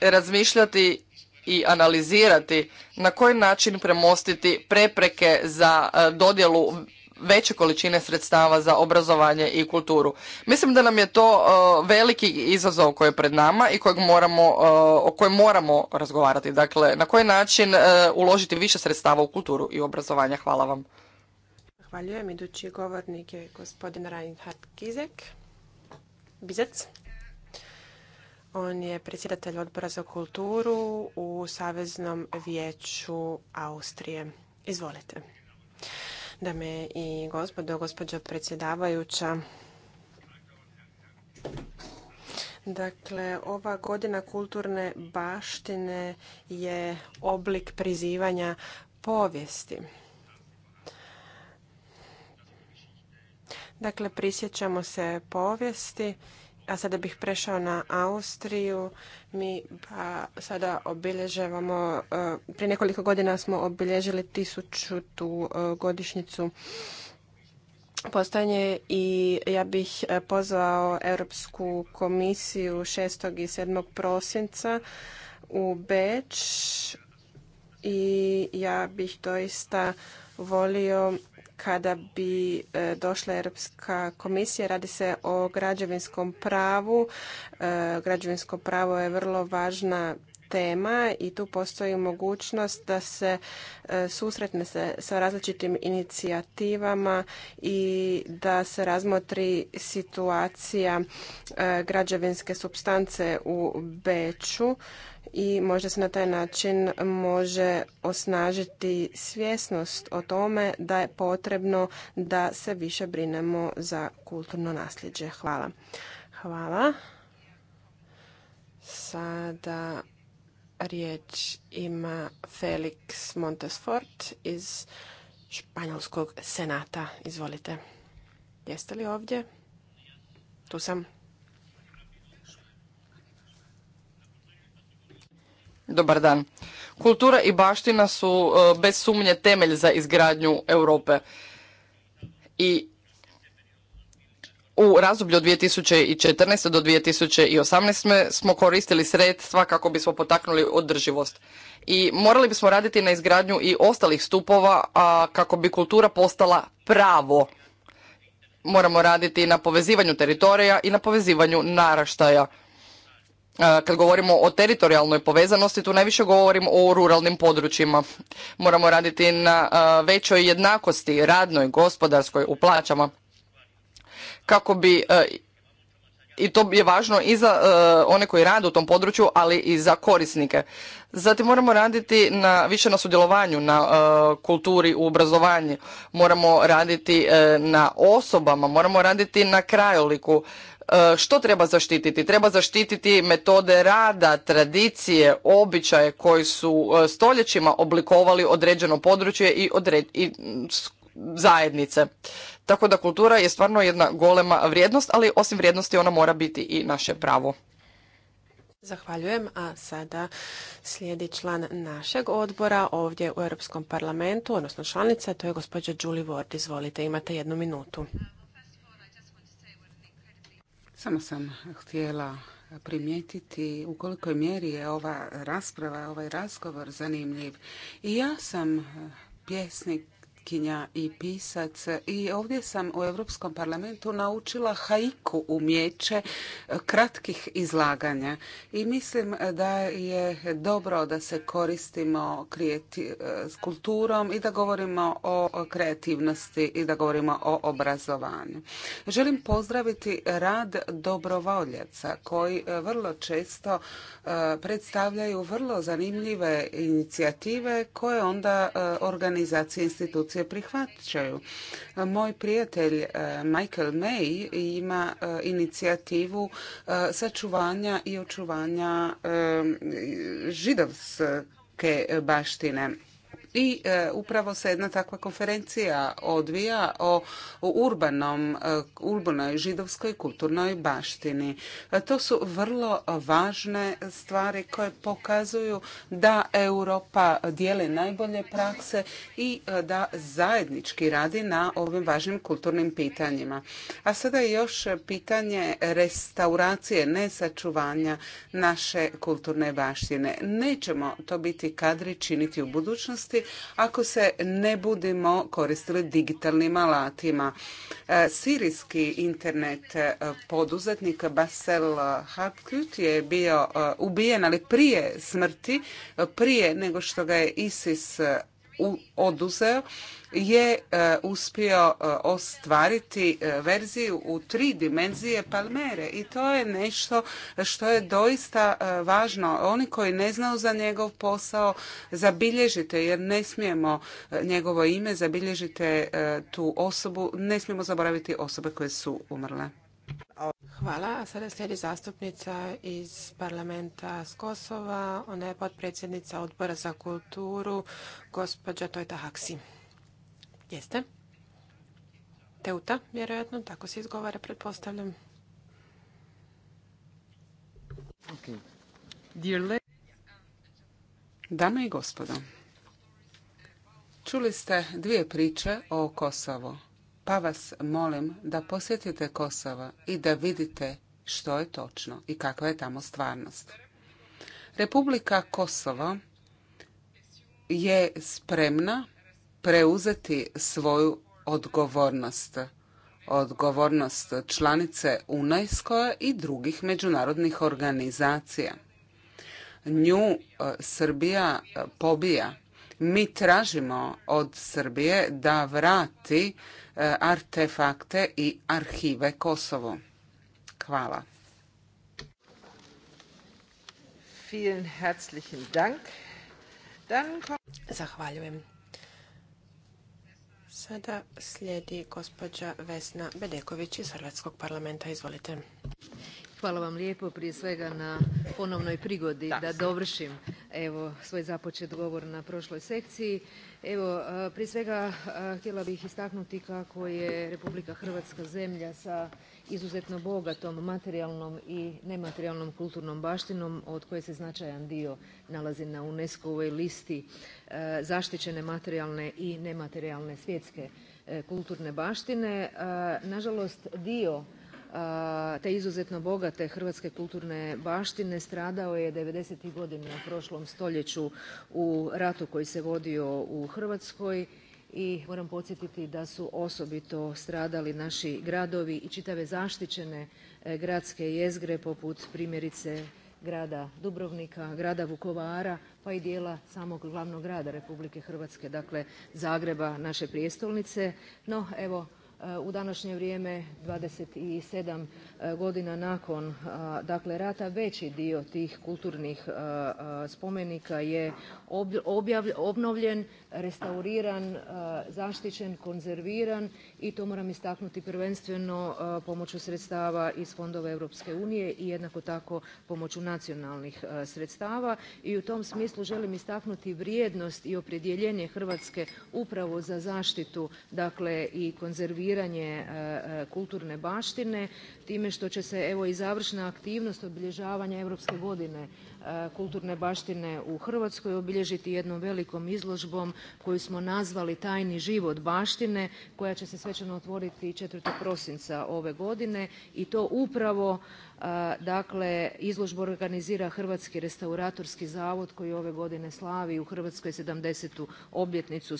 razmišljati i analizirati na koji način premostiti prepreke za e, dodjelu veće količine sredstava za obrazovanje i kulturu. Mislim da nam je to e, veliki izazov koji je pred nama i kojeg moramo, e, o kojem moramo razgovarati. Dakle, na koji način uložiti više sredstava u kulturu i obrazovanje. Hvala vam. Zahvaljujem. Idući govornik je gospodin Reinhard Kizek. Bizec. On je predsjedatelj odbora za kulturu u Saveznom vijeću Austrije. Izvolite. Dame i gospodo, gospođo predsjedavajuća, Dakle, ova godina kulturne baštine je oblik prizivanja povijesti. Dakle, prisjećamo se povijesti, a sada bih prešao na Austriju. Mi pa sada obilježavamo, eh, prije nekoliko godina smo obilježili tisuću eh, godišnjicu postojanje i ja bih eh, pozvao Europsku komisiju 6. i 7. prosinca u Beč i ja bih doista volio kada bi e, došla Europska komisija. Radi se o građevinskom pravu. E, građevinsko pravo je vrlo važna tema i tu postoji mogućnost da se e, susretne se sa različitim inicijativama i da se razmotri situacija e, građevinske substance u Beču i možda se na taj način može osnažiti svjesnost o tome da je potrebno da se više brinemo za kulturno nasljeđe. Hvala. Hvala. Sada Riječ ima Felix Montesfort iz Španjolskog senata. Izvolite. Jeste li ovdje? Tu sam. Dobar dan. Kultura i baština su e, bez sumnje temelj za izgradnju Europe. I u razdoblju od 2014. do 2018. smo koristili sredstva kako bismo potaknuli održivost. I morali bismo raditi na izgradnju i ostalih stupova a, kako bi kultura postala pravo. Moramo raditi na povezivanju teritorija i na povezivanju naraštaja. E, kad govorimo o teritorijalnoj povezanosti, tu najviše govorimo o ruralnim područjima. Moramo raditi na e, većoj jednakosti, radnoj, gospodarskoj, u plaćama kako bi e, i to je važno i za e, one koji rade u tom području, ali i za korisnike. Zatim moramo raditi na više na sudjelovanju, na e, kulturi, u obrazovanju. Moramo raditi na osobama, moramo raditi na krajoliku. Što treba zaštititi? Treba zaštititi metode rada, tradicije, običaje koji su stoljećima oblikovali određeno područje i, i zajednice. Tako da kultura je stvarno jedna golema vrijednost, ali osim vrijednosti ona mora biti i naše pravo. Zahvaljujem, a sada slijedi član našeg odbora ovdje u Europskom parlamentu, odnosno članica, to je gospođa Julie Ward. Izvolite, imate jednu minutu. Samo sam htjela primijetiti u kolikoj mjeri je ova rasprava, ovaj razgovor zanimljiv. I ja sam pjesnik i pisac i ovdje sam u Europskom parlamentu naučila haiku umjeće e, kratkih izlaganja i mislim da je dobro da se koristimo e, s kulturom i da govorimo o kreativnosti i da govorimo o obrazovanju. Želim pozdraviti rad dobrovoljaca koji e, vrlo često predstavljaju vrlo zanimljive inicijative koje onda organizacije institucije prihvaćaju. Moj prijatelj e, Michael May ima e, inicijativu e, sačuvanja i očuvanja židovske baštine i e, upravo se jedna takva konferencija odvija o urbanom, e, urbanoj židovskoj kulturnoj baštini. E, to su vrlo važne stvari koje pokazuju da Europa dijeli najbolje prakse i da zajednički radi na ovim važnim kulturnim pitanjima. A sada je još pitanje restauracije, nesačuvanja naše kulturne baštine. Nećemo to biti kadri činiti u budućnosti, ako se ne budemo koristili digitalnim alatima. E, sirijski internet e, poduzetnik Basel Hartkut je bio e, ubijen, ali prije smrti, prije nego što ga je ISIS oduzeo je e, uspio e, ostvariti e, verziju u tri dimenzije Palmere i to je nešto što je doista važno. Oni koji ne znaju za njegov posao zabilježite jer ne smijemo njegovo ime, zabilježite tu osobu, ne smijemo zaboraviti osobe koje su umrle. Hvala. A sada slijedi zastupnica iz parlamenta s Kosova. Ona je potpredsjednica odbora za kulturu, gospođa Tojta Haksi. Jeste. Teuta, vjerojatno, tako se izgovara, pretpostavljam. Dame i gospodo, čuli ste dvije priče o Kosovo, pa vas molim da posjetite Kosovo i da vidite što je točno i kakva je tamo stvarnost. Republika Kosovo je spremna preuzeti svoju odgovornost. Odgovornost članice UNESCO i drugih međunarodnih organizacija. Nju e, Srbija e, pobija. Mi tražimo od Srbije da vrati e, artefakte i arhive Kosovo. Hvala. Vielen herzlichen Dank. Zahvaljujem. Sada slijedi gospođa Vesna Bedeković iz Hrvatskog parlamenta. Izvolite. Hvala vam lijepo prije svega na ponovnoj prigodi da, da dovršim evo svoj započet govor na prošloj sekciji. Evo prije svega htjela bih istaknuti kako je Republika Hrvatska zemlja sa izuzetno bogatom materijalnom i nematerijalnom kulturnom baštinom od koje se značajan dio nalazi na unesco ovoj listi e, zaštićene materijalne i nematerijalne svjetske e, kulturne baštine. E, nažalost, dio te izuzetno bogate hrvatske kulturne baštine stradao je 90. godina u prošlom stoljeću u ratu koji se vodio u Hrvatskoj i moram podsjetiti da su osobito stradali naši gradovi i čitave zaštićene e, gradske jezgre poput primjerice grada Dubrovnika, grada Vukovara pa i dijela samog glavnog grada Republike Hrvatske, dakle Zagreba, naše prijestolnice. No evo e, u današnje vrijeme 27 e, godina nakon dakle rata veći dio tih kulturnih spomenika je obnovljen restauriran, e, zaštićen, konzerviran i to moram istaknuti prvenstveno e, pomoću sredstava iz fondova Europske unije i jednako tako pomoću nacionalnih e, sredstava i u tom smislu želim istaknuti vrijednost i opredjeljenje Hrvatske upravo za zaštitu dakle i konzerviranje kulturne baštine time što će se evo i završna aktivnost obilježavanja Europske godine kulturne baštine u Hrvatskoj obilježiti jednom velikom izložbom koju smo nazvali Tajni život baštine koja će se svečano otvoriti 4. prosinca ove godine i to upravo Dakle, izložbu organizira Hrvatski restauratorski zavod koji ove godine slavi u Hrvatskoj 70. obljetnicu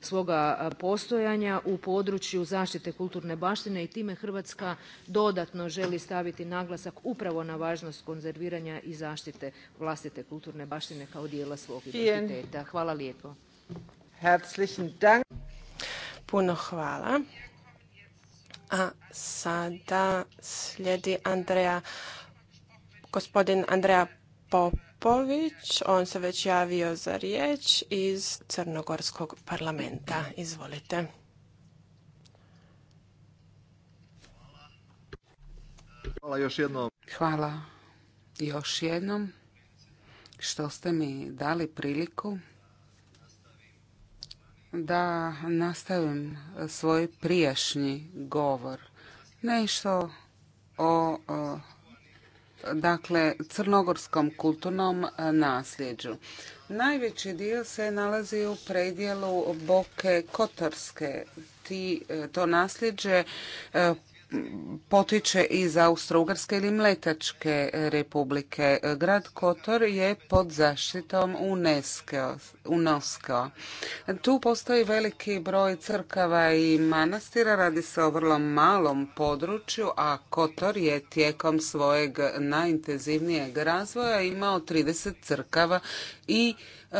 svoga postojanja u području zaštite kulturne baštine i time Hrvatska dodatno želi staviti naglasak upravo na važnost konzerviranja i zaštite vlastite kulturne baštine kao dijela svog identiteta. Hvala lijepo. Puno hvala. A sada slijedi Andreja, gospodin Andreja Popović. On se već javio za riječ iz Crnogorskog parlamenta. Izvolite. Hvala još jednom. Hvala još jednom što ste mi dali priliku da nastavim svoj prijašnji govor. Nešto o, dakle crnogorskom kulturnom nasljeđu. Najveći dio se nalazi u predjelu Boke Kotorske. Ti, to nasljeđe e, potiče iz austro ugrske ili Mletačke republike. Grad Kotor je pod zaštitom UNESCO. Tu postoji veliki broj crkava i manastira, radi se o vrlo malom području, a Kotor je tijekom svojeg najintenzivnijeg razvoja imao 30 crkava i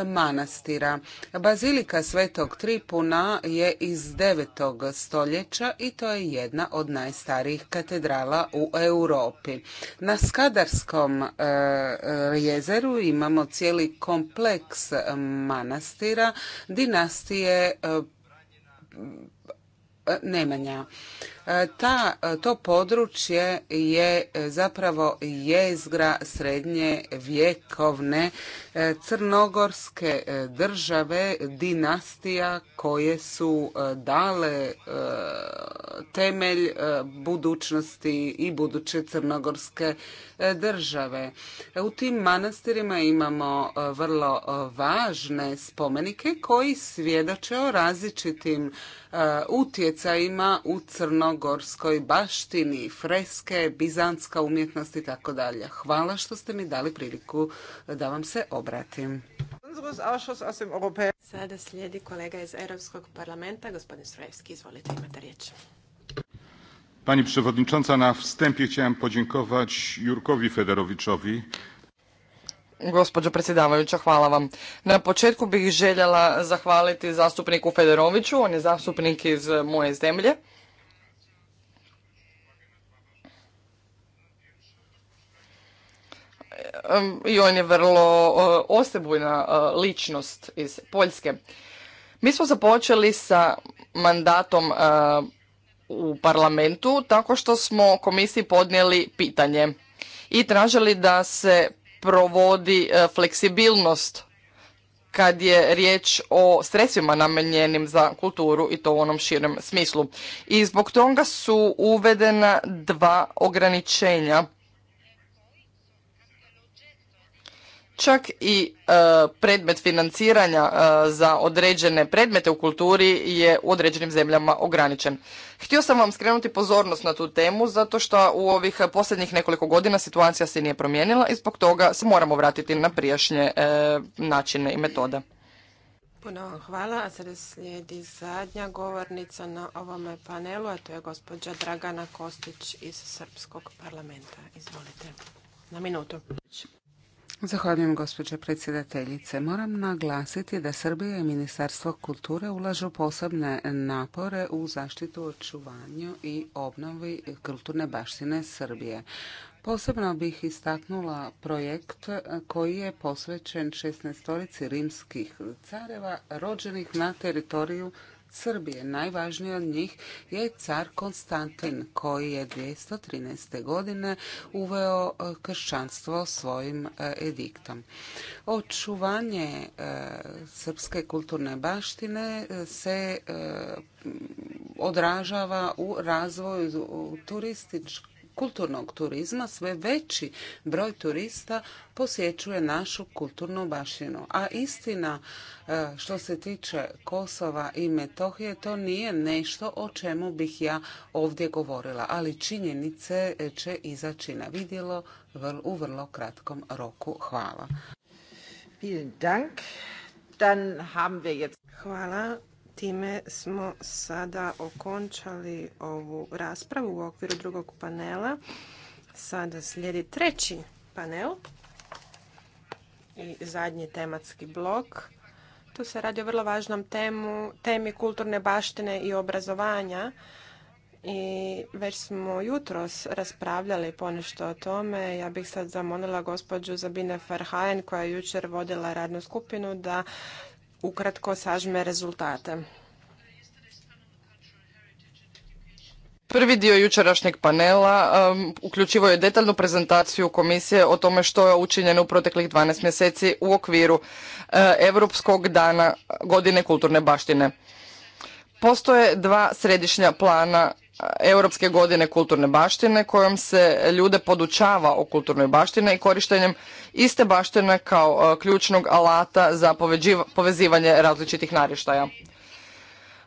manastira. Bazilika Svetog Tripuna je iz 9. stoljeća i to je jedna od najstarijih katedrala u Europi. Na Skadarskom e, jezeru imamo cijeli kompleks manastira dinastije e, Nemanja. E, ta, e, to područje je e, zapravo jezgra srednje vjekovne crnogorske države, dinastija koje su dale temelj budućnosti i buduće crnogorske države. U tim manastirima imamo vrlo važne spomenike koji svjedoče o različitim utjecajima u Crnogorskoj gorskoj baštini, freske, bizantska umjetnost i tako dalje. Hvala što ste mi dali priliku da vam se obratim. Sada slijedi kolega iz Europskog parlamenta, gospodin Strojevski, izvolite, imate riječ. Pani przewodnicząca, na wstępie chciałem podziękować Jurkowi Federowiczowi. Gospođo predsjedavajuća, hvala vam. Na početku bih željela zahvaliti zastupniku Federoviću, on je zastupnik iz moje zemlje. i on je vrlo osebujna e, ličnost iz Poljske. Mi smo započeli sa mandatom e, u parlamentu tako što smo komisiji podnijeli pitanje i tražili da se provodi e, fleksibilnost kad je riječ o sredstvima namenjenim za kulturu i to u onom širem smislu. I zbog toga su uvedena dva ograničenja Čak i e, predmet financiranja e, za određene predmete u kulturi je u određenim zemljama ograničen. Htio sam vam skrenuti pozornost na tu temu zato što u ovih posljednjih nekoliko godina situacija se nije promijenila i zbog toga se moramo vratiti na prijašnje e, načine i metode. Puno vam hvala, a sada slijedi zadnja govornica na ovome panelu, a to je gospođa Dragana Kostić iz Srpskog parlamenta. Izvolite, na minutu. Zahvaljujem gospođo predsjedateljice. Moram naglasiti da Srbija i Ministarstvo kulture ulažu posebne napore u zaštitu očuvanju i obnovi kulturne baštine Srbije. Posebno bih istaknula projekt koji je posvećen 16 rimskih careva rođenih na teritoriju Srbije. Najvažniji od njih je car Konstantin koji je 213. godine uveo e, kršćanstvo svojim e, ediktom. Očuvanje e, srpske kulturne baštine se odražava u razvoju turističkog kulturnog turizma sve veći broj turista posjećuje našu kulturnu bašinu. A istina e, što se tiče Kosova i Metohije, to nije nešto o čemu bih ja ovdje govorila, ali činjenice će izaći na vidjelo u vrlo kratkom roku. Hvala. Hvala. Time smo sada okončali ovu raspravu u okviru drugog panela. Sada slijedi treći panel i zadnji tematski blok. Tu se radi o vrlo važnom temu, temi kulturne baštine i obrazovanja. I već smo jutros raspravljali ponešto o tome. Ja bih sad zamolila gospođu Zabine Farhajen koja je jučer vodila radnu skupinu da ukratko sažme rezultate. Prvi dio jučerašnjeg panela uključivao um, uključivo je detaljnu prezentaciju komisije o tome što je učinjeno u proteklih 12 mjeseci u okviru uh, Europskog dana godine kulturne baštine. Postoje dva središnja plana Europske godine kulturne baštine kojom se ljude podučava o kulturnoj baštini i korištenjem iste baštine kao e, ključnog alata za povezivanje različitih narištaja.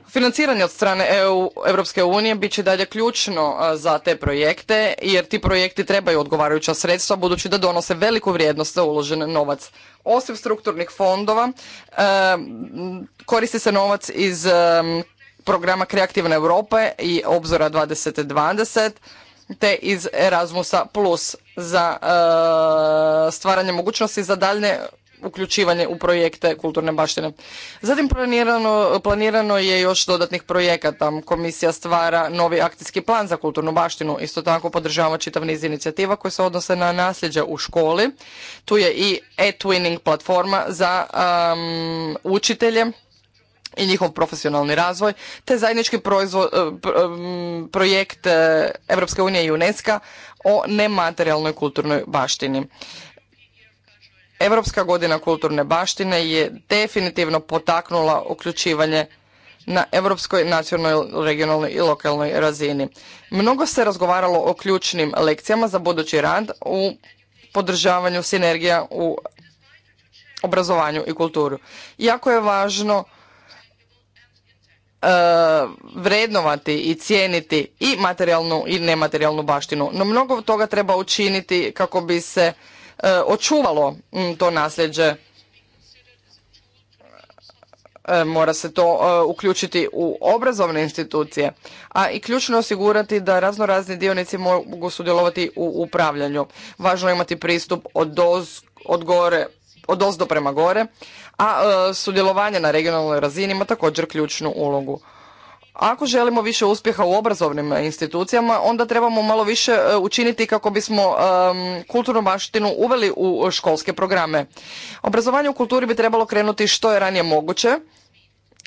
Financiranje od strane EU, Europske unije bit će dalje ključno e, za te projekte jer ti projekti trebaju odgovarajuća sredstva budući da donose veliku vrijednost za uložen novac. Osim strukturnih fondova e, koristi se novac iz programa Kreativne Europe i obzora 2020 te iz Erasmusa Plus za eh, stvaranje mogućnosti za daljne uključivanje u projekte kulturne baštine. Zatim planirano, planirano je još dodatnih projekata. Komisija stvara novi akcijski plan za kulturnu baštinu. Isto tako podržava čitav niz inicijativa koje se odnose na nasljeđe u školi. Tu je i e-twinning platforma za učitelje i njihov profesionalni razvoj, te zajednički proizvod, e, e, projekt e, Evropske unije i UNESCO o nematerijalnoj kulturnoj baštini. Europska godina kulturne baštine je definitivno potaknula uključivanje na europskoj, nacionalnoj, regionalnoj i lokalnoj razini. Mnogo se razgovaralo o ključnim lekcijama za budući rad u podržavanju sinergija u obrazovanju i kulturu. Jako je važno E, vrednovati i cijeniti i materijalnu i nematerijalnu baštinu. No mnogo toga treba učiniti kako bi se e, očuvalo mm, to nasljeđe. E, mora se to uključiti u obrazovne institucije, a i ključno osigurati da raznorazni dionici mogu sudjelovati u upravljanju. Važno je imati pristup od, doz, od gore od prema gore, a e, sudjelovanje na regionalnoj razini ima također ključnu ulogu. Ako želimo više uspjeha u obrazovnim institucijama, onda trebamo malo više e, učiniti kako bismo um, kulturnu baštinu uveli u školske programe. Obrazovanje u kulturi bi trebalo krenuti što je ranije moguće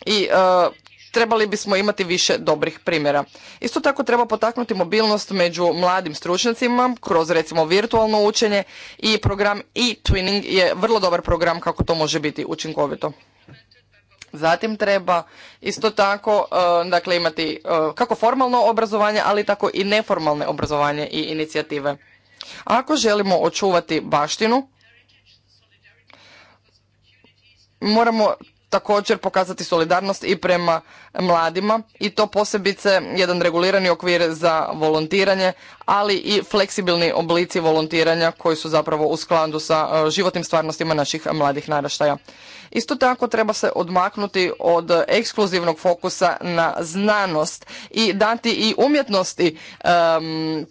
i e, trebali bismo imati više dobrih primjera. Isto tako treba potaknuti mobilnost među mladim stručnjacima kroz recimo virtualno učenje i program e-twinning je vrlo dobar program kako to može biti učinkovito. Zatim treba isto tako e, dakle, imati e, kako formalno obrazovanje, ali tako i neformalne obrazovanje i inicijative. Ako želimo očuvati baštinu, moramo također pokazati solidarnost i prema mladima i to posebice jedan regulirani okvir za volontiranje, ali i fleksibilni oblici volontiranja koji su zapravo u skladu sa e, životnim stvarnostima naših mladih naraštaja. Isto tako treba se odmaknuti od ekskluzivnog fokusa na znanost i dati i umjetnosti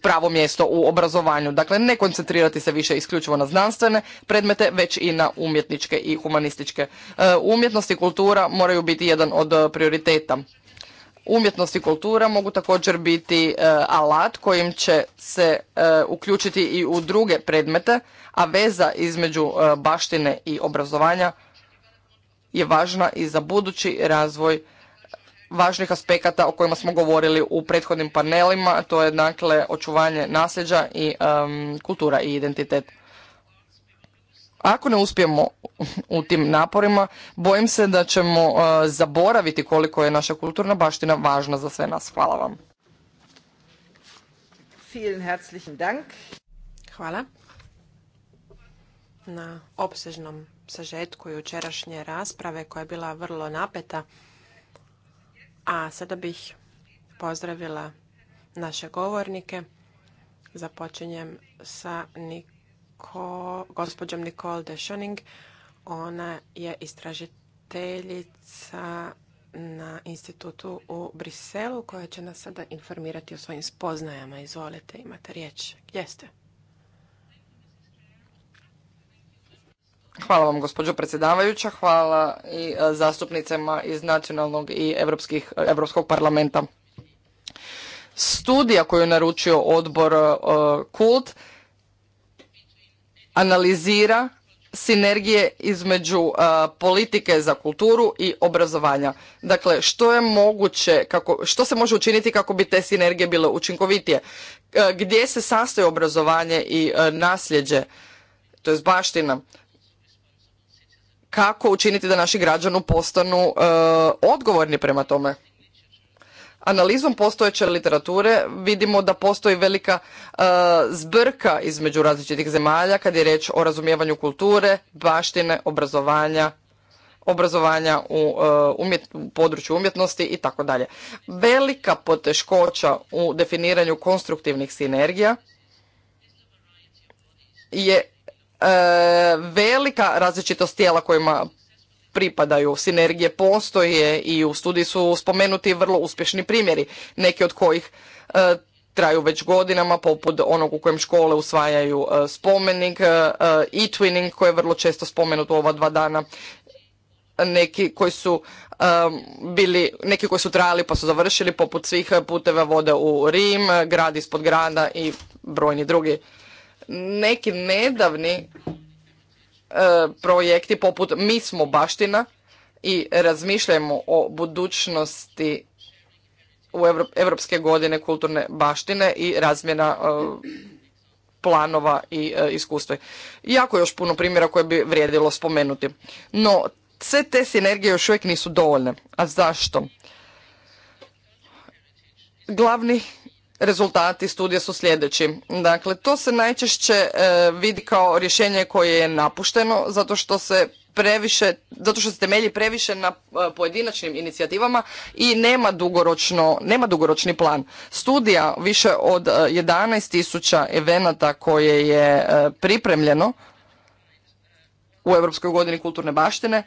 pravo mjesto u obrazovanju. Dakle, ne koncentrirati se više isključivo na znanstvene predmete, već i na umjetničke i humanističke. E, umjetnost i kultura moraju biti jedan od prioriteta. Umjetnost i kultura mogu također biti e, alat kojim će se e, uključiti i u druge predmete, a veza između baštine i obrazovanja je važna i za budući razvoj važnih aspekata o kojima smo govorili u prethodnim panelima, to je dakle očuvanje nasljeđa i kultura i identitet. Ako ne uspijemo u tim naporima, bojim se da ćemo e, zaboraviti koliko je naša kulturna baština važna za sve nas. Hvala vam. Hvala na opsežnom sažetku jučerašnje rasprave koja je bila vrlo napeta. A sada bih pozdravila naše govornike. Započinjem sa Niko, gospođom Nicole de Ona je istražiteljica na institutu u Briselu koja će nas sada informirati o svojim spoznajama. Izvolite, imate riječ. Jeste. Hvala vam gospođo predsjedavajuća, hvala i e, zastupnicama iz nacionalnog i Evropskih, e, Evropskog parlamenta. Studija koju je naručio odbor e, KULT analizira sinergije između politike za kulturu i obrazovanja. Dakle, što je moguće, što se može učiniti kako bi te sinergije bile učinkovitije? gdje se sastoje obrazovanje i nasljeđe, to je baština? kako učiniti da naši građani postanu eh, odgovorni prema tome. Analizom postojeće literature vidimo da postoji velika eh, zbrka između različitih zemalja kad je riječ o razumijevanju kulture, baštine, obrazovanja, obrazovanja u, eh, u području umjetnosti i tako dalje. Velika poteškoća u definiranju konstruktivnih sinergija je E, velika različitost tijela kojima pripadaju. Sinergije postoje i u studiji su spomenuti vrlo uspješni primjeri, neki od kojih e, traju već godinama, poput onog u kojem škole usvajaju e, spomenik, e-twinning koji je vrlo često spomenut u ova dva dana, neki koji su bili, neki koji su trajali pa su završili, poput svih puteva vode u Rim, grad ispod grada i brojni drugi neki nedavni e, projekti poput Mi smo baština i razmišljamo o budućnosti u Europske godine kulturne baštine i razmjena e, planova i e, iskustva. Jako još puno primjera koje bi vrijedilo spomenuti. No, sve te sinergije još uvijek nisu dovoljne. A zašto? Glavni rezultati studija su sljedeći. Dakle, to se najčešće e, vidi kao rješenje koje je napušteno zato što se previše, zato što se temelji previše na e, pojedinačnim inicijativama i nema, dugoročno, nema dugoročni plan. Studija više od 11.000 e, evenata koje je pripremljeno u Europskoj godini kulturne baštine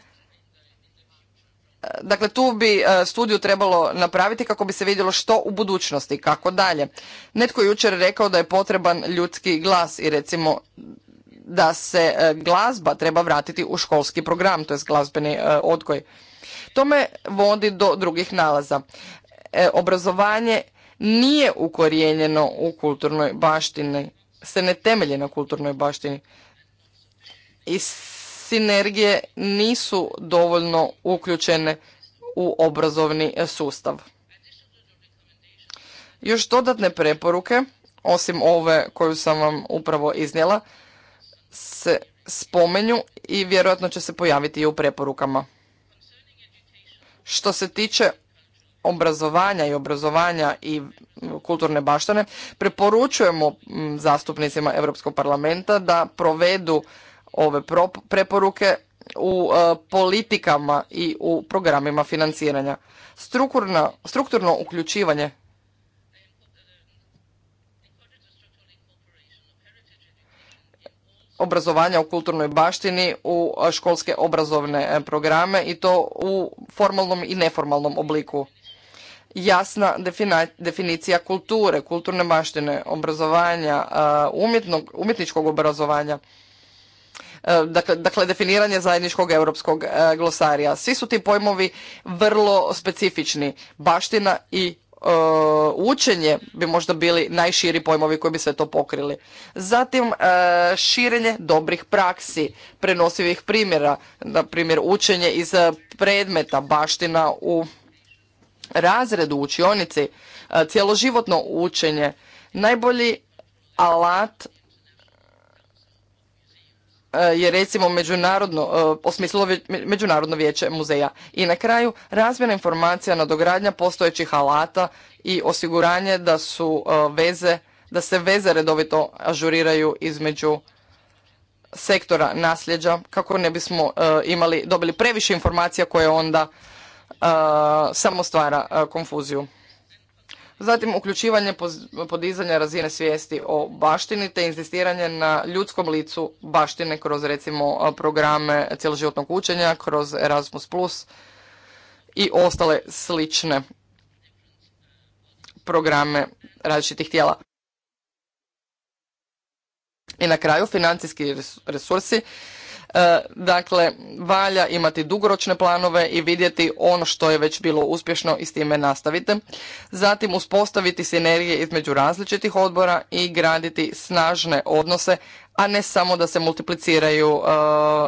Dakle, tu bi e, studiju trebalo napraviti kako bi se vidjelo što u budućnosti, kako dalje. Netko je jučer rekao da je potreban ljudski glas i recimo da se e, glazba treba vratiti u školski program, to je glazbeni e, odgoj. To me vodi do drugih nalaza. Obrazovanje nije ukorijenjeno u kulturnoj baštini, se ne temelje na kulturnoj baštini. I sinergije nisu dovoljno uključene u obrazovni sustav. Još dodatne preporuke, osim ove koju sam vam upravo iznijela, se spomenju i vjerojatno će se pojaviti i u preporukama. Što se tiče obrazovanja i obrazovanja i kulturne baštane, preporučujemo zastupnicima Europskog parlamenta da provedu ove preporuke u e, politikama i u programima financiranja. Strukturno, uključivanje obrazovanja u kulturnoj baštini u e, školske obrazovne e, programe i to u formalnom i neformalnom obliku. Jasna definicija kulture, kulturne baštine, obrazovanja, umjetničkog obrazovanja E, dakle, dakle, definiranje zajedničkog europskog e, glosarija. Svi su ti pojmovi vrlo specifični. Baština i e, učenje bi možda bili najširi pojmovi koji bi sve to pokrili. Zatim širenje dobrih praksi, prenosivih primjera, na primjer učenje iz predmeta, baština u razredu, učionici, cjeloživotno učenje. Najbolji alat E, je recimo međunarodno, osmislilo e, Međunarodno vijeće muzeja. I na kraju razmjena informacija, nadogradnja postojećih alata i osiguranje da su e, veze, da se veze redovito ažuriraju između sektora nasljeđa kako ne bismo imali, dobili previše informacija koje onda samo stvara konfuziju zatim uključivanje podizanja razine svijesti o baštini te inzistiranje na ljudskom licu baštine kroz recimo programe cjeloživotnog učenja, kroz Erasmus Plus i ostale slične programe različitih tijela. I na kraju financijski resursi E, dakle, valja imati dugoročne planove i vidjeti ono što je već bilo uspješno i s time nastavite. Zatim uspostaviti sinergije između različitih odbora i graditi snažne odnose, a ne samo da se multipliciraju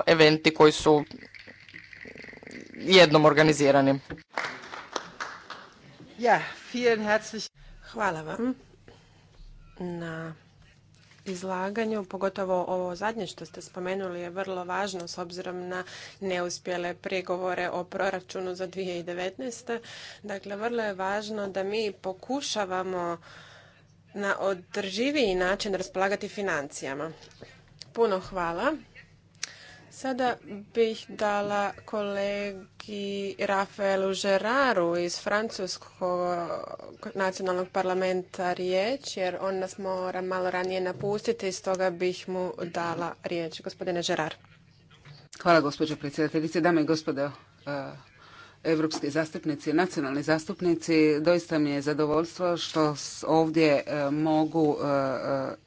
e, eventi koji su jednom organizirani. Ja, vielen Hvala vam na izlaganju, pogotovo ovo zadnje što ste spomenuli je vrlo važno s obzirom na neuspjele pregovore o proračunu za 2019. Dakle, vrlo je važno da mi pokušavamo na održiviji način raspolagati financijama. Puno hvala. Sada bih dala kolegi Rafaelu Žeraru iz Francuskog nacionalnog parlamenta riječ, jer on nas mora malo ranije napustiti, stoga bih mu dala riječ. Gospodine Žerar. Hvala, gospođo predsjedateljice. Dame i gospodo europski zastupnici, nacionalni zastupnici. Doista mi je zadovoljstvo što ovdje e, mogu e,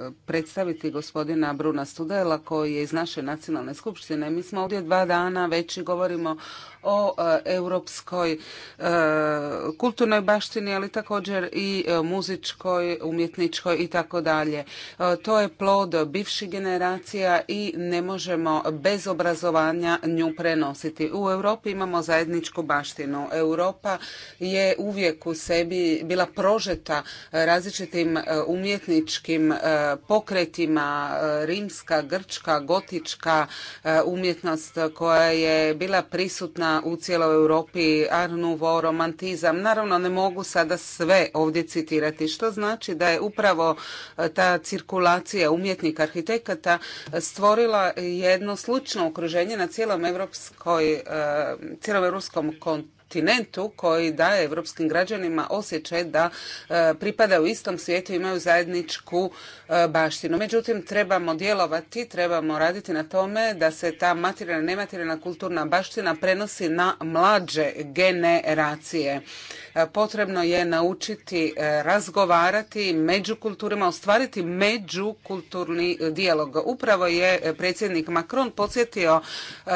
e, predstaviti gospodina Bruna Studela koji je iz naše nacionalne skupštine. Mi smo ovdje dva dana već i govorimo o e, europskoj e, kulturnoj baštini, ali također i e, muzičkoj, umjetničkoj i tako dalje. To je plod bivših generacija i ne možemo bez obrazovanja nju prenositi. U Europi imamo zajedničku baštinu. Europa je uvijek u sebi bila prožeta različitim umjetničkim pokretima, rimska, grčka, gotička umjetnost koja je bila prisutna u cijeloj Europi arnuvo, romantizam. Naravno ne mogu sada sve ovdje citirati, što znači da je upravo e, ta cirkulacija umjetnika arhitekata e, stvorila jedno slučno okruženje na cijelom europskoj, e, cijelom europskom kontinentu kontinentu koji daje europskim građanima osjećaj da e, pripada u istom svijetu, imaju zajedničku e, baštinu. Međutim, trebamo djelovati, trebamo raditi na tome da se ta materijalna, nematerijalna kulturna baština prenosi na mlađe generacije. Potrebno je naučiti e, razgovarati među kulturima, ostvariti međukulturni dijalog. Upravo je predsjednik Macron podsjetio e,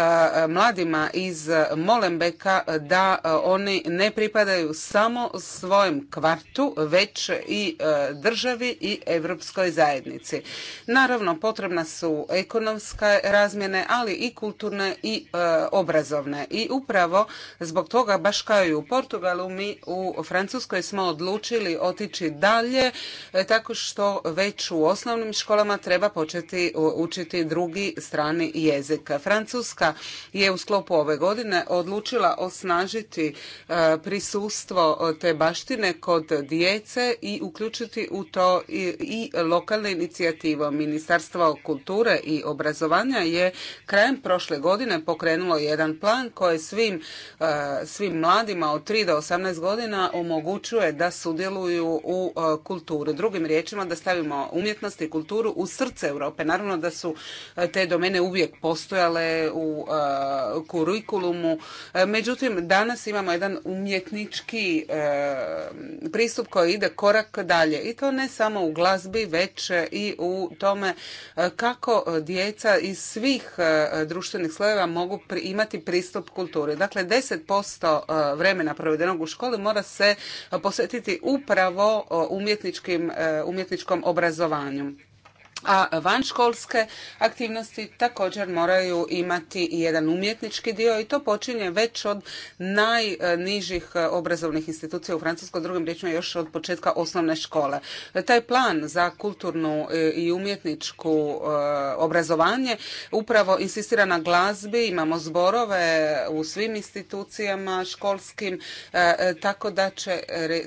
mladima iz Molembeka da e, oni ne pripadaju samo svojem kvartu, već i državi i europskoj zajednici. Naravno, potrebna su ekonomske razmjene, ali i kulturne i obrazovne. I upravo zbog toga, baš kao i u Portugalu, mi u Francuskoj smo odlučili otići dalje e, tako što već u osnovnim školama treba početi e, učiti drugi strani jezik. Francuska je u sklopu ove godine odlučila osnažiti e, prisustvo te baštine kod djece i uključiti u to i lokalne inicijative. Ministarstvo kulture i obrazovanja je krajem prošle godine pokrenulo jedan plan koji svim, svim mladima od 3 do 18 godina godina omogućuje da sudjeluju u e, kulturu. Drugim riječima da stavimo umjetnost i kulturu u srce Europe. Naravno da su e, te domene uvijek postojale u e, kurikulumu. Međutim, danas imamo jedan umjetnički pristup koji ide korak dalje. I to ne samo u glazbi, već i u tome kako djeca iz svih društvenih slojeva mogu imati pristup kulturi. Dakle, 10% vremena provedenog u školi mora se posvetiti upravo e, e, umjetničkom obrazovanju a vanškolske aktivnosti također moraju imati i jedan umjetnički dio i to počinje već od najnižih e, obrazovnih institucija u Francuskoj, drugim riječima još od početka osnovne škole. Taj plan za kulturnu e, i umjetničku e, obrazovanje upravo insistira na glazbi, imamo zborove u svim institucijama školskim, tako da, će,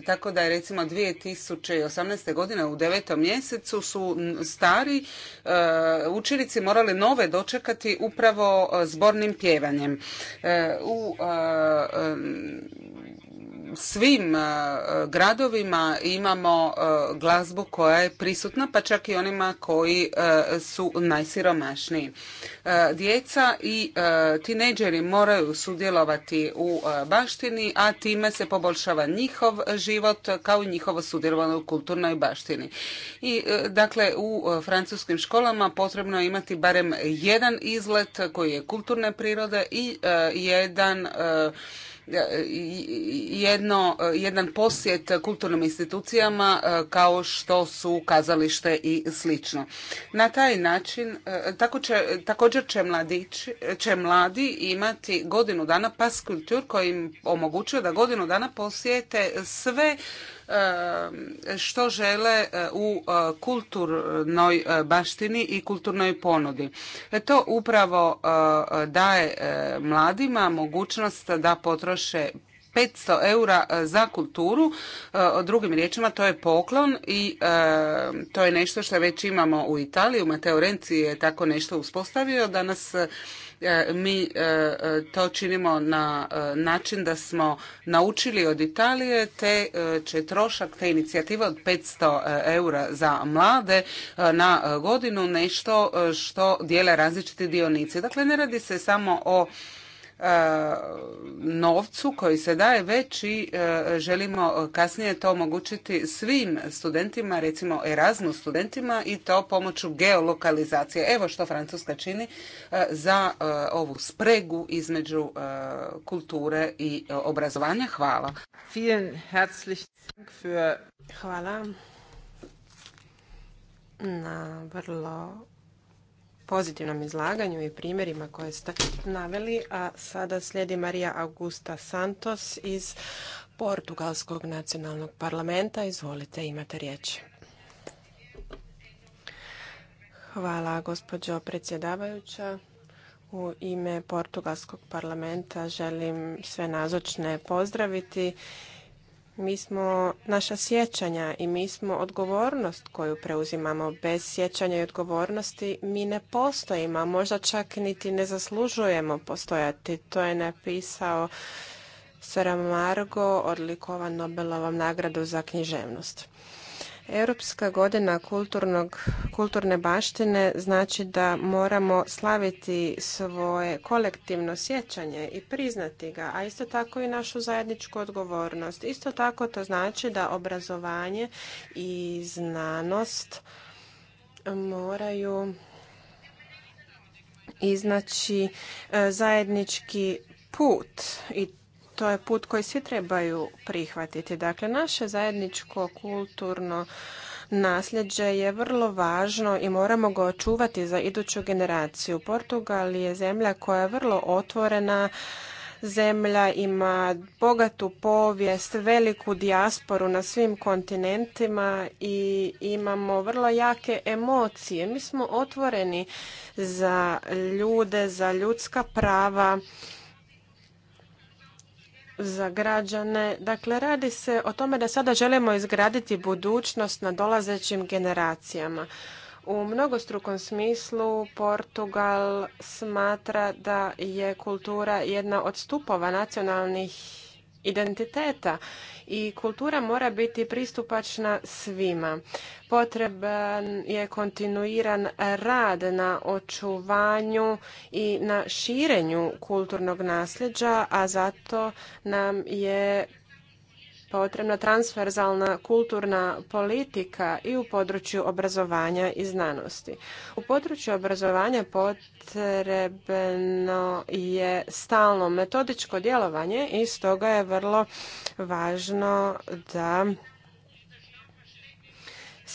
tako da je recimo 2018. godine u devetom mjesecu su stari stvari e, učenici morali nove dočekati upravo e, zbornim pjevanjem. E, u svim e, gradovima imamo e, glazbu koja je prisutna, pa čak i onima koji e, su najsiromašniji. Djeca i tineđeri moraju sudjelovati u baštini, a time se poboljšava njihov život kao i njihovo sudjelovanje u kulturnoj baštini. I dakle u francuskim školama potrebno je imati barem jedan izlet koji je kulturne prirode i jedan E, jedno, e, jedan posjet kulturnim institucijama e, kao što su kazalište i slično. Na taj način tako će, također će, mladić, će mladi imati godinu dana pas kultur koji im omogućuje da godinu dana posjete sve Eh, što žele eh, u eh, kulturnoj baštini i kulturnoj ponudi. E, to upravo daje mladima mogućnost da potroše 500 eura za kulturu, drugim riječima to je poklon i to je nešto što već imamo u Italiji, u Mateo Renzi je tako nešto uspostavio, da nas... E, mi e, e, to činimo na način da smo naučili od Italije te će trošak te inicijative od 500 eura za mlade na godinu nešto što dijele različiti dionici. Dakle, ne radi se samo o E, novcu koji se daje, već i e, želimo kasnije to omogućiti svim studentima, recimo Erasmus studentima i to pomoću geolokalizacije. Evo što Francuska čini e, za ovu spregu između kulture i obrazovanja. Hvala. Hvala na pozitivnom izlaganju i primjerima koje ste naveli, a sada slijedi Marija Augusta Santos iz Portugalskog nacionalnog parlamenta. Izvolite, imate riječ. Hvala, gospođo predsjedavajuća. U ime Portugalskog parlamenta želim sve nazočne pozdraviti mi smo naša sjećanja i mi smo odgovornost koju preuzimamo. Bez sjećanja i odgovornosti mi ne postojimo, možda čak niti ne zaslužujemo postojati. To je napisao Sramargo, odlikovan Nobelovom nagradu za književnost. Europska godina kulturnog, kulturne baštine znači da moramo slaviti svoje kolektivno sjećanje i priznati ga, a isto tako i našu zajedničku odgovornost. Isto tako to znači da obrazovanje i znanost moraju iznaći e, zajednički put i to je put koji svi trebaju prihvatiti. Dakle, naše zajedničko kulturno nasljeđe je vrlo važno i moramo ga očuvati za iduću generaciju. Portugal je zemlja koja je vrlo otvorena, zemlja ima bogatu povijest, veliku dijasporu na svim kontinentima i imamo vrlo jake emocije. Mi smo otvoreni za ljude, za ljudska prava za građane. Dakle, radi se o tome da sada želimo izgraditi budućnost na dolazećim generacijama. U mnogostrukom smislu Portugal smatra da je kultura jedna od stupova nacionalnih identiteta i kultura mora biti pristupačna svima. Potreban je kontinuiran rad na očuvanju i na širenju kulturnog nasljeđa, a zato nam je potrebna transverzalna kulturna politika i u području obrazovanja i znanosti. U području obrazovanja potrebno je stalno metodičko djelovanje i stoga je vrlo važno da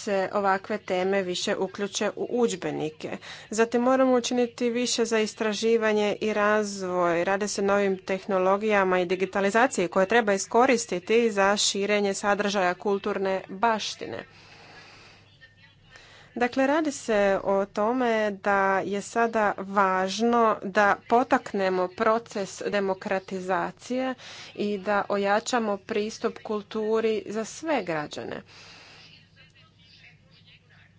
se ovakve teme više uključe u udžbenike. Zatim moramo učiniti više za istraživanje i razvoj. Rade se novim tehnologijama i digitalizaciji koje treba iskoristiti za širenje sadržaja kulturne baštine. Dakle, radi se o tome da je sada važno da potaknemo proces demokratizacije i da ojačamo pristup kulturi za sve građane.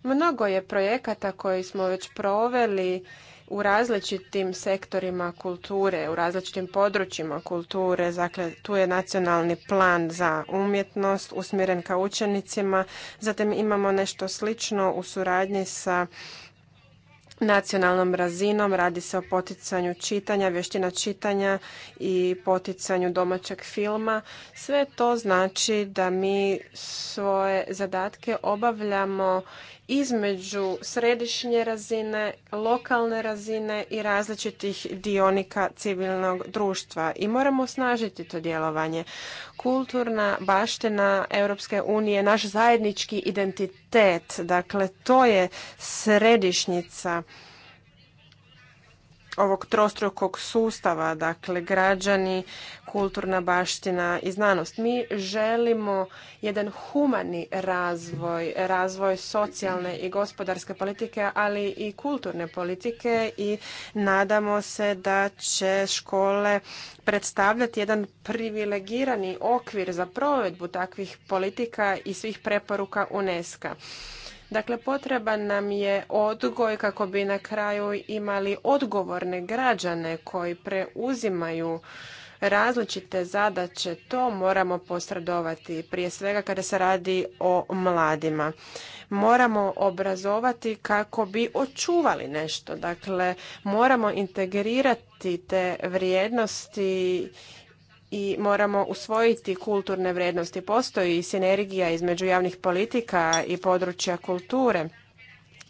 Mnogo je projekata koji smo već proveli u različitim sektorima kulture, u različitim područjima kulture. Dakle, tu je nacionalni plan za umjetnost usmjeren ka učenicima. Zatim imamo nešto slično u suradnji sa nacionalnom razinom. Radi se o poticanju čitanja, vještina čitanja i poticanju domaćeg filma. Sve to znači da mi svoje zadatke obavljamo između središnje razine, lokalne razine i različitih dionika civilnog društva i moramo snažiti to djelovanje. Kulturna baština Europske unije, naš zajednički identitet, dakle to je središnjica ovog trostrukog sustava, dakle građani, kulturna baština i znanost. Mi želimo jedan humani razvoj, razvoj socijalne i gospodarske politike, ali i kulturne politike i nadamo se da će škole predstavljati jedan privilegirani okvir za provedbu takvih politika i svih preporuka UNESCO-a. Dakle, potreban nam je odgoj kako bi na kraju imali odgovorne građane koji preuzimaju različite zadaće. To moramo posredovati prije svega kada se radi o mladima. Moramo obrazovati kako bi očuvali nešto. Dakle, moramo integrirati te vrijednosti i moramo usvojiti kulturne vrijednosti. Postoji sinergija između javnih politika i područja kulture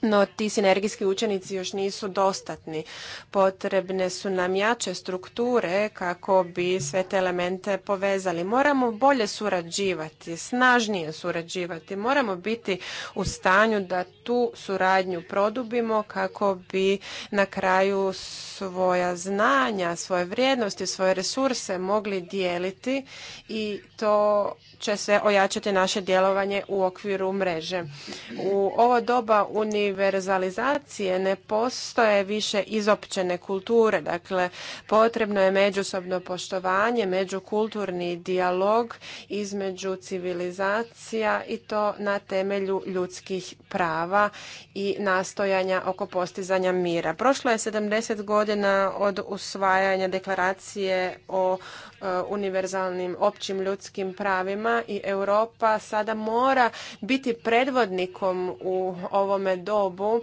no ti sinergijski učenici još nisu dostatni. Potrebne su nam jače strukture kako bi sve te elemente povezali. Moramo bolje surađivati, snažnije surađivati. Moramo biti u stanju da tu suradnju produbimo kako bi na kraju svoja znanja, svoje vrijednosti, svoje resurse mogli dijeliti i to će se ojačati naše djelovanje u okviru mreže. U ovo doba univerzitetu univerzalizacije ne postoje više izopćene kulture. Dakle, potrebno je međusobno poštovanje, međukulturni dijalog između civilizacija i to na temelju ljudskih prava i nastojanja oko postizanja mira. Prošlo je 70 godina od usvajanja deklaracije o E, univerzalnim općim ljudskim pravima i Europa sada mora biti predvodnikom u ovome dobu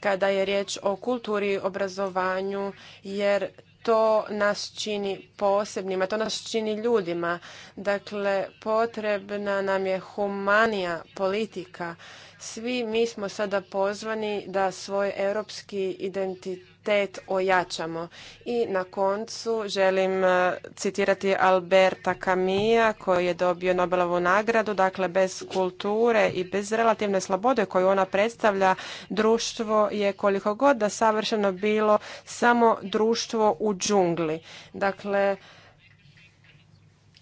kada je riječ o kulturi i obrazovanju jer to nas čini posebnima, to nas čini ljudima. Dakle, potrebna nam je humanija politika. Svi mi smo sada pozvani da svoj europski identitet identitet ojačamo. I na koncu želim e, citirati Alberta Camilla koji je dobio Nobelovu nagradu, dakle bez kulture i bez relativne slobode koju ona predstavlja, društvo je koliko god da savršeno bilo samo društvo u džungli. Dakle,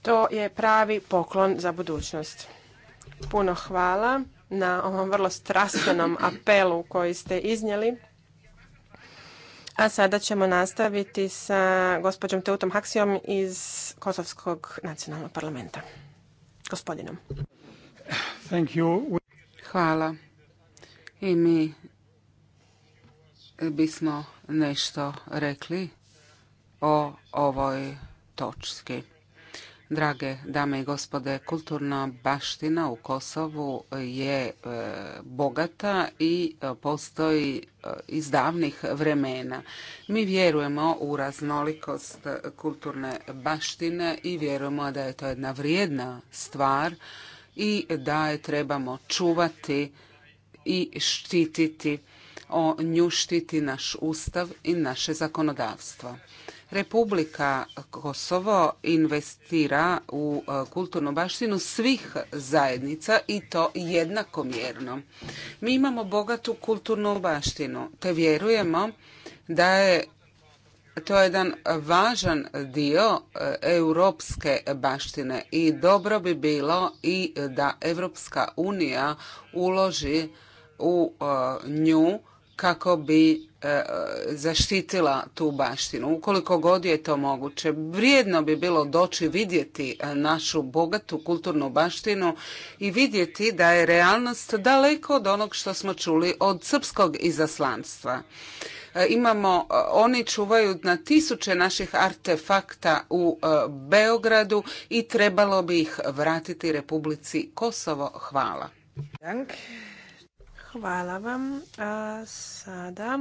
to je pravi poklon za budućnost. Puno hvala na ovom vrlo strastvenom apelu koji ste iznijeli. A sada ćemo nastaviti sa gospođom Teutom Haksijom iz Kosovskog nacionalnog parlamenta. Gospodinom. Hvala. I mi bismo nešto rekli o ovoj točki. Drage dame i gospode, kulturna baština u Kosovu je e, bogata i e, postoji e, iz davnih vremena. Mi vjerujemo u raznolikost kulturne baštine i vjerujemo da je to jedna vrijedna stvar i da je trebamo čuvati i štititi. O nju štiti naš ustav i naše zakonodavstvo. Republika Kosovo investira u e, kulturnu baštinu svih zajednica i to jednakomjerno. Mi imamo bogatu kulturnu baštinu te vjerujemo da je to jedan važan dio e, europske baštine i dobro bi bilo i da Europska unija uloži u e, nju kako bi e, zaštitila tu baštinu. Ukoliko god je to moguće, vrijedno bi bilo doći vidjeti e, našu bogatu kulturnu baštinu i vidjeti da je realnost daleko od onog što smo čuli od srpskog izaslanstva. E, imamo, oni čuvaju na tisuće naših artefakta u Beogradu i trebalo bi ih vratiti Republici Kosovo. Hvala. Hvala vam. sada...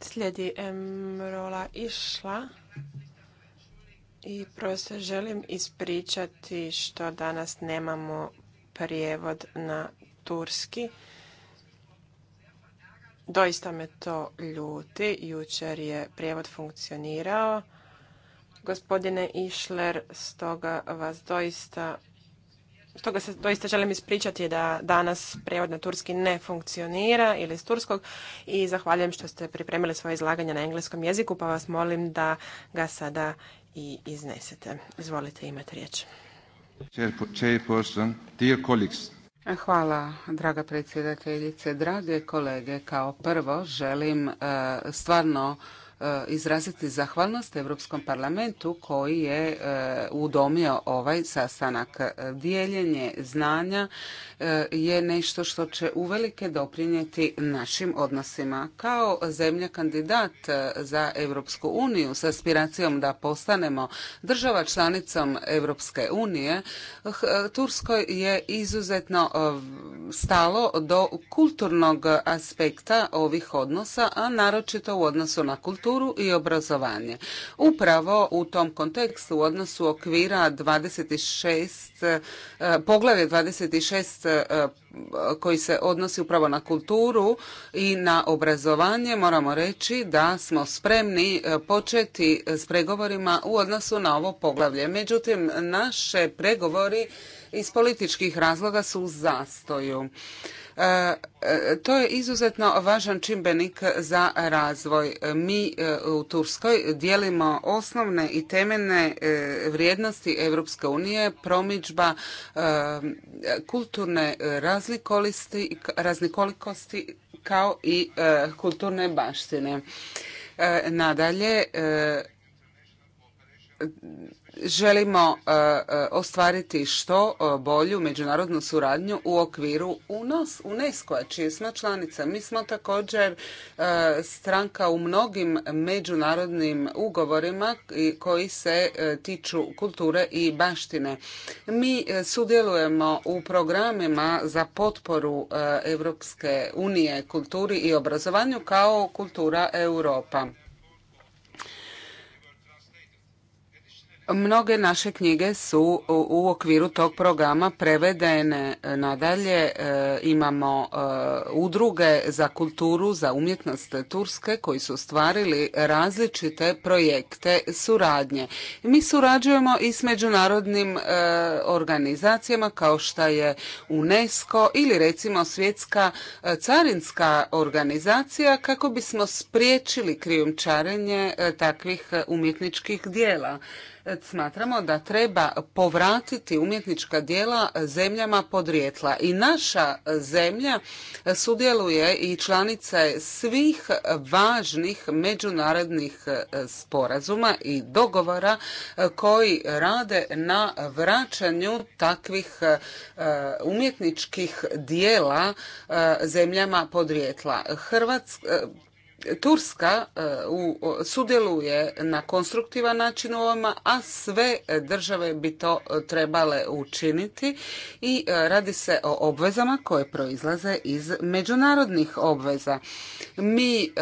Slijedi Emrola Išla i prosto želim ispričati što danas nemamo prijevod na turski. Doista me to ljuti. Jučer je prijevod funkcionirao Gospodine Išler, stoga vas doista Stoga se doista želim ispričati da danas prijevod na turski ne funkcionira ili iz turskog i zahvaljujem što ste pripremili svoje izlaganje na engleskom jeziku pa vas molim da ga sada i iznesete. Izvolite, imate riječ. Hvala, draga predsjedateljice. Drage kolege, kao prvo želim eh, stvarno E, izraziti zahvalnost Europskom parlamentu koji je e, udomio ovaj sastanak. Dijeljenje znanja e, je nešto što će uvelike doprinijeti našim odnosima. Kao zemlja kandidat za Europsku uniju s aspiracijom da postanemo država članicom Europske unije, Turskoj je izuzetno stalo do kulturnog aspekta ovih odnosa, a naročito u odnosu na kulturu kulturu i obrazovanje. Upravo u tom kontekstu u odnosu okvira 26, e, poglavlje 26 e, koji se odnosi upravo na kulturu i na obrazovanje, moramo reći da smo spremni e, početi s pregovorima u odnosu na ovo poglavlje. Međutim, naše pregovori iz političkih razloga su u zastoju. E, e, to je izuzetno važan čimbenik za razvoj. Mi e, u Turskoj dijelimo osnovne i temeljne vrijednosti Europske unije, promičba kulturne raznikolikosti kao i kulturne baštine. Nadalje, želimo e, e, ostvariti što e, bolju međunarodnu suradnju u okviru UNESCO-a, čije smo članica. Mi smo također stranka u mnogim međunarodnim ugovorima koji se tiču kulture i baštine. Mi sudjelujemo u programima za potporu Europske unije kulturi i obrazovanju kao kultura Europa. Mnoge naše knjige su u okviru tog programa prevedene e, nadalje. E, imamo e, udruge za kulturu, za umjetnost Turske koji su stvarili različite projekte suradnje. Mi surađujemo i s međunarodnim organizacijama kao što je UNESCO ili recimo svjetska carinska organizacija kako bismo spriječili krijumčarenje takvih umjetničkih dijela smatramo da treba povratiti umjetnička djela zemljama podrijetla. I naša zemlja sudjeluje i članica je svih važnih međunarodnih e, sporazuma i dogovora e, koji rade na vraćanju takvih e, umjetničkih dijela zemljama podrijetla. Hrvatska Turska e, sudjeluje na konstruktivan način u ovoma, a sve države bi to e, trebale učiniti i e, radi se o obvezama koje proizlaze iz međunarodnih obveza. Mi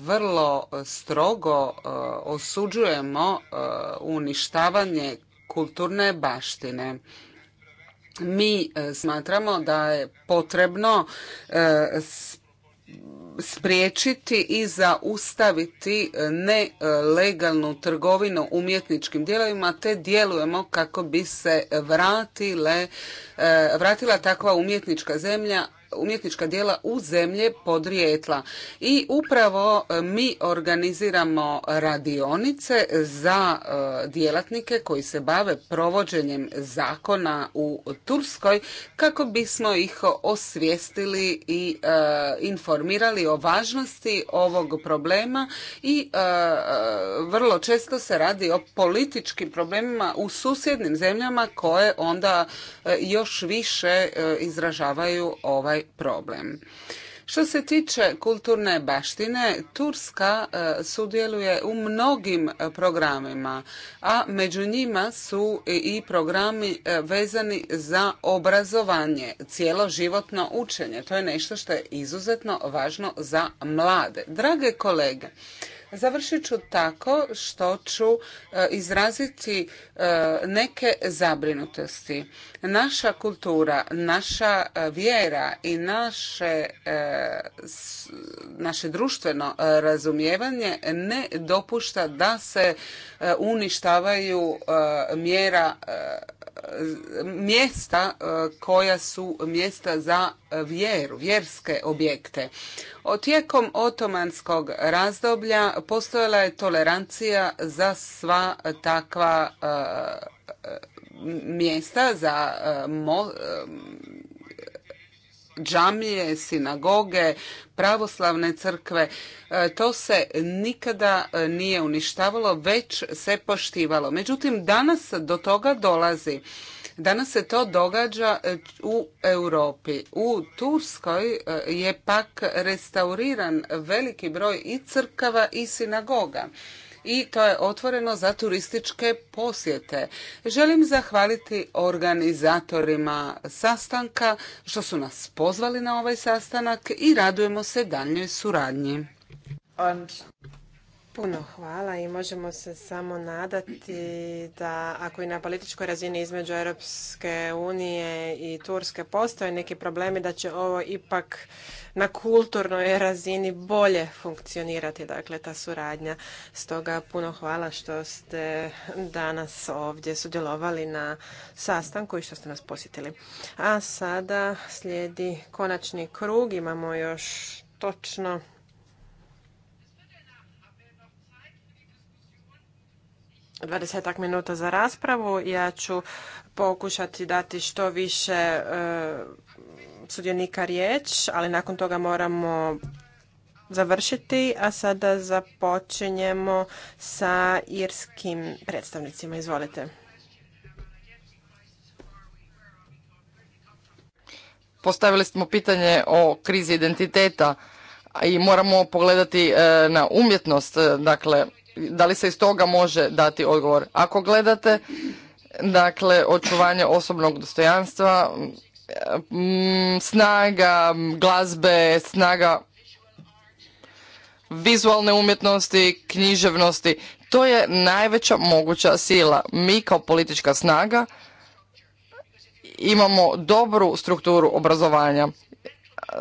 vrlo strogo osuđujemo uništavanje kulturne baštine mi smatramo da je potrebno spriječiti i zaustaviti nelegalnu trgovinu umjetničkim dijelovima, te djelujemo kako bi se vratile, vratila takva umjetnička zemlja umjetnička djela u zemlje podrijetla. I upravo e, mi organiziramo radionice za e, djelatnike koji se bave provođenjem zakona u Turskoj kako bismo ih osvijestili i e, informirali o važnosti ovog problema i vrlo često se radi o političkim problemima u susjednim zemljama koje onda još više izražavaju ovaj problem. Što se tiče kulturne baštine, Turska e, sudjeluje u mnogim e, programima, a među njima su i programi e, vezani za obrazovanje, životno učenje. To je nešto što je izuzetno važno za mlade. Drage kolege, Završit ću tako što ću e, izraziti e, neke zabrinutosti. Naša kultura, naša e, vjera i naše, naše društveno razumijevanje ne dopušta da se uništavaju mjera mjesta e, koja su mjesta za vjeru, vjerske objekte. o tijekom otomanskog razdoblja postojala je tolerancija za sva takva e, mjesta, za e, džamije, sinagoge, pravoslavne crkve. E, to se nikada e, nije uništavalo, već se poštivalo. Međutim, danas do toga dolazi. Danas se to događa e, u Europi. U Turskoj je pak restauriran veliki broj i crkava i sinagoga i to je otvoreno za turističke posjete. Želim zahvaliti organizatorima sastanka što su nas pozvali na ovaj sastanak i radujemo se daljnjoj suradnji. Puno hvala i možemo se samo nadati da ako i na političkoj razini između Europske unije i Turske postoje neki problemi da će ovo ipak na kulturnoj razini bolje funkcionirati, dakle ta suradnja. Stoga puno hvala što ste danas ovdje sudjelovali na sastanku i što ste nas posjetili. A sada slijedi konačni krug, imamo još točno Dvadesetak minuta za raspravu. Ja ću pokušati dati što više e, sudionika riječ, ali nakon toga moramo završiti, a sada započinjemo sa irskim predstavnicima. Izvolite. Postavili smo pitanje o krizi identiteta i moramo pogledati e, na umjetnost, e, dakle da li se iz toga može dati odgovor. Ako gledate, dakle, očuvanje osobnog dostojanstva, mm, snaga glazbe, snaga vizualne umjetnosti, književnosti, to je najveća moguća sila. Mi kao politička snaga imamo dobru strukturu obrazovanja.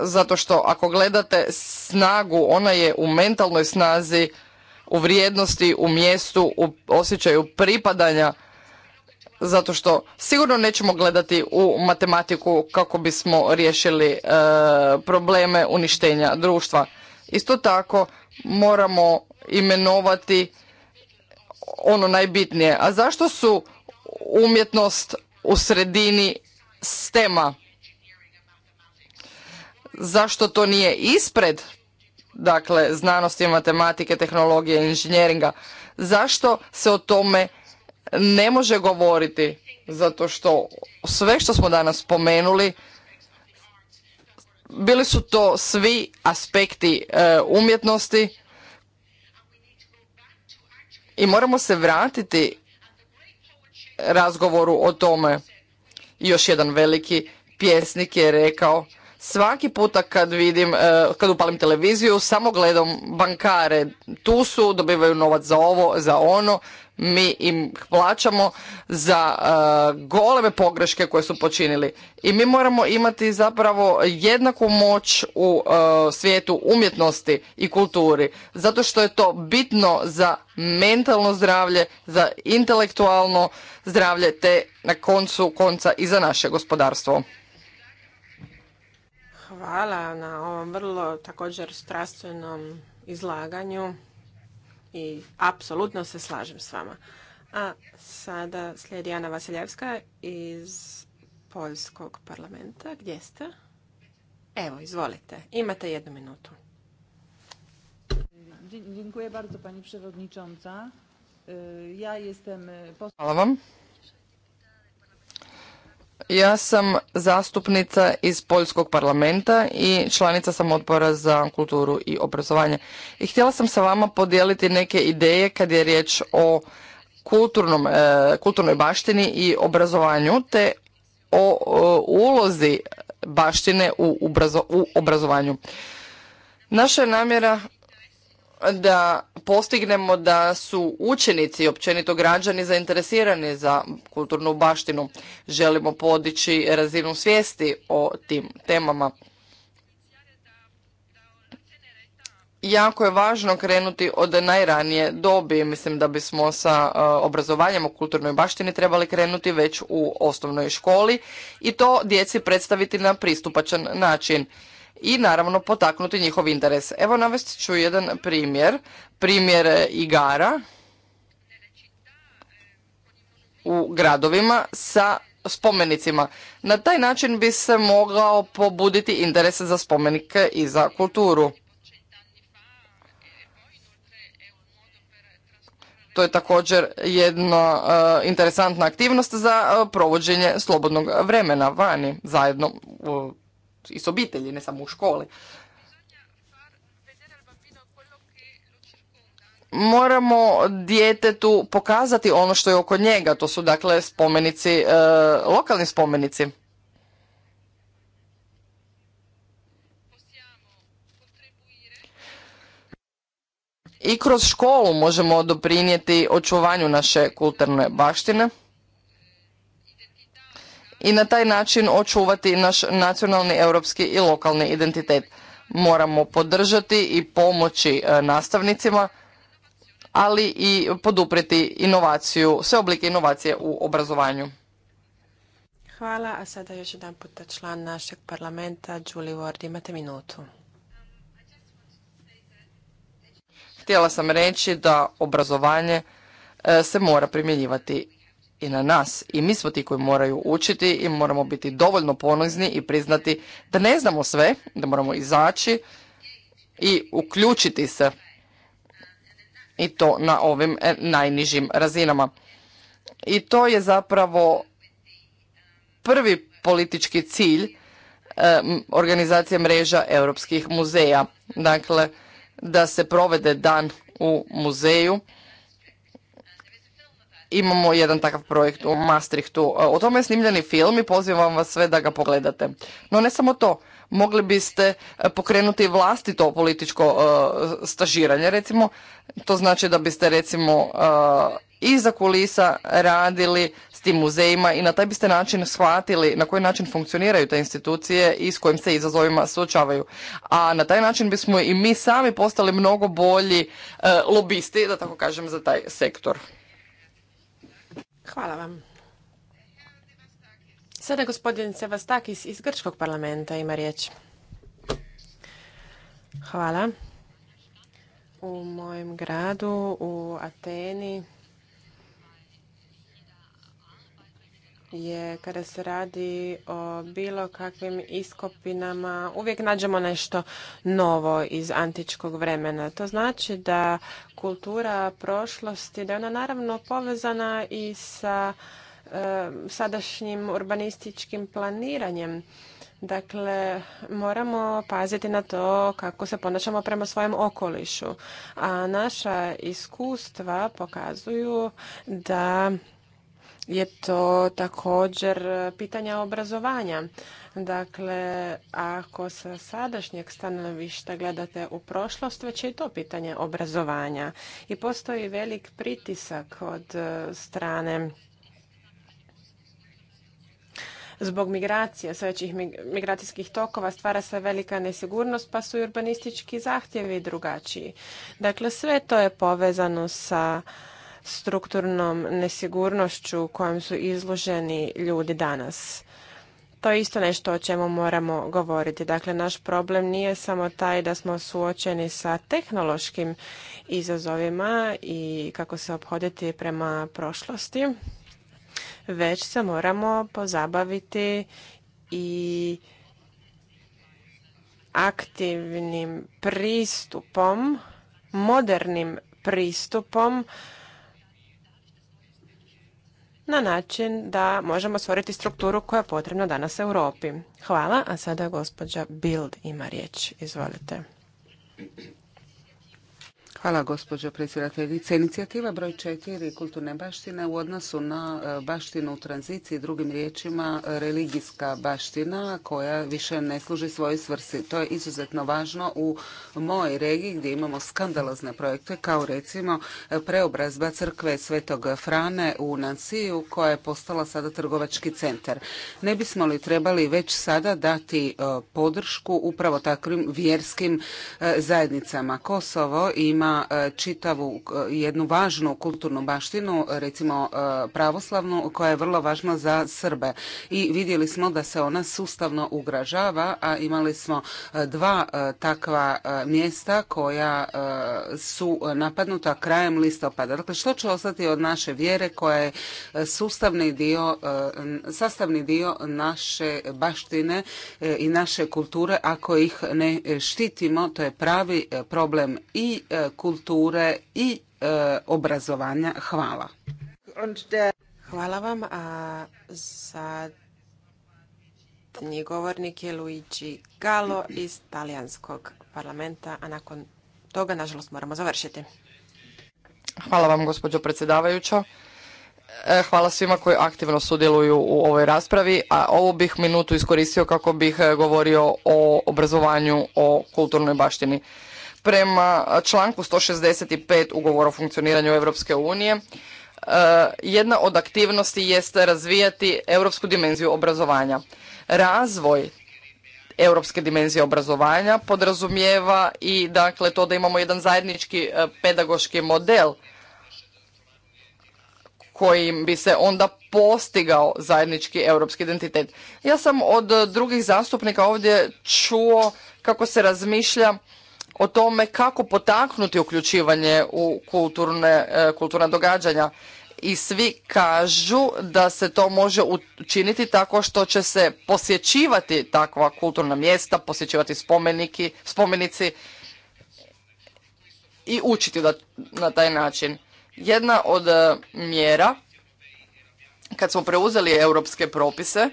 Zato što ako gledate snagu, ona je u mentalnoj snazi, u vrijednosti, u mjestu, u osjećaju pripadanja, zato što sigurno nećemo gledati u matematiku kako bismo riješili e, probleme uništenja društva. Isto tako moramo imenovati ono najbitnije. A zašto su umjetnost u sredini stema? Zašto to nije ispred dakle znanosti, matematike, tehnologije, inženjeringa. Zašto se o tome ne može govoriti? Zato što sve što smo danas spomenuli, bili su to svi aspekti e, umjetnosti i moramo se vratiti razgovoru o tome. još jedan veliki pjesnik je rekao Svaki puta kad vidim, e, kad upalim televiziju, samo gledam bankare. Tu su, dobivaju novac za ovo, za ono. Mi im plaćamo za e, goleme pogreške koje su počinili. I mi moramo imati zapravo jednaku moć u e, svijetu umjetnosti i kulturi. Zato što je to bitno za mentalno zdravlje, za intelektualno zdravlje te na koncu konca i za naše gospodarstvo. Hvala na ovom vrlo također strastvenom izlaganju i apsolutno se slažem s vama. A sada slijedi Ana Vasiljevska iz Poljskog parlamenta. Gdje ste? Evo, izvolite. Imate jednu minutu. Dziękuję bardzo pani przewodnicząca. Ja jestem Hvala vam. Ja sam zastupnica iz Poljskog parlamenta i članica sam odbora za kulturu i obrazovanje. I htjela sam sa vama podijeliti neke ideje kad je riječ o kulturnom, e, kulturnoj baštini i obrazovanju te o ulozi baštine u obrazovanju. Naša je namjera da postignemo da su učenici i općenito građani zainteresirani za kulturnu baštinu. Želimo podići razinu svijesti o tim temama. Jako je važno krenuti od najranije dobi. Mislim da bismo sa e, obrazovanjem o kulturnoj baštini trebali krenuti već u osnovnoj školi i to djeci predstaviti na pristupačan način i naravno potaknuti njihov interes. Evo navesti ću jedan primjer, primjer e, igara u gradovima sa spomenicima. Na taj način bi se mogao pobuditi interes za spomenike i za kulturu. To je također jedna e, interesantna aktivnost za e, provođenje slobodnog vremena vani zajedno u iz obitelji, ne samo u školi. moramo djetetu pokazati ono što je oko njega. To su dakle spomenici, e, lokalni spomenici. I kroz školu možemo doprinijeti očuvanju naše kulturne baštine i na taj način očuvati naš nacionalni, europski i lokalni identitet. Moramo podržati i pomoći e, nastavnicima, ali i poduprijeti inovaciju, sve oblike inovacije u obrazovanju. Hvala, a sada još jedan puta član našeg parlamenta, Julie Ward, imate minutu. Htjela sam reći da obrazovanje e, se mora primjenjivati i na nas. I mi smo ti koji moraju učiti i moramo biti dovoljno ponosni i priznati da ne znamo sve, da moramo izaći i uključiti se i to na ovim e, najnižim razinama. I to je zapravo prvi politički cilj e, organizacije mreža europskih muzeja. Dakle, da se provede dan u muzeju Imamo jedan takav projekt u Maastrichtu. O e, tome je snimljeni film i pozivam vas sve da ga pogledate. No ne samo to, mogli biste e, pokrenuti vlastito političko e, stažiranje recimo. To znači da biste recimo iza kulisa radili s tim muzejima i na taj biste način shvatili na koji način funkcioniraju te institucije i s kojim se izazovima suočavaju. A na taj način bismo i mi sami postali mnogo bolji lobisti, da tako kažem, za taj sektor. Hvala vam. Sada gospodin Sevastakis iz Grčkog parlamenta ima riječ. Hvala. U mojem gradu, u Ateni, je kada se radi o bilo kakvim iskopinama uvijek nađemo nešto novo iz antičkog vremena. To znači da kultura prošlosti, da je ona naravno povezana i sa e, sadašnjim urbanističkim planiranjem. Dakle, moramo paziti na to kako se ponašamo prema svojem okolišu. A naša iskustva pokazuju da je to također pitanje obrazovanja. Dakle, ako sa sadašnjeg stanovišta gledate u prošlost, već je to pitanje obrazovanja. I postoji velik pritisak od e, strane zbog migracije, sve većih migracijskih tokova stvara se velika nesigurnost, pa su i urbanistički zahtjevi drugačiji. Dakle, sve to je povezano sa strukturnom nesigurnošću kojom su izloženi ljudi danas. To je isto nešto o čemu moramo govoriti. Dakle, naš problem nije samo taj da smo suočeni sa tehnološkim izazovima i kako se obhoditi prema prošlosti, već se moramo pozabaviti i aktivnim pristupom, modernim pristupom na način da možemo stvoriti strukturu koja je potrebna danas Europi. Hvala, a sada gospođa Bild ima riječ. Izvolite. Hvala gospođo predsjedateljice. Inicijativa broj četiri kulturne baštine u odnosu na e, baštinu u tranziciji, drugim riječima religijska baština koja više ne služi svojoj svrsi. To je izuzetno važno u mojoj regiji gdje imamo skandalozne projekte kao recimo e, preobrazba crkve Svetog Frane u Nansiju koja je postala sada trgovački centar. Ne bismo li trebali već sada dati e, podršku upravo takvim vjerskim zajednicama? Kosovo ima na e, čitavu e, jednu važnu kulturnu baštinu, recimo e, pravoslavnu, koja je vrlo važna za Srbe. I vidjeli smo da se ona sustavno ugražava, a imali smo dva takva mjesta koja su napadnuta krajem listopada. Dakle, što će ostati od naše vjere koja je sustavni dio, sastavni dio naše baštine i naše kulture ako ih ne štitimo, to je pravi problem i kulture i e, obrazovanja. Hvala. Hvala vam. A zadnji govornik je Luigi Gallo iz talijanskog parlamenta, a nakon toga, nažalost, moramo završiti. Hvala vam, gospođo predsjedavajuća. E, hvala svima koji aktivno sudjeluju u ovoj raspravi, a ovu bih minutu iskoristio kako bih e, govorio o obrazovanju, o kulturnoj baštini prema članku 165 ugovora o funkcioniranju Europske unije e, jedna od aktivnosti jeste razvijati europsku dimenziju obrazovanja. Razvoj europske dimenzije obrazovanja podrazumijeva i dakle to da imamo jedan zajednički e, pedagoški model kojim bi se onda postigao zajednički europski identitet. Ja sam od drugih zastupnika ovdje čuo kako se razmišlja o tome kako potaknuti uključivanje u kulturne, e, kulturna događanja i svi kažu da se to može učiniti tako što će se posjećivati takva kulturna mjesta, posjećivati spomeniki, spomenici i učiti da, na taj način. Jedna od e, mjera kad smo preuzeli europske propise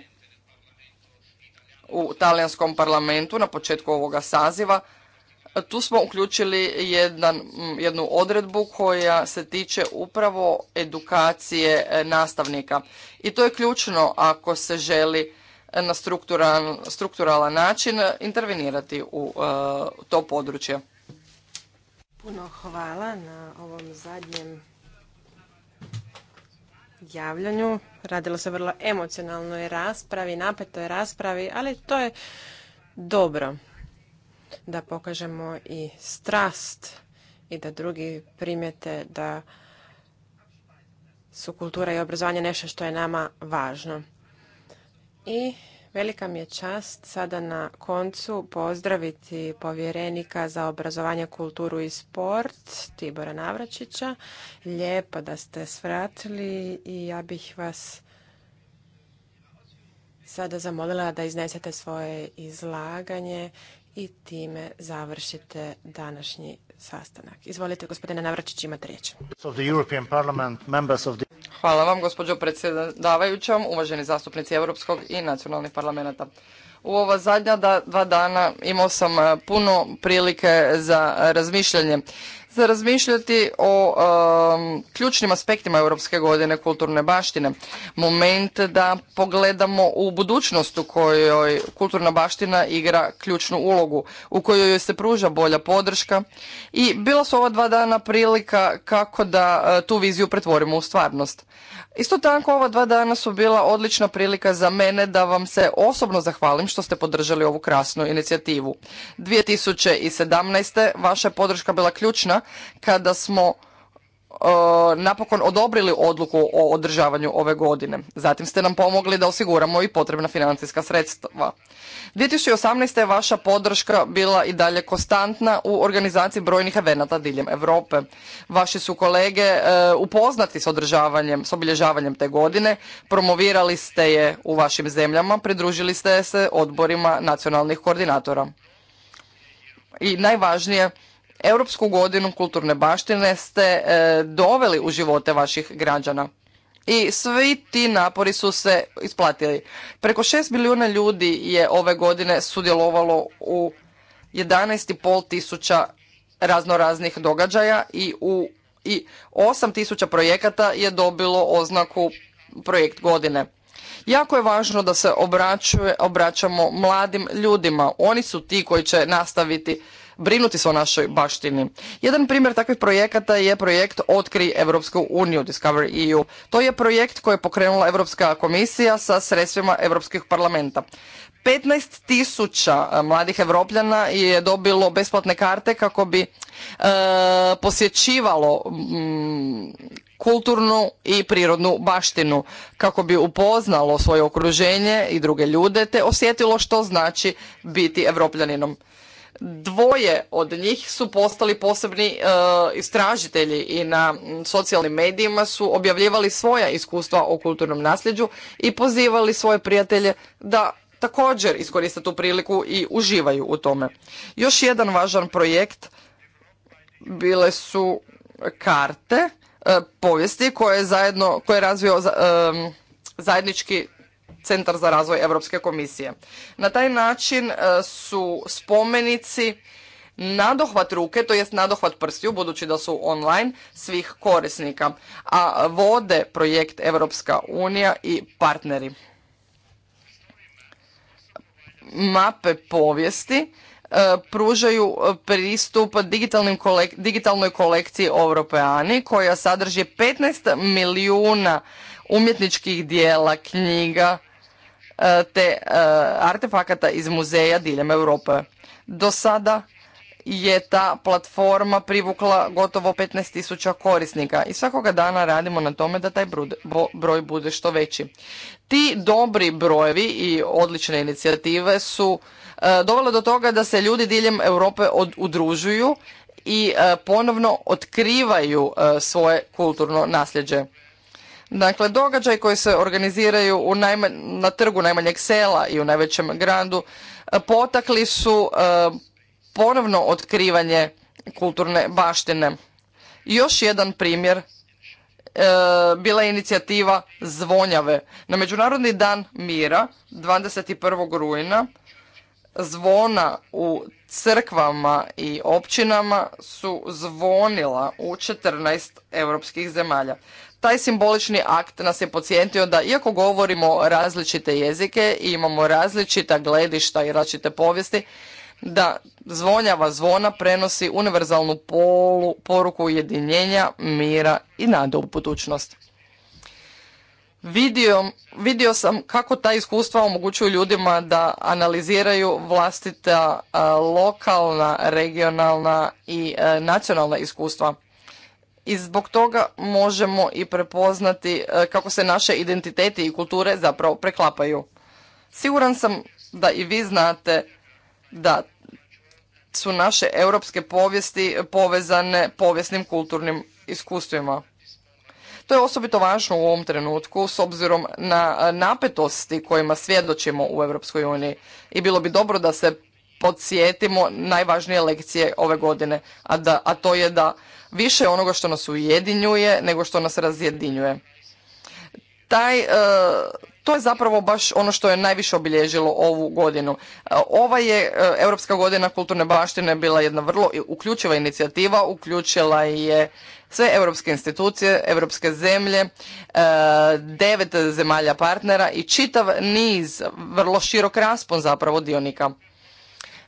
u talijanskom parlamentu na početku ovoga saziva tu smo uključili jedan, jednu odredbu koja se tiče upravo edukacije e, nastavnika. I to je ključno ako se želi e, na strukturalan način e, intervenirati u to područje. Puno hvala na ovom zadnjem javljanju. Radilo se vrlo emocionalnoj raspravi, napetoj raspravi, ali to je dobro da pokažemo i strast i da drugi primijete da su kultura i obrazovanje nešto što je nama važno. I velika mi je čast sada na koncu pozdraviti povjerenika za obrazovanje, kulturu i sport Tibora Navračića. Lijepo da ste svratili i ja bih vas sada zamolila da iznesete svoje izlaganje i time završite današnji sastanak. Izvolite, gospodine Navračić, imate riječ. Hvala vam, gospođo predsjedavajućom, uvaženi zastupnici Europskog i nacionalnih parlamenta. U ova zadnja dva dana imao sam eh, puno prilike za razmišljanje za razmišljati o um, ključnim aspektima Europske godine kulturne baštine. Moment da pogledamo u budućnost u kojoj kulturna baština igra ključnu ulogu, u kojoj joj se pruža bolja podrška i bila su ova dva dana prilika kako da uh, tu viziju pretvorimo u stvarnost. Isto tako ova dva dana su bila odlična prilika za mene da vam se osobno zahvalim što ste podržali ovu krasnu inicijativu. 2017. vaša je podrška bila ključna kada smo E, napokon odobrili odluku o održavanju ove godine. Zatim ste nam pomogli da osiguramo i potrebna financijska sredstva. 2018. je vaša podrška bila i dalje konstantna u organizaciji brojnih evenata diljem Europe. Vaši su kolege e, upoznati s održavanjem, s obilježavanjem te godine, promovirali ste je u vašim zemljama, pridružili ste se odborima nacionalnih koordinatora. I najvažnije, Europsku godinu kulturne baštine ste e, doveli u živote vaših građana. I svi ti napori su se isplatili. Preko 6 milijuna ljudi je ove godine sudjelovalo u 11,5 tisuća raznoraznih događaja i u i 8 tisuća projekata je dobilo oznaku projekt godine. Jako je važno da se obraćamo mladim ljudima. Oni su ti koji će nastaviti brinuti se o našoj baštini. Jedan primjer takvih projekata je projekt Otkri Evropsku uniju, Discover EU. To je projekt koji je pokrenula Europska komisija sa sredstvima Europskih parlamenta. 15 tisuća e, mladih evropljana je dobilo besplatne karte kako bi e, posjećivalo kulturnu i prirodnu baštinu, kako bi upoznalo svoje okruženje i druge ljude te osjetilo što znači biti evropljaninom dvoje od njih su postali posebni e, istražitelji i na socijalnim medijima su objavljivali svoja iskustva o kulturnom nasljeđu i pozivali svoje prijatelje da također iskoriste tu priliku i uživaju u tome. Još jedan važan projekt bile su karte e, povijesti koje je zajedno, koje je razvio e, zajednički Centar za razvoj Europske komisije. Na taj način e, su spomenici nadohvat ruke, to jest nadohvat prstiju, budući da su online, svih korisnika, a vode projekt Europska unija i partneri. Mape povijesti e, pružaju pristup digitalnoj kolekciji Europeani koja sadrži 15 milijuna umjetničkih dijela, knjiga, E, te e, artefakata iz muzeja diljem Europe. Do sada je ta platforma privukla gotovo 15.000 korisnika i svakoga dana radimo na tome da taj broj bude što veći. Ti dobri brojevi i odlične inicijative su e, dovele do toga da se ljudi diljem Europe udružuju i ponovno otkrivaju svoje kulturno nasljeđe. Dakle, događaj koji se organiziraju u na trgu najmanjeg sela i u najvećem gradu e, potakli su e, ponovno otkrivanje kulturne baštine. Još jedan primjer e, bila je inicijativa Zvonjave. Na Međunarodni dan mira 21. rujna zvona u crkvama i općinama su zvonila u 14 europskih zemalja. Taj simbolični akt nas je podsjetio da iako govorimo različite jezike i imamo različita gledišta i različite povijesti, da zvonjava zvona prenosi univerzalnu polu, poruku ujedinjenja, mira i nade u budućnost. Vidio, sam kako ta iskustva omogućuju ljudima da analiziraju vlastita lokalna, regionalna i e, nacionalna iskustva i zbog toga možemo i prepoznati e, kako se naše identiteti i kulture zapravo preklapaju. Siguran sam da i vi znate da su naše europske povijesti povezane povijesnim kulturnim iskustvima. To je osobito važno u ovom trenutku s obzirom na e, napetosti kojima svjedočimo u EU i bilo bi dobro da se podsjetimo najvažnije lekcije ove godine, a, da, a to je da više onoga što nas ujedinjuje nego što nas razjedinjuje. Taj, e, to je zapravo baš ono što je najviše obilježilo ovu godinu. E, ova je e, Europska godina kulturne baštine bila jedna vrlo uključiva inicijativa, uključila je sve europske institucije, europske zemlje, devet zemalja partnera i čitav niz, vrlo širok raspon zapravo dionika.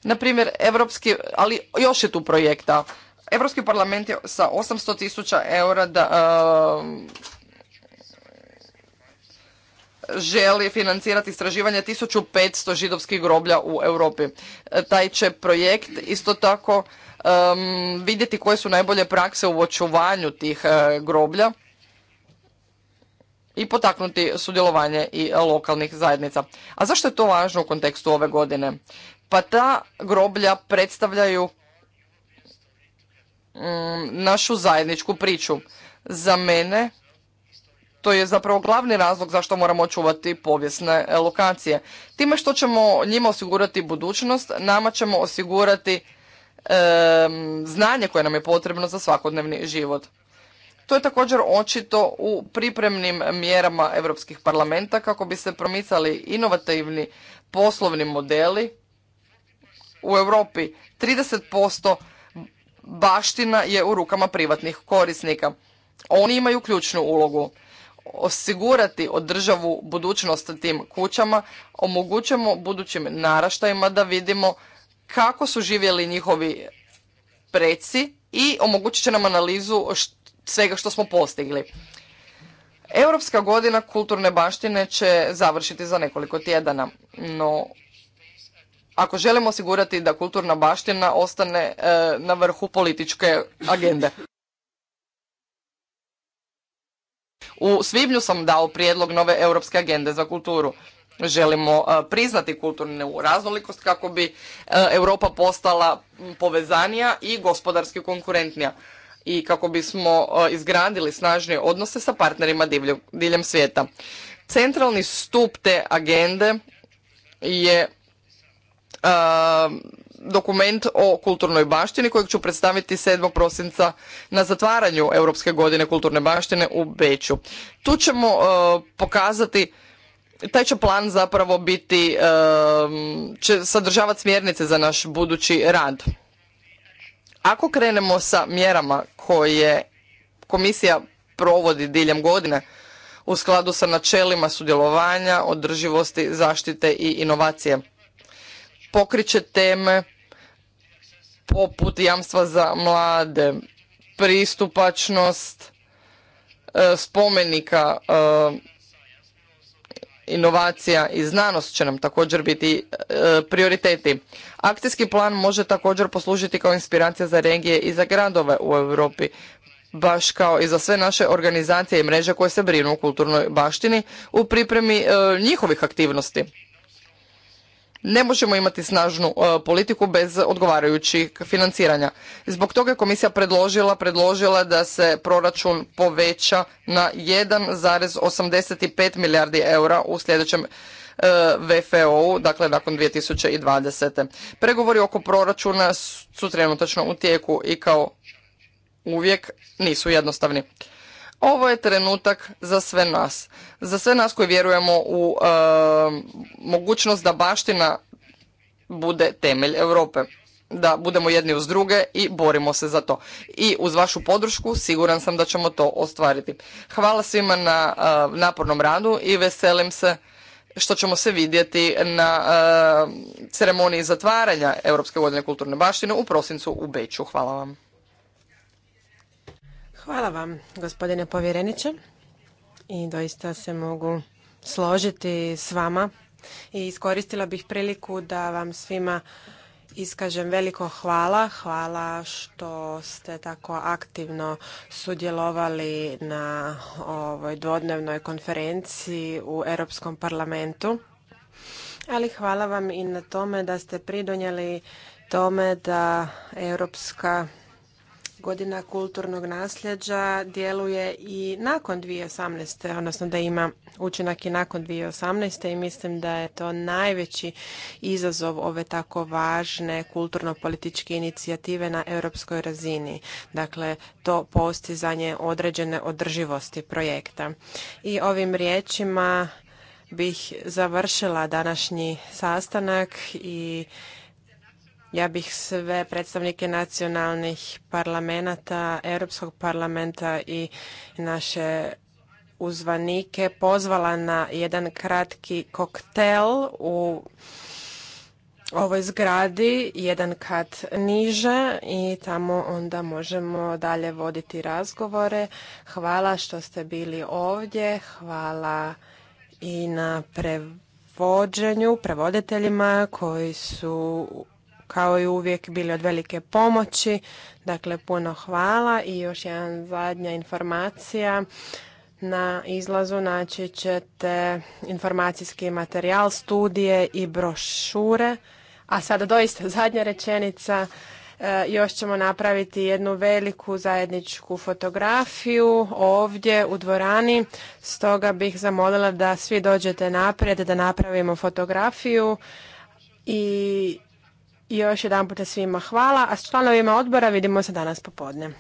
Na primjer, europski, ali još je tu projekta, Europski parlament je sa 800 tisuća eura da, um, želi financirati istraživanje 1500 židovskih groblja u Europi. E, taj će projekt isto tako um, vidjeti koje su najbolje prakse u očuvanju tih e, groblja i potaknuti sudjelovanje i lokalnih zajednica. A zašto je to važno u kontekstu ove godine? Pa ta groblja predstavljaju Mm, našu zajedničku priču. Za mene to je zapravo glavni razlog zašto moramo očuvati povijesne e, lokacije. Time što ćemo njima osigurati budućnost, nama ćemo osigurati znanje koje nam je potrebno za svakodnevni život. To je također očito u pripremnim mjerama europskih parlamenta kako bi se promicali inovativni poslovni modeli u Europi 30% baština je u rukama privatnih korisnika. Oni imaju ključnu ulogu. Osigurati održavu budućnost tim kućama omogućemo budućim naraštajima da vidimo kako su živjeli njihovi preci i omogućit će nam analizu svega što smo postigli. Europska godina kulturne baštine će završiti za nekoliko tjedana, no ako želimo osigurati da kulturna baština ostane e, na vrhu političke agende. U svibnju sam dao prijedlog nove europske agende za kulturu. Želimo e, priznati kulturnu raznolikost kako bi e, Europa postala povezanija i gospodarski konkurentnija i kako bismo izgradili snažnije odnose sa partnerima diljem svijeta. Centralni stup te agende je Um, dokument o kulturnoj baštini kojeg ću predstaviti 7. prosinca na zatvaranju Europske godine kulturne baštine u Beću. Tu ćemo uh, pokazati taj će plan zapravo biti, um, će sadržavati smjernice za naš budući rad. Ako krenemo sa mjerama koje komisija provodi diljem godine u skladu sa načelima sudjelovanja, održivosti, zaštite i inovacije pokriče teme poput jamstva za mlade, pristupačnost e, spomenika e, inovacija i znanost će nam također biti e, prioriteti. Akcijski plan može također poslužiti kao inspiracija za regije i za gradove u Europi baš kao i za sve naše organizacije i mreže koje se brinu o kulturnoj baštini u pripremi njihovih aktivnosti ne možemo imati snažnu e, politiku bez odgovarajućih financiranja. Zbog toga je komisija predložila, predložila da se proračun poveća na 1,85 milijardi eura u sljedećem e, vfo dakle nakon 2020. Pregovori oko proračuna su trenutačno u tijeku i kao uvijek nisu jednostavni. Ovo je trenutak za sve nas. Za sve nas koji vjerujemo u e, mogućnost da baština bude temelj Europe. Da budemo jedni uz druge i borimo se za to. I uz vašu podršku siguran sam da ćemo to ostvariti. Hvala svima na e, napornom radu i veselim se što ćemo se vidjeti na e, ceremoniji zatvaranja Europske godine kulturne baštine u prosincu u Beću. Hvala vam. Hvala vam, gospodine povjereniče. I doista se mogu složiti s vama. I iskoristila bih priliku da vam svima iskažem veliko hvala. Hvala što ste tako aktivno sudjelovali na ovoj dvodnevnoj konferenciji u Europskom parlamentu. Ali hvala vam i na tome da ste pridonijeli tome da Europska godina kulturnog nasljeđa djeluje i nakon 2018. odnosno da ima učinak i nakon 2018. i mislim da je to najveći izazov ove tako važne kulturno-političke inicijative na europskoj razini. Dakle, to postizanje određene održivosti projekta. I ovim riječima bih završila današnji sastanak i ja bih sve predstavnike nacionalnih parlamenta, Europskog parlamenta i naše uzvanike pozvala na jedan kratki koktel u ovoj zgradi, jedan kat niže i tamo onda možemo dalje voditi razgovore. Hvala što ste bili ovdje, hvala i na prevođenju, prevoditeljima koji su kao i uvijek bili od velike pomoći. Dakle, puno hvala i još jedan zadnja informacija. Na izlazu naći ćete informacijski materijal, studije i brošure. A sada doista zadnja rečenica. E, još ćemo napraviti jednu veliku zajedničku fotografiju ovdje u dvorani. Stoga bih zamolila da svi dođete naprijed da napravimo fotografiju i i još jedan puta svima hvala, a s članovima odbora vidimo se danas popodne.